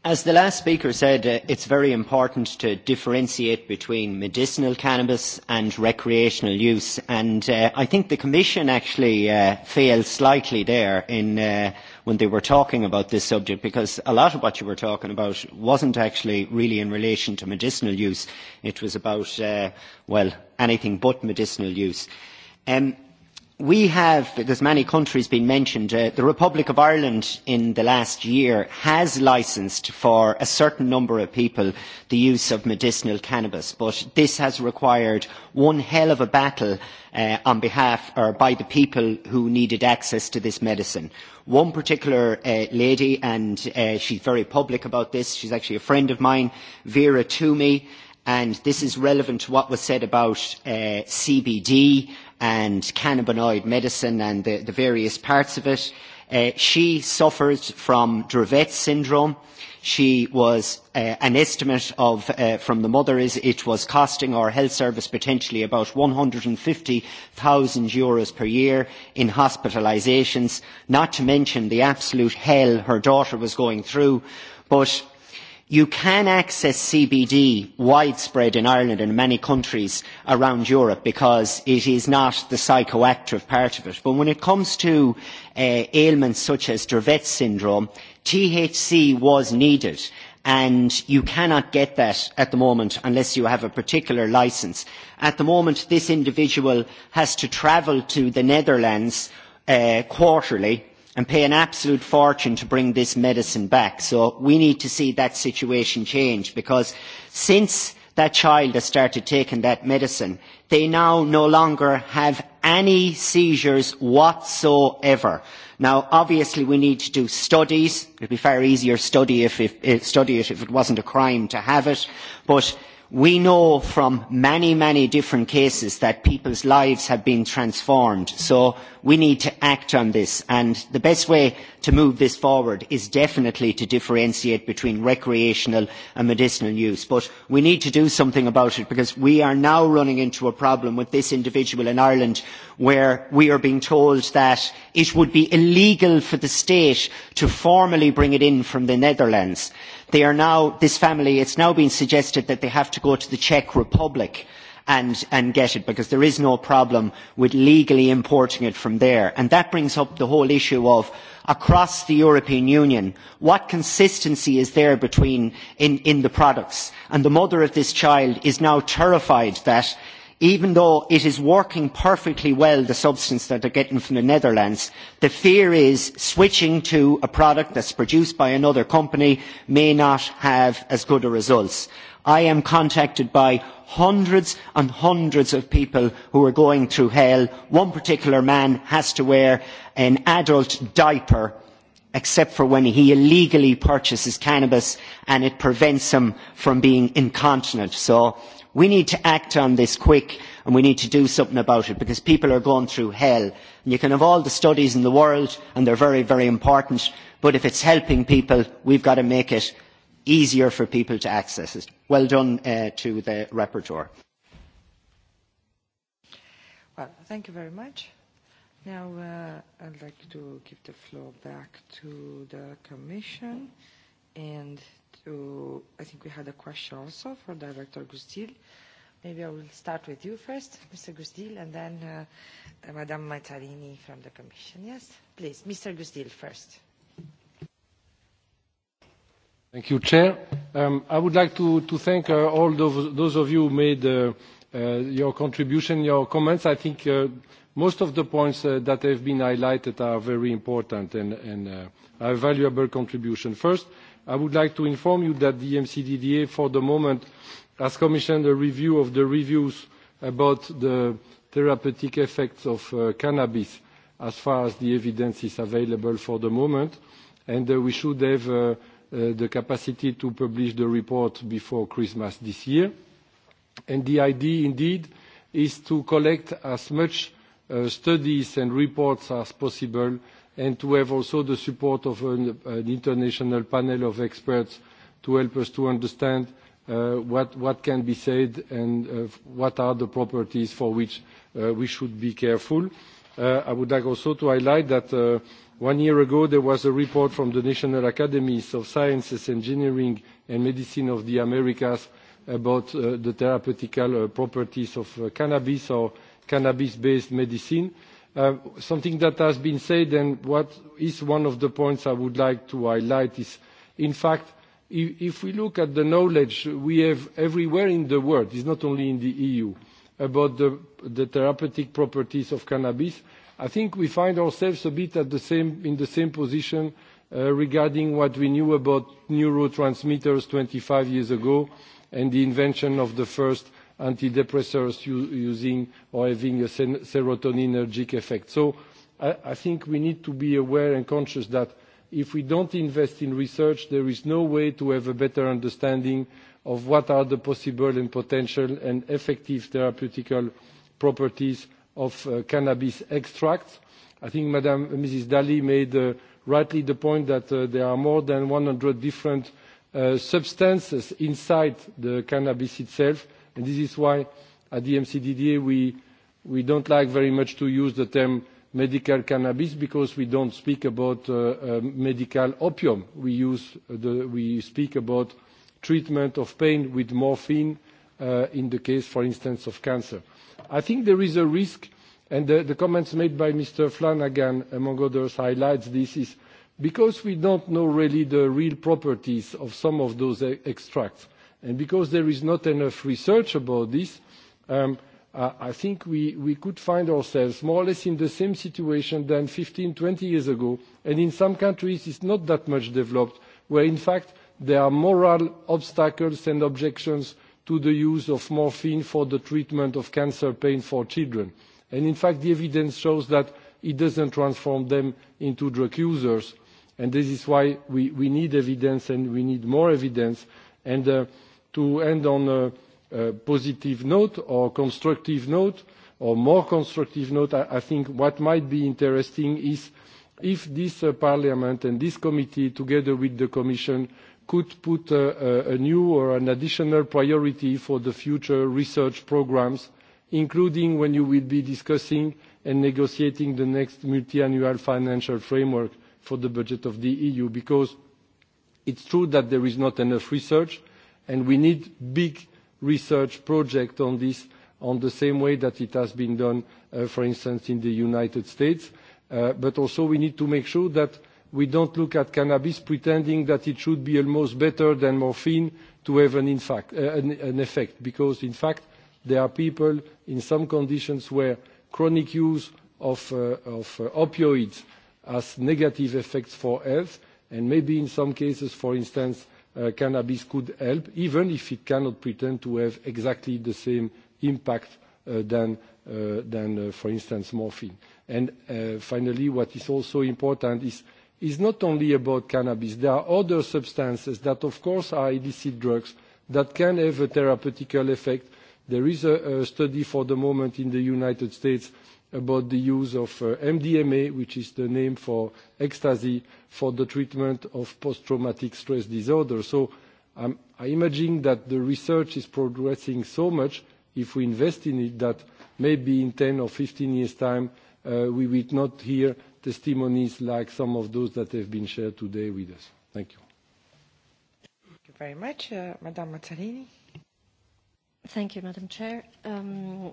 As the last speaker said, uh, it's very important to differentiate between medicinal cannabis and recreational use. And uh, I think the Commission actually uh, failed slightly there in, uh, when they were talking about this subject because a lot of what you were talking about wasn't actually really in relation to medicinal use. It was about, uh, well, anything but medicinal use. Um, we have, there's many countries been mentioned, uh, the Republic of Ireland in the last year has licensed for a certain number of people the use of medicinal cannabis, but this has required one hell of a battle uh, on behalf or by the people who needed access to this medicine. One particular uh, lady, and uh, she's very public about this, she's actually a friend of mine, Vera Toomey, and this is relevant to what was said about uh, CBD and cannabinoid medicine and the, the various parts of it. Uh, she suffered from Dravet syndrome. She was, uh, an estimate of, uh, from the mother is it was costing our health service potentially about euros per year in hospitalisations, not to mention the absolute hell her daughter was going through. But you can access CBD widespread in Ireland and many countries around Europe because it is not the psychoactive part of it. But when it comes to uh, ailments such as Dravet syndrome, THC was needed and you cannot get that at the moment unless you have a particular licence. At the moment, this individual has to travel to the Netherlands uh, quarterly and pay an absolute fortune to bring this medicine back. So we need to see that situation change because since that child has started taking that medicine, they now no longer have any seizures whatsoever. Now, obviously, we need to do studies. It would be far easier study if, if, study it if it wasn't a crime to have it. But We know from many, many different cases that people's lives have been transformed. So we need to act on this. And the best way to move this forward is definitely to differentiate between recreational and medicinal use. But we need to do something about it because we are now running into a problem with this individual in Ireland where we are being told that it would be illegal for the state to formally bring it in from the Netherlands. They are now, this family, it's now been suggested that they have to go to the Czech Republic and, and get it because there is no problem with legally importing it from there. And that brings up the whole issue of across the European Union, what consistency is there between in, in the products? And the mother of this child is now terrified that even though it is working perfectly well, the substance that they're getting from the Netherlands, the fear is switching to a product that's produced by another company may not have as good a results. I am contacted by hundreds and hundreds of people who are going through hell. One particular man has to wear an adult diaper except for when he illegally purchases cannabis and it prevents him from being incontinent. So We need to act on this quick and we need to do something about it because people are going through hell. And you can have all the studies in the world and they're very, very important, but if it's helping people, we've got to make it easier for people to access it. Well done uh, to the rapporteur. Well, thank you very much. Now uh, I'd like to give the floor back to the Commission and to, I think we had a question also for Director Gustil. Maybe I will start with you first, Mr. Gustil, and then uh, Madame Maitarini from the Commission. Yes, please, Mr. Gustil first. Thank you, Chair. Um, I would like to, to thank uh, all those, those of you who made uh, uh, your contribution, your comments. I think uh, most of the points uh, that have been highlighted are very important and, and uh, a valuable contribution. First, I would like to inform you that the MCDDA for the moment has commissioned a review of the reviews about the therapeutic effects of uh, cannabis as far as the evidence is available for the moment, and uh, we should have uh, the capacity to publish the report before Christmas this year. the idea, indeed, is to collect as much studies and reports as possible and to have also the support of an, an international panel of experts to help us to understand uh, what, what can be said and uh, what are the properties for which uh, we should be careful. Uh, I would like also to highlight that uh, one year ago there was a report from the National Academies of Sciences, Engineering and Medicine of the Americas about uh, the therapeutical uh, properties of uh, cannabis or cannabis-based medicine. Uh, something that has been said and what is one of the points I would like to highlight is, in fact, if, if we look at the knowledge we have everywhere in the world, it's not only in the EU, about the, the therapeutic properties of cannabis, I think we find ourselves a bit at the same, in the same position uh, regarding what we knew about neurotransmitters 25 years ago and the invention of the first antidepressants using or having a serotoninergic effect. So I, I think we need to be aware and conscious that if we don't invest in research, there is no way to have a better understanding of what are the possible and potential and effective therapeutical properties of uh, cannabis extracts. I think Madam, uh, Mrs. Daly made uh, rightly the point that uh, there are more than 100 different uh, substances inside the cannabis itself, And this is why at the MCDDA we, we don't like very much to use the term medical cannabis because we don't speak about uh, uh, medical opium. We, use uh, the, we speak about treatment of pain with morphine uh, in the case, for instance, of cancer. I think there is a risk, and the, the comments made by Mr. Flanagan, among others, highlights this, is because we don't know really the real properties of some of those e-, extracts And because there is not enough research about this, um, I think we, we could find ourselves more or less in the same situation than 15, 20 years ago. And in some countries, it's not that much developed, where in fact there are moral obstacles and objections to the use of morphine for the treatment of cancer pain for children. And in fact, the evidence shows that it doesn't transform them into drug users. And this is why we, we need evidence and we need more evidence. And uh, to end on a, a positive note or constructive note or more constructive note, I, I think what might be interesting is if this uh, parliament and this committee together with the commission could put uh, a, a new or an additional priority for the future research programs, including when you will be discussing and negotiating the next multiannual financial framework for the budget of the EU, because it's true that there is not enough research, and we need big research projects on this on the same way that it has been done, uh, for instance, in the United States. Uh, but also we need to make sure that we don't look at cannabis pretending that it should be almost better than morphine to have an, impact, uh, an, effect, because in fact there are people in some conditions where chronic use of, opioids has negative effects for health, and maybe in some cases, for instance, Uh, cannabis could help, even if it cannot pretend to have exactly the same impact uh, than, uh, than for instance, morphine. And finally, what is also important is is not only about cannabis. There are other substances that, of course, are illicit drugs that can have a therapeutic effect. There is a study for the moment in the United States about the use of uh, MDMA, which is the name for ecstasy, for the treatment of post-traumatic stress disorder. So um, I imagine that the research is progressing so much, if we invest in it, that maybe in 10 or 15 years' time, uh, we will not hear testimonies like some of those that have been shared today with us. Thank you. Thank you very much. Uh, Madame Mazzarini. Thank you, Madam Chair. Um,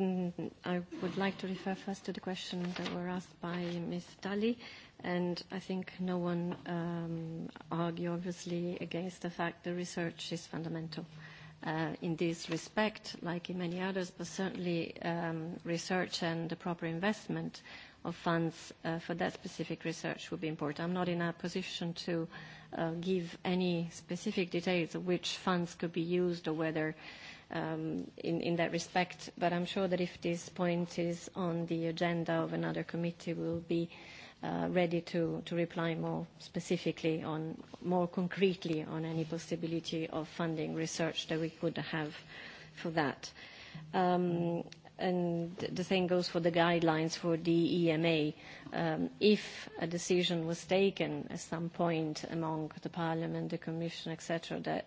Mm, I would like to refer first to the questions that were asked by Ms. Daly, and I think no one um, argue obviously against the fact that research is fundamental. Uh, in this respect, like in many others, but certainly um, research and the proper investment of funds uh, for that specific research would be important. I'm not in a position to uh, give any specific details of which funds could be used or whether um, in, in that respect, but I'm sure that if this point is on the agenda of another committee, we'll be uh, ready to, to reply more specifically on, more concretely on any possibility of funding research that we could have for that. Um, and the same goes for the guidelines for the EMA. Um, if a decision was taken at some point among the Parliament, the Commission, etc., that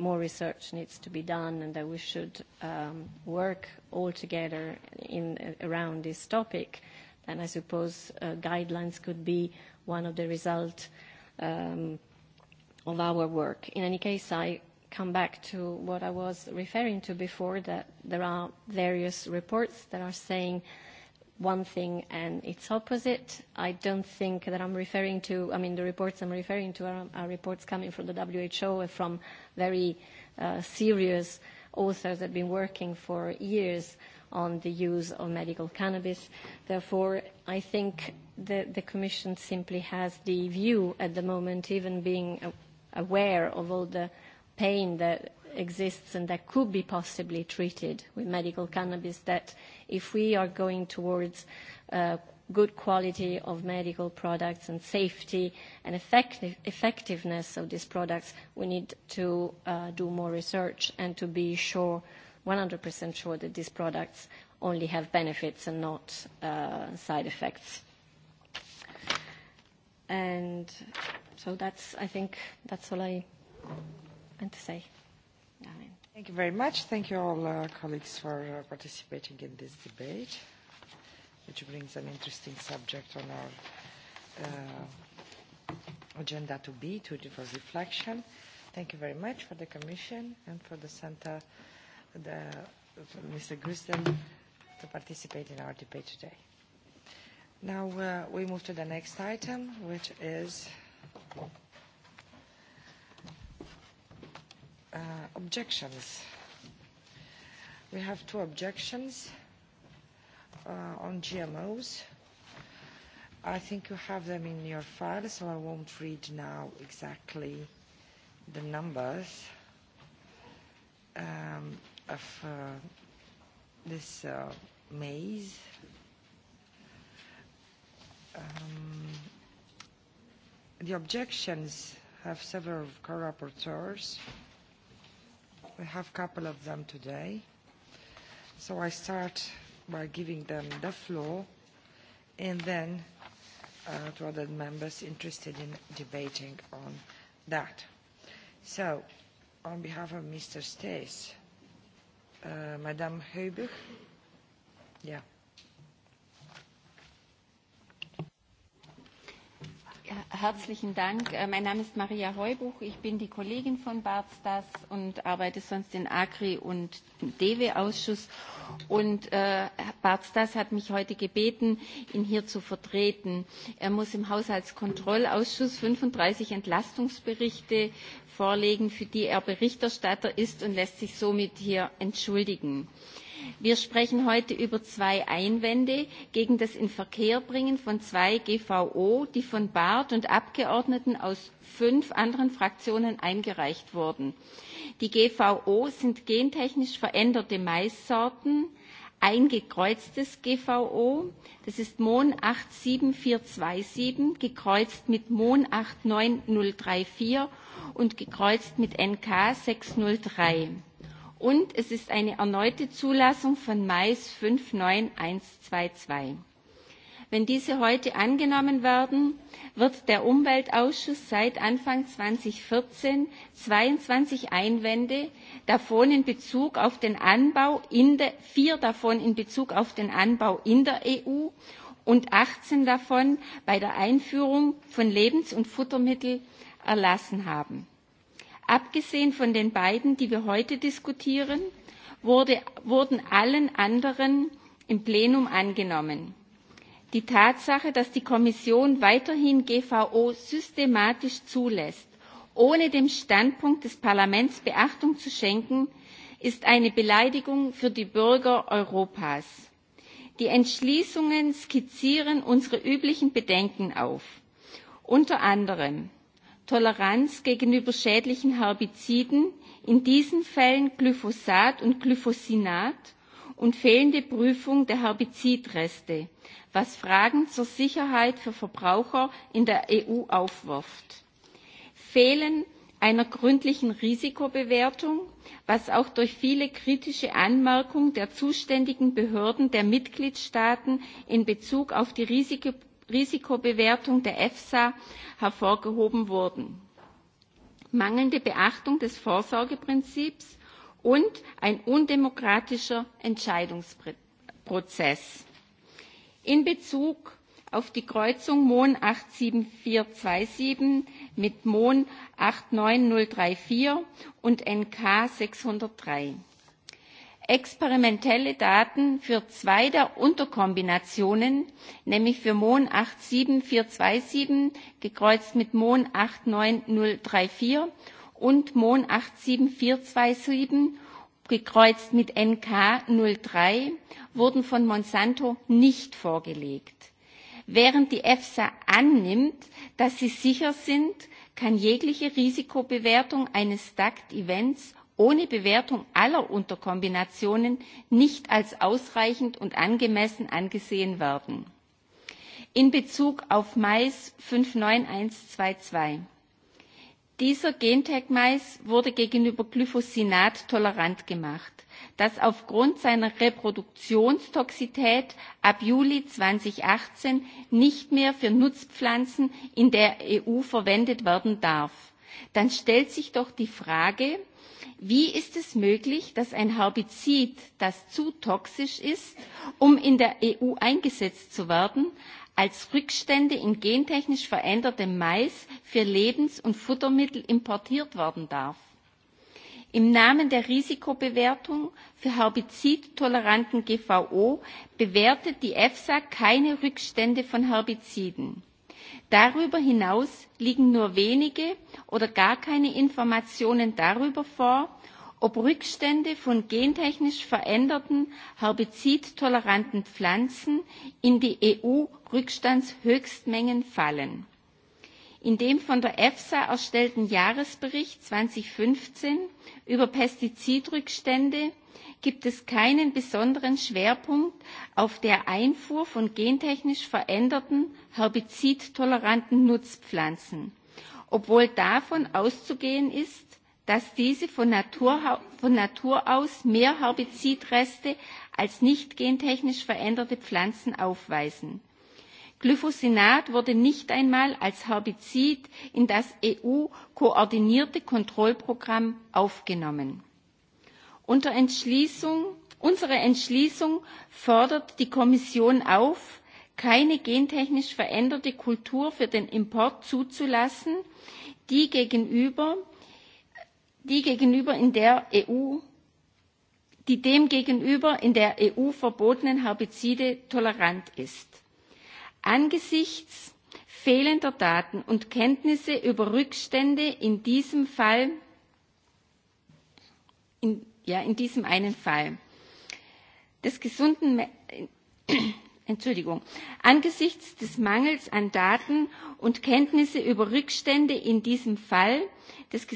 more research needs to be done and that we should um, work all together in, around this topic, then I suppose uh, guidelines could be one of the result um, of our work. In any case, I come back to what I was referring to before, that there are various reports that are saying one thing and its opposite. I don't think that I'm referring to, I mean, the reports I'm referring to are, are reports coming from the WHO and from very uh, serious authors that have been working for years on the use of medical cannabis. Therefore, I think the, the Commission simply has the view at the moment, even being aware of all the pain that exists and that could be possibly treated with medical cannabis that if we are going towards uh, good quality of medical products and safety and effective, effectiveness of these products, we need to uh, do more research and to be sure, 100% sure that these products only have benefits and not uh, side effects. And so that's, I think, that's all I meant to say. Amen. Thank you very much. Thank you all uh, colleagues for uh, participating in this debate, which brings an interesting subject on our uh, agenda to be to, for reflection. Thank you very much for the Commission and for the Santa, the, for Mr. Gusten to participate in our debate today. Now uh, we move to the next item, which is objections. We have two objections uh, on GMOs. I think you have them in your file, so I won't read now exactly the numbers um, of uh, this uh, maze. Um, the objections have several co-rapporteurs. We have a couple of them today. So I start by giving them the floor and then uh, to other members interested in debating on that. So, on behalf of Mr. Stace, uh, Madame Heubuch, yeah, Herzlichen Dank. Äh, mein Name ist Maria Heubuch. Ich bin die Kollegin von Barstas und arbeite sonst in Agri- und DEWE-Ausschuss. Und äh, Barstas hat mich heute gebeten, ihn hier zu vertreten. Er muss im Haushaltskontrollausschuss 35 Entlastungsberichte vorlegen, für die er Berichterstatter ist und lässt sich somit hier entschuldigen. Äh, Wir sprechen heute über zwei Einwände gegen das Inverkehrbringen von zwei GVO, die von BART und Abgeordneten aus fünf anderen Fraktionen eingereicht wurden. Die GVO sind gentechnisch veränderte Maissorten, eingekreuztes GVO, das ist MON 87427, gekreuzt mit MON 89034 und gekreuzt mit NK 603 und es ist eine erneute Zulassung von Mais 59122. Wenn diese heute angenommen werden, wird der Umweltausschuss seit Anfang 2014 22 Einwände, davon in Bezug auf den Anbau in der, vier davon in Bezug auf den Anbau in der EU und 18 davon bei der Einführung von Lebens- und Futtermitteln erlassen haben. Abgesehen von den beiden, die wir heute diskutieren, wurde, wurden allen anderen im Plenum angenommen. Die Tatsache, dass die Kommission weiterhin GVO systematisch zulässt, ohne dem Standpunkt des Parlaments Beachtung zu schenken, ist eine Beleidigung für die Bürger Europas. Die Entschließungen skizzieren unsere üblichen Bedenken auf. Unter anderem Toleranz gegenüber schädlichen Herbiziden, in diesen Fällen Glyphosat und Glyphosinat und fehlende Prüfung der Herbizidreste, was Fragen zur Sicherheit für Verbraucher in der EU aufwirft. Fehlen einer gründlichen Risikobewertung, was auch durch viele kritische Anmerkungen der zuständigen Behörden der Mitgliedstaaten in Bezug auf die Risiko Risikobewertung der EFSA hervorgehoben wurden. Mangelnde Beachtung des Vorsorgeprinzips und ein undemokratischer Entscheidungsprozess. In Bezug auf die Kreuzung MON 87427 mit MON 89034 und NK 603 experimentelle Daten für zwei der Unterkombinationen, nämlich für MON 87427 gekreuzt mit MON 89034 und MON 87427 gekreuzt mit NK 03 wurden von Monsanto nicht vorgelegt. Während die EFSA annimmt, dass sie sicher sind, kann jegliche Risikobewertung eines DACT-Events ohne Bewertung aller Unterkombinationen nicht als ausreichend und angemessen angesehen werden. In Bezug auf Mais 59122. Dieser Gentech Mais wurde gegenüber Glyphosinat tolerant gemacht, das aufgrund seiner Reproduktionstoxität ab Juli 2018 nicht mehr für Nutzpflanzen in der EU verwendet werden darf. Dann stellt sich doch die Frage, Wie ist es möglich, dass ein Herbizid, das zu toxisch ist, um in der EU eingesetzt zu werden, als Rückstände in gentechnisch verändertem Mais für Lebens- und Futtermittel importiert werden darf? Im Namen der Risikobewertung für herbizidtoleranten GVO bewertet die EFSA keine Rückstände von Herbiziden. Darüber hinaus liegen nur wenige oder gar keine Informationen darüber vor, ob Rückstände von gentechnisch veränderten, herbizidtoleranten Pflanzen in die EU-Rückstandshöchstmengen fallen. In dem von der EFSA erstellten Jahresbericht 2015 über Pestizidrückstände gibt es keinen besonderen Schwerpunkt auf der Einfuhr von gentechnisch veränderten, herbizidtoleranten Nutzpflanzen, obwohl davon auszugehen ist, dass diese von Natur, von Natur aus mehr Herbizidreste als nicht gentechnisch veränderte Pflanzen aufweisen. Glyphosinat wurde nicht einmal als Herbizid in das EU-koordinierte Kontrollprogramm aufgenommen. Unter Entschließung, unsere Entschließung fordert die Kommission auf, keine gentechnisch veränderte Kultur für den Import zuzulassen, die gegenüber, die gegenüber in der EU die dem gegenüber in der EU verbotenen Herbizide tolerant ist. Angesichts fehlender Daten und Kenntnisse über Rückstände in diesem Fall in, ja, in diesem einen Fall. Des gesunden, Entschuldigung, angesichts des Mangels an Daten und Kenntnisse über Rückstände in diesem Fall des,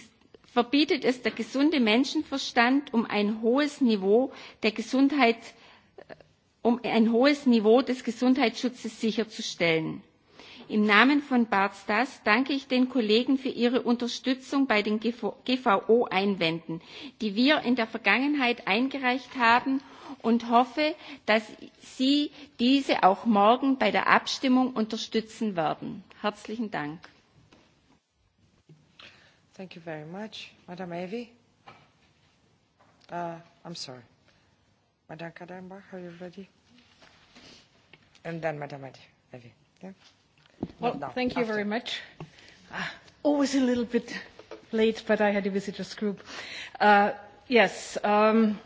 verbietet es der gesunde Menschenverstand um ein hohes Niveau der Gesundheit, äh, um ein hohes Niveau des Gesundheitsschutzes sicherzustellen. Im Namen von Bart Stas danke ich den Kollegen für ihre Unterstützung bei den GVO-Einwänden, die wir in der Vergangenheit eingereicht haben und hoffe, dass Sie diese auch morgen bei der Abstimmung unterstützen werden. Herzlichen Dank. Thank you very much. Madam Evi? Uh, I'm sorry. Madam Kadamba, are you ready? And then Madam Evi. Yeah? Well, no, thank you after. very much. Uh, always a little bit late, but I had a visitors group. Uh, yes, um,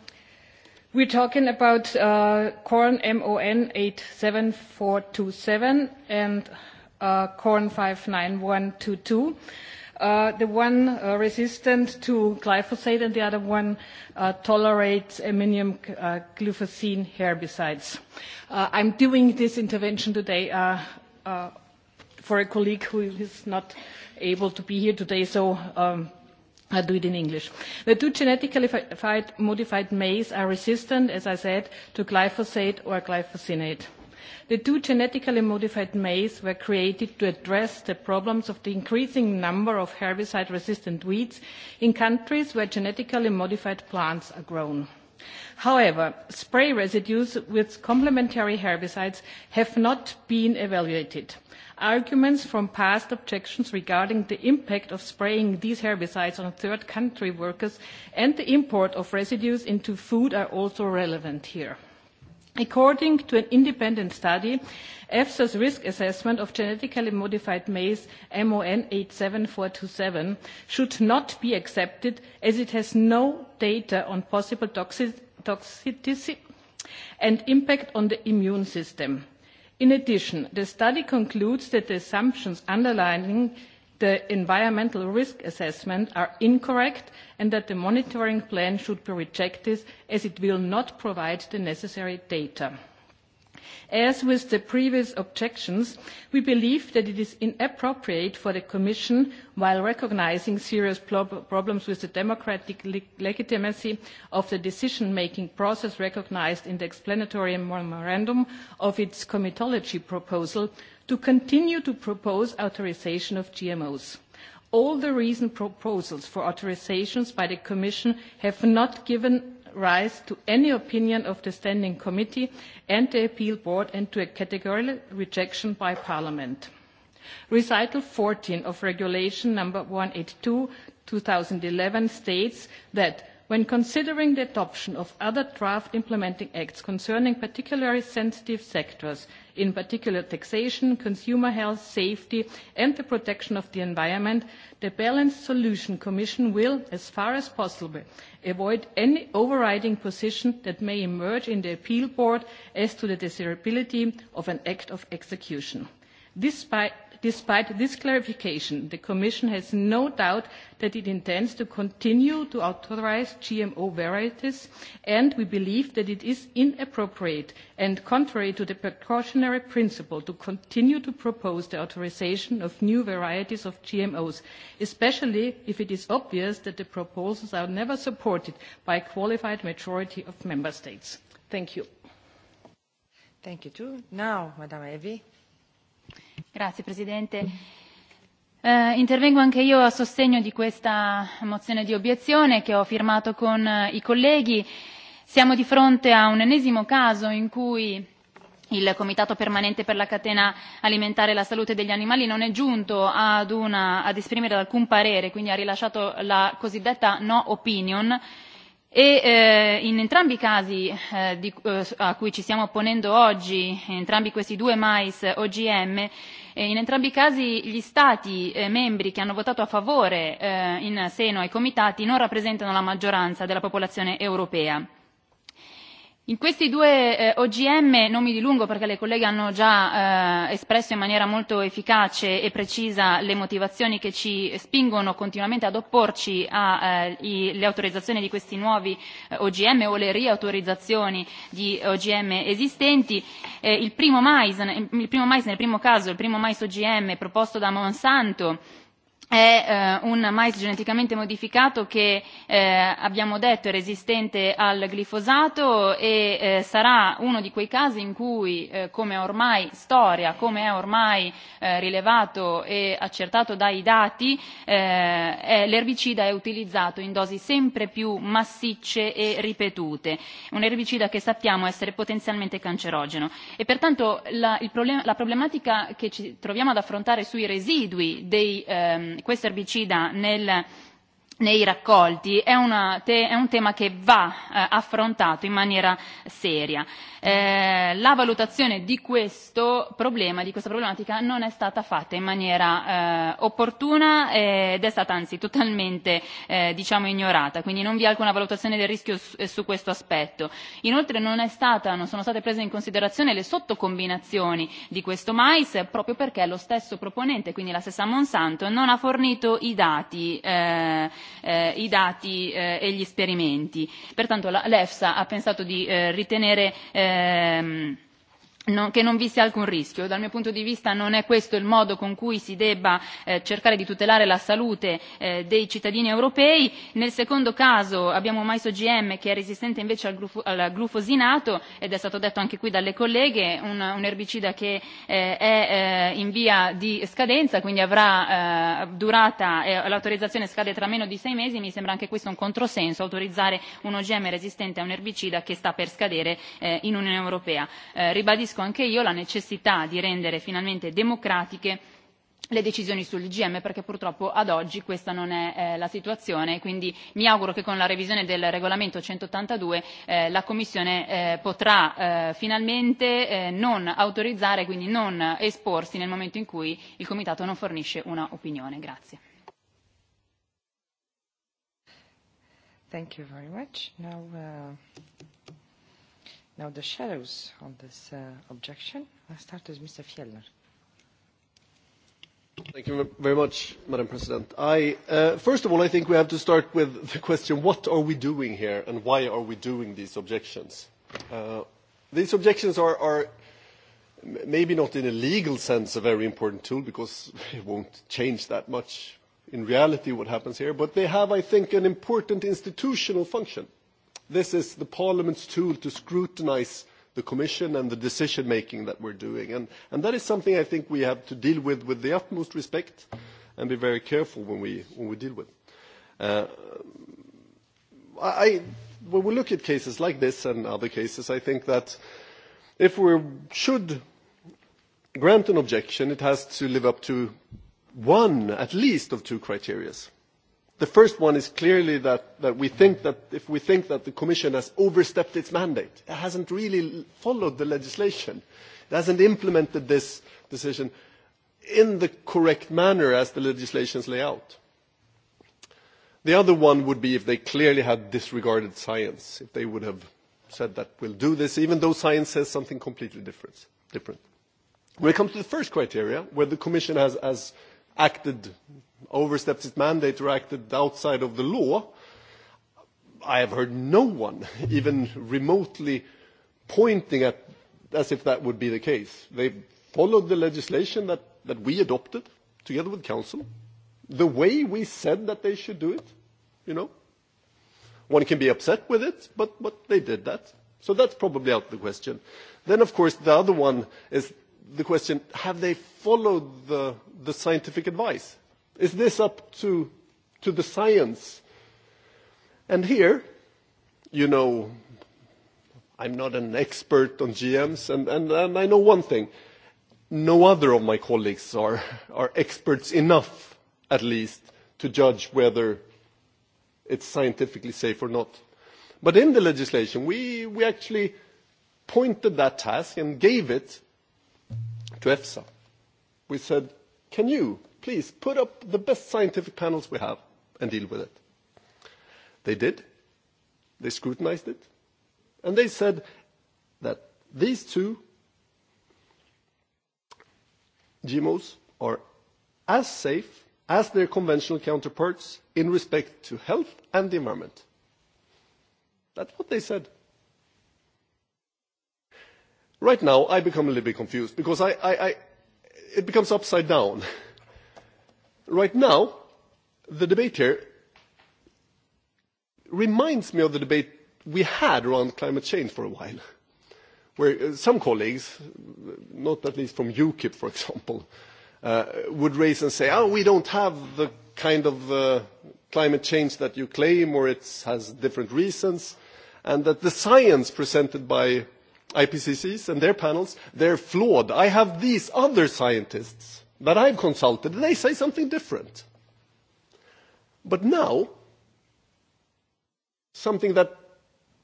we're talking about uh, corn MON 87427 and uh, corn 59122. Uh, the one uh, resistant to glyphosate and the other one uh, tolerates aminium uh, glyphosine herbicides. Uh, I'm doing this intervention today uh, uh, for a colleague who is not able to be here today, so um, I do it in English. The two genetically modified maize are resistant, as I said, to glyphosate or glyphosinate. The two genetically modified maize were created to address the problems of the increasing number of herbicide-resistant weeds in countries where genetically modified plants are grown. However, spray residues with complementary herbicides have not been evaluated. Arguments from past objections regarding the impact of spraying these herbicides on third country workers and the import of residues into food are also relevant here. According to an independent study, EFSA's risk assessment of genetically modified maize MON 87427 should not be accepted as it has no data on possible toxicity and impact on the immune system. In addition, the study concludes that the assumptions underlying the environmental risk assessment are incorrect and that the monitoring plan should be rejected as it will not provide the necessary data. As with the previous objections, we believe that it is inappropriate for the Commission, while recognising serious problems with the democratic legitimacy of the decision-making process recognised in the explanatory memorandum of its comitology proposal, to continue to propose authorization of GMOs. All the recent proposals for authorizations by the Commission have not given rise to any opinion of the Standing Committee and the Appeal Board and to a categorical rejection by Parliament. Recital 14 of Regulation No 182 2011 states that when considering the adoption of other draft implementing acts concerning particularly sensitive sectors, in particular taxation, consumer health, safety and the protection of the environment, the balanced solution Commission will, as far as possible, avoid any overriding position that may emerge in the appeal board as to the desirability of an act of execution. Despite despite this clarification, the Commission has no doubt that it intends to continue to authorize GMO varieties, and we believe that it is inappropriate and contrary to the precautionary principle to continue to propose the authorization of new varieties of GMOs, especially if it is obvious that the proposals are never supported by a qualified majority of member states. Thank you. Thank you too. Now, Madame Evie. Grazie Presidente. Eh, intervengo anche io a sostegno di questa mozione di obiezione che ho firmato con eh, i colleghi. Siamo di fronte a un ennesimo caso in cui il Comitato permanente per la catena alimentare e la salute degli animali non è giunto ad, una, ad esprimere alcun parere, quindi ha rilasciato la cosiddetta no opinion E eh, in entrambi i casi eh, di, eh, a cui ci stiamo opponendo oggi, entrambi questi due mais OGM, eh, in entrambi i casi gli Stati eh, membri che hanno votato a favore eh, in seno ai comitati non rappresentano la maggioranza della popolazione europea. In questi due eh, OGM non mi dilungo perché le colleghe hanno già eh, espresso in maniera molto efficace e precisa le motivazioni che ci spingono continuamente ad opporci alle eh, autorizzazioni di questi nuovi eh, OGM o le riautorizzazioni di OGM esistenti. Eh, il, primo mais, il primo mais nel primo caso, il primo mais OGM proposto da Monsanto è eh, un mais geneticamente modificato che eh, abbiamo detto è resistente al glifosato e eh, sarà uno di quei casi in cui, eh, come ormai storia, come è ormai eh, rilevato e accertato dai dati, eh, eh, l'erbicida è utilizzato in dosi sempre più massicce e ripetute, un erbicida che sappiamo essere potenzialmente cancerogeno. E pertanto la, il problem- la problematica che ci troviamo ad affrontare sui residui dei ehm, questo erbicida nel nei raccolti è, una te, è un tema che va eh, affrontato in maniera seria. Eh, la valutazione di questo problema, di questa problematica, non è stata fatta in maniera eh, opportuna ed è stata anzi totalmente eh, diciamo, ignorata, quindi non vi è alcuna valutazione del rischio su, eh, su questo aspetto. Inoltre non, è stata, non sono state prese in considerazione le sottocombinazioni di questo mais proprio perché lo stesso proponente, quindi la stessa Monsanto, non ha fornito i dati eh, eh, i dati eh, e gli esperimenti. Pertanto l'EFSA ha pensato di eh, ritenere eh, No, che non vi sia alcun rischio. Dal mio punto di vista non è questo il modo con cui si debba eh, cercare di tutelare la salute eh, dei cittadini europei. Nel secondo caso abbiamo mais OGM che è resistente invece al, glufo, al glufosinato ed è stato detto anche qui dalle colleghe, un, un erbicida che eh, è eh, in via di scadenza, quindi avrà eh, durata, eh, l'autorizzazione scade tra meno di sei mesi, mi sembra anche questo un controsenso, autorizzare un OGM resistente a un erbicida che sta per scadere eh, in Unione Europea. Eh, ribadisco anche io la necessità di rendere finalmente democratiche le decisioni sul GM, perché purtroppo ad oggi questa non è eh, la situazione quindi mi auguro che con la revisione del regolamento 182 eh, la Commissione eh, potrà eh, finalmente eh, non autorizzare quindi non esporsi nel momento in cui il Comitato non fornisce una opinione. Grazie. Thank you very much. Now, uh... Now the shadows on this uh, objection. I start with Mr. Fjellner. Thank you very much, Madam President. I, uh, first of all, I think we have to start with the question, what are we doing here and why are we doing these objections? Uh, these objections are, are maybe not in a legal sense a very important tool because it won't change that much in reality what happens here, but they have, I think, an important institutional function this is the Parliament's tool to scrutinise the Commission and the decision making that we are doing. And, and, that is something I think we have to deal with with the utmost respect and be very careful when we, when we deal with. Uh, I, when we look at cases like this and other cases, I think that if we should grant an objection, it has to live up to one, at least, of two criteria. The first one is clearly that, that we think that if we think that the Commission has overstepped its mandate, it hasn't really followed the legislation, it hasn't implemented this decision in the correct manner as the legislations lay out. The other one would be if they clearly had disregarded science, if they would have said that we'll do this, even though science says something completely different. different. When it comes to the first criteria, where the Commission has, has acted overstepped its mandate or acted outside of the law, I have heard no one even remotely pointing at as if that would be the case. They followed the legislation that, that we adopted together with Council, the way we said that they should do it, you know. One can be upset with it, but, but they did that. So that's probably out of the question. Then, of course, the other one is the question, have they followed the, the scientific advice? Is this up to, to the science? And here, you know, I'm not an expert on GMs, and, and, and I know one thing. No other of my colleagues are, are experts enough, at least, to judge whether it's scientifically safe or not. But in the legislation, we, we actually pointed that task and gave it to EFSA. We said, can you please put up the best scientific panels we have and deal with it. They did. They scrutinized it. And they said that these two GMOs are as safe as their conventional counterparts in respect to health and the environment. That's what they said. Right now, I become a little bit confused because I, I, I, it becomes upside down. Right now, the debate here reminds me of the debate we had around climate change for a while, where uh, some colleagues, not at least from UKIP, for example, uh, would raise and say, oh, we don't have the kind of uh, climate change that you claim, or it has different reasons, and that the science presented by IPCCs and their panels, they're flawed. I have these other scientists that I've consulted, they say something different. But now, something that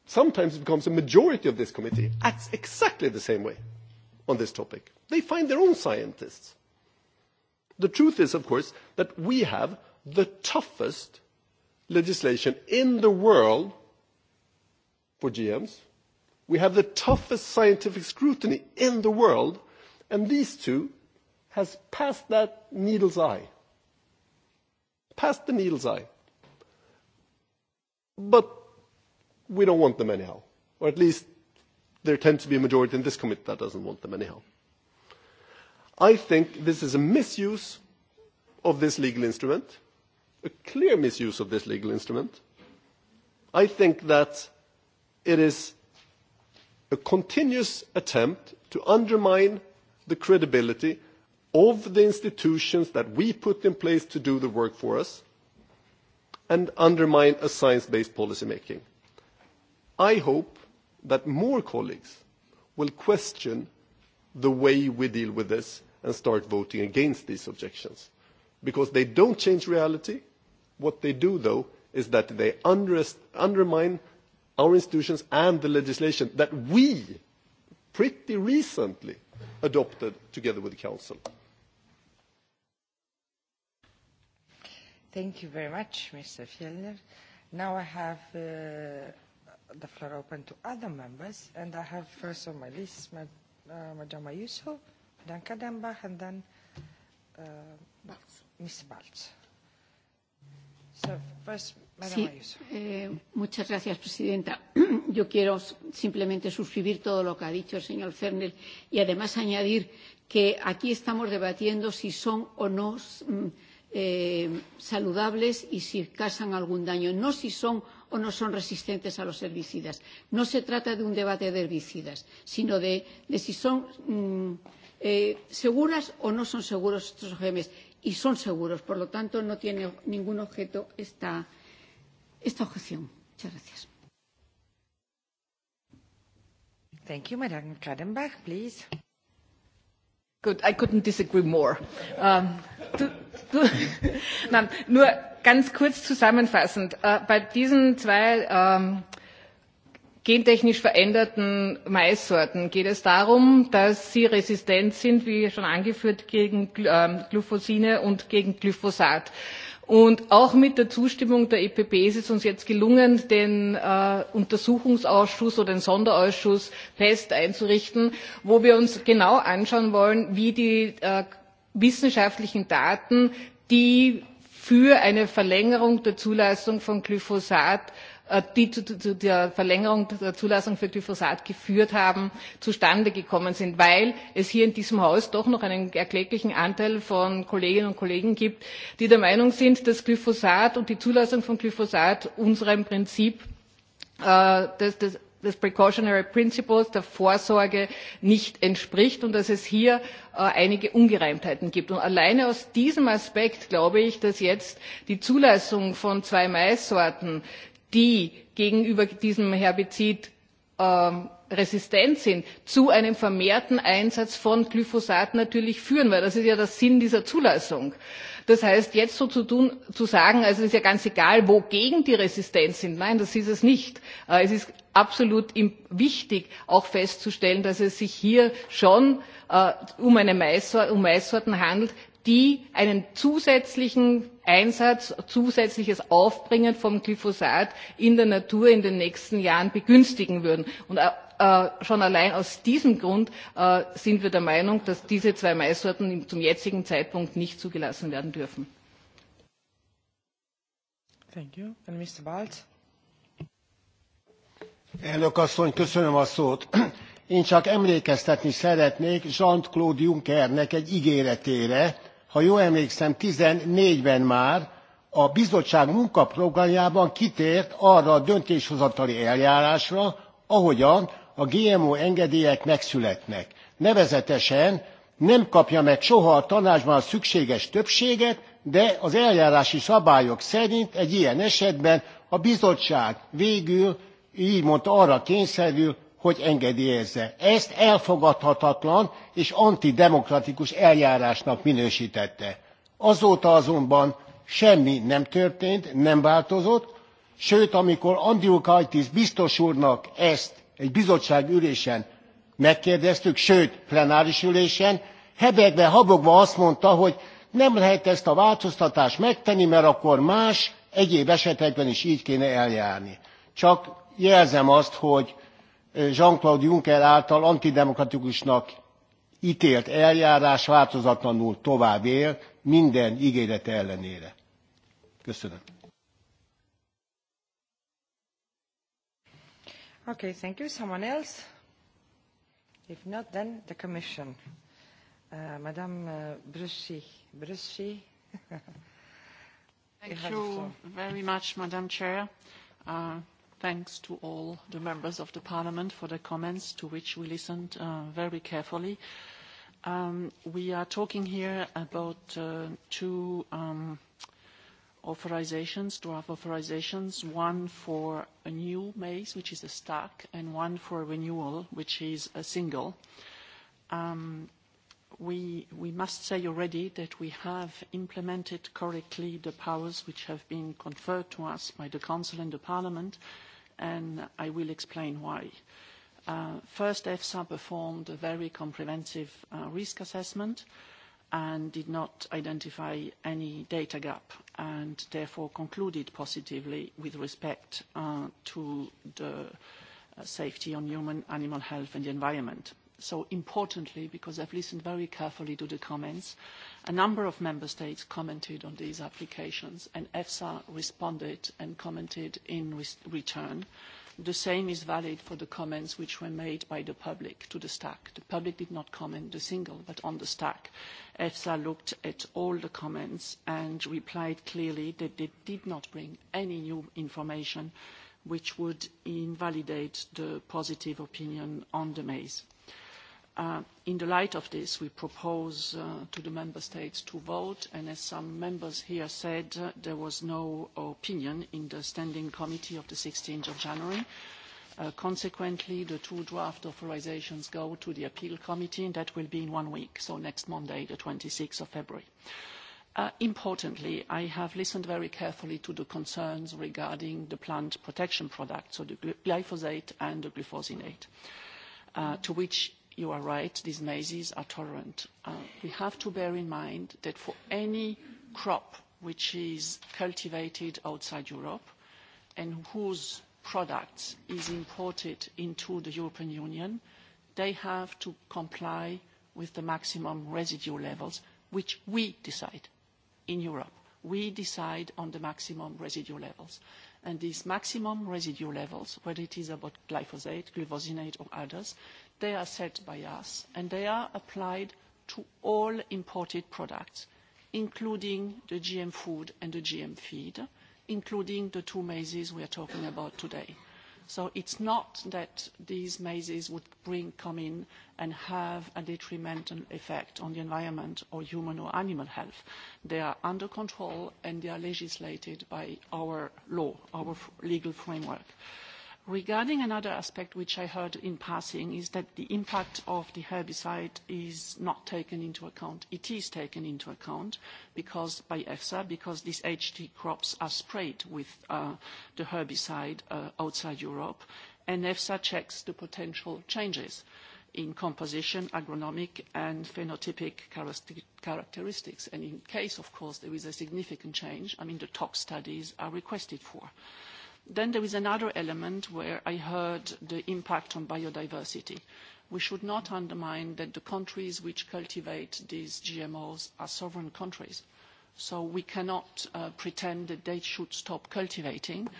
sometimes becomes a majority of this committee acts exactly the same way on this topic. They find their own scientists. The truth is, of course, that we have the toughest legislation in the world for GMs. We have the toughest scientific scrutiny in the world, and these two has passed that needle's eye. Passed the needle's eye. But we don't want them anyhow. Or at least there tends to be a majority in this committee that doesn't want them anyhow. I think this is a misuse of this legal instrument, a clear misuse of this legal instrument. I think that it is a continuous attempt to undermine the credibility of the institutions that we put in place to do the work for us and undermine a science-based policy making. I hope that more colleagues will question the way we deal with this and start voting against these objections because they don't change reality. What they do, though, is that they undermine our institutions and the legislation that we pretty recently adopted together with the Council. Thank you very much, Mr. Fjellner. Now I have uh, the floor open to other members, and I have first on my list Ma uh, Madame Ayuso, Madame Kademba, and then uh, Baltz. Mr. Baltz. So, first, Madame sí, Ayuso. Eh, muchas gracias, Presidenta. Yo quiero simplemente suscribir todo lo que ha dicho el señor Fernel y además añadir que aquí estamos debatiendo si son o no. Mm, eh, saludables y si causan algún daño, no si son o no son resistentes a los herbicidas. No se trata de un debate de herbicidas, sino de, de si son mm, eh, seguras o no son seguros estos OGMs. Y son seguros, por lo tanto, no tiene ningún objeto esta, esta objeción. Muchas gracias. Thank you, Madam Kadenbach, please. Good. I couldn't disagree more. Um, to, Nein, nur ganz kurz zusammenfassend. Äh, bei diesen zwei ähm, gentechnisch veränderten Maissorten geht es darum, dass sie resistent sind, wie schon angeführt, gegen ähm, Glyphosine und gegen Glyphosat. Und auch mit der Zustimmung der EPP ist es uns jetzt gelungen, den äh, Untersuchungsausschuss oder den Sonderausschuss PEST einzurichten, wo wir uns genau anschauen wollen, wie die äh, wissenschaftlichen Daten, die für eine Verlängerung der Zulassung von Glyphosat äh, die zu, zu der Verlängerung der Zulassung für Glyphosat geführt haben, zustande gekommen sind, weil es hier in diesem Haus doch noch einen erkläglichen Anteil von Kolleginnen und Kollegen gibt, die der Meinung sind, dass Glyphosat und die Zulassung von Glyphosat unserem Prinzip äh, des, des des Precautionary Principles der Vorsorge nicht entspricht und dass es hier äh, einige Ungereimtheiten gibt. Und alleine aus diesem Aspekt glaube ich, dass jetzt die Zulassung von zwei Maissorten, die gegenüber diesem Herbizid ähm, resistent sind, zu einem vermehrten Einsatz von Glyphosat natürlich führen, weil das ist ja der Sinn dieser Zulassung. Äh, Das heißt, jetzt so zu tun, zu sagen, also es ist ja ganz egal, wogegen die resistent sind. Nein, das ist es nicht. Äh, es ist absolut wichtig, auch festzustellen, dass es sich hier schon äh, um eine Maissorte, um Maissorten handelt, die einen zusätzlichen Einsatz, zusätzliches Aufbringen vom Glyphosat in der Natur in den nächsten Jahren begünstigen würden. Und äh, Äh, schon allein aus diesem Grund äh, sind wir der Meinung, dass diese zwei Maissorten zum jetzigen Zeitpunkt nicht zugelassen werden dürfen. Thank you. And Mr. Elnök asszony, köszönöm a szót. Én csak emlékeztetni szeretnék Jean-Claude Junckernek egy ígéretére, ha jól emlékszem, 14-ben már a bizottság munkaprogramjában kitért arra a döntéshozatali eljárásra, ahogyan a GMO engedélyek megszületnek. Nevezetesen nem kapja meg soha a tanácsban a szükséges többséget, de az eljárási szabályok szerint egy ilyen esetben a bizottság végül, így mondta, arra kényszerül, hogy engedélyezze. Ezt elfogadhatatlan és antidemokratikus eljárásnak minősítette. Azóta azonban semmi nem történt, nem változott, sőt, amikor Andriukaitis biztos úrnak ezt egy bizottság ülésen megkérdeztük, sőt, plenáris ülésen, hebegve, habogva azt mondta, hogy nem lehet ezt a változtatást megtenni, mert akkor más egyéb esetekben is így kéne eljárni. Csak jelzem azt, hogy Jean-Claude Juncker által antidemokratikusnak ítélt eljárás változatlanul tovább él minden ígérete ellenére. Köszönöm. Okay, thank you. Someone else? If not, then the Commission. Uh, Madame uh, Brussi. Brussi. thank you, very much, Madam Chair. Uh, thanks to all the members of the Parliament for the comments, to which we listened uh, very carefully. Um, we are talking here about uh, two um, authorizations, draft authorizations, one for a new maze, which is a stack, and one for a renewal, which is a single. Um, we, we must say already that we have implemented correctly the powers which have been conferred to us by the Council and the Parliament, and I will explain why. Uh, first, EFSA performed a very comprehensive uh, risk assessment, uh, and did not identify any data gap and therefore concluded positively with respect uh, to the uh, safety on human, animal health and the environment. So importantly, because I've listened very carefully to the comments, a number of member states commented on these applications and EFSA responded and commented in re return. The same is valid for the comments which were made by the public to the stack. The public did not comment the single, but on the stack. EFSA looked at all the comments and replied clearly that they did not bring any new information which would invalidate the positive opinion on the maze. Uh, in the light of this, we propose uh, to the member states to vote, and as some members here said, uh, there was no opinion in the standing committee of the 16th of January. Uh, consequently, the two draft authorizations go to the appeal committee, and that will be in one week, so next Monday, the 26th of February. Uh, importantly, I have listened very carefully to the concerns regarding the plant protection products, so the glyphosate and the glyphosinate, uh, to which you are right, these mazes are tolerant. Uh, we have to bear in mind that for any crop which is cultivated outside Europe and whose products is imported into the European Union, they have to comply with the maximum residue levels, which we decide in Europe. We decide on the maximum residue levels. And these maximum residue levels, whether it is about glyphosate, glyphosinate or others, They are set by us and they are applied to all imported products, including the GM food and the GM feed, including the two mazes we are talking about today. So it's not that these mazes would bring, come in and have a detrimental effect on the environment or human or animal health. They are under control and they are legislated by our law, our legal framework. Regarding another aspect which I heard in passing is that the impact of the herbicide is not taken into account. It is taken into account because by EFSA, because these HT crops are sprayed with uh, the herbicide uh, outside Europe, and EFSA checks the potential changes in composition, agronomic and phenotypic characteristics. And in case, of course, there is a significant change, I mean, the tox studies are requested for. Then there is another element where I heard the impact on biodiversity. We should not undermine that the countries which cultivate these GMOs are sovereign countries. So we cannot uh, pretend that they should stop cultivating.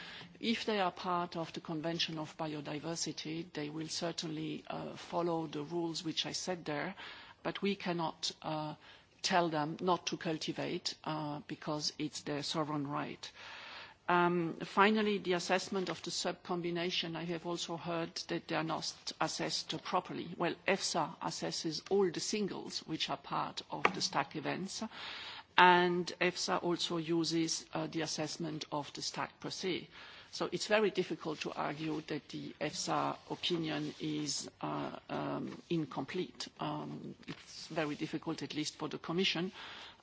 If they are part of the Convention of Biodiversity, they will certainly uh, follow the rules which I said there, but we cannot uh, tell them not to cultivate uh, because it's their sovereign right. Uh, Um, finally, the assessment of the sub-combination, I have also heard that they are not assessed properly. Well, EFSA assesses all the singles which are part of the stack events, and EFSA also uses uh, the assessment of the stack per se. So it's very difficult to argue that the EFSA opinion is uh, um, incomplete. Um, it's very difficult, at least for the Commission,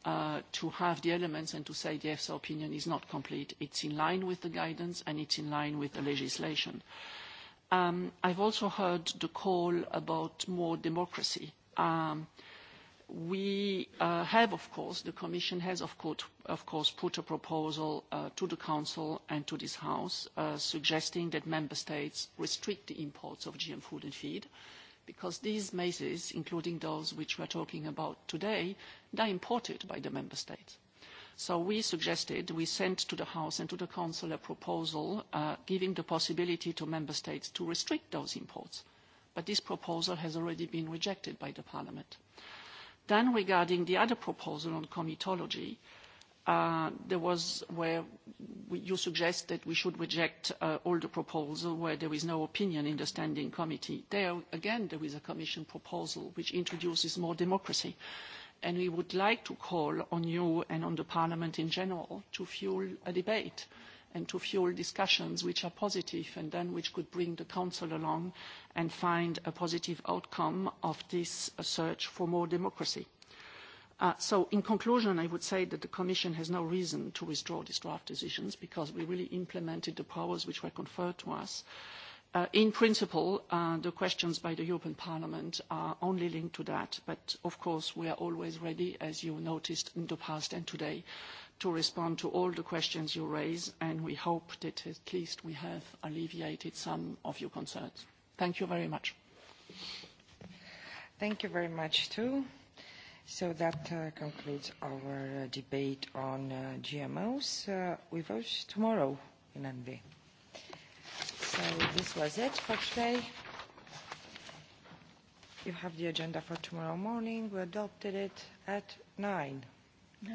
Uh, to have the elements and to say the EFSA opinion is not complete. It's in line with the guidance and it's in line with the legislation. Um, I've also heard the call about more democracy. Um, we uh, have, of course, the Commission has, of course, of course put a proposal uh, to the Council and to this House uh, suggesting that Member States restrict the imports of GM food and feed. Uh, because these mazes, including those which we are talking about today, they are imported by the member states. So we suggested, we sent to the House and to the Council a proposal uh, giving the possibility to member states to restrict those imports. But this proposal has already been rejected by the Parliament. Then regarding the other proposal on comitology, uh, Uh, there was where you suggest that we should reject uh, all the proposal where there is no opinion in the standing committee. There, again, there is a commission proposal which introduces more democracy. And we would like to call on you and on the parliament in general to fuel a debate and to fuel discussions which are positive and then which could bring the council along and find a positive outcome of this search for more democracy. Uh, so in conclusion, I would say that the Commission has no reason to withdraw these draft decisions because we really implemented the powers which were conferred to us. Uh, in principle, uh, the questions by the European Parliament are only linked to that, but of course we are always ready, as you noticed in the past and today, to respond to all the questions you raise, and we hope that at least we have alleviated some of your concerns. Thank you very much. Thank you very much, too. So that uh, concludes our uh, debate on uh, GMOs. Uh, we vote tomorrow in NV. So this was it for today. You have the agenda for tomorrow morning. We adopted it at 9.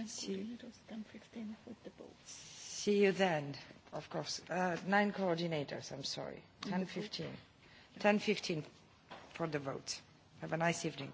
See, see you then, of course. Uh, nine coordinators, I'm sorry. 10.15. 10.15 for the votes. Have a nice evening.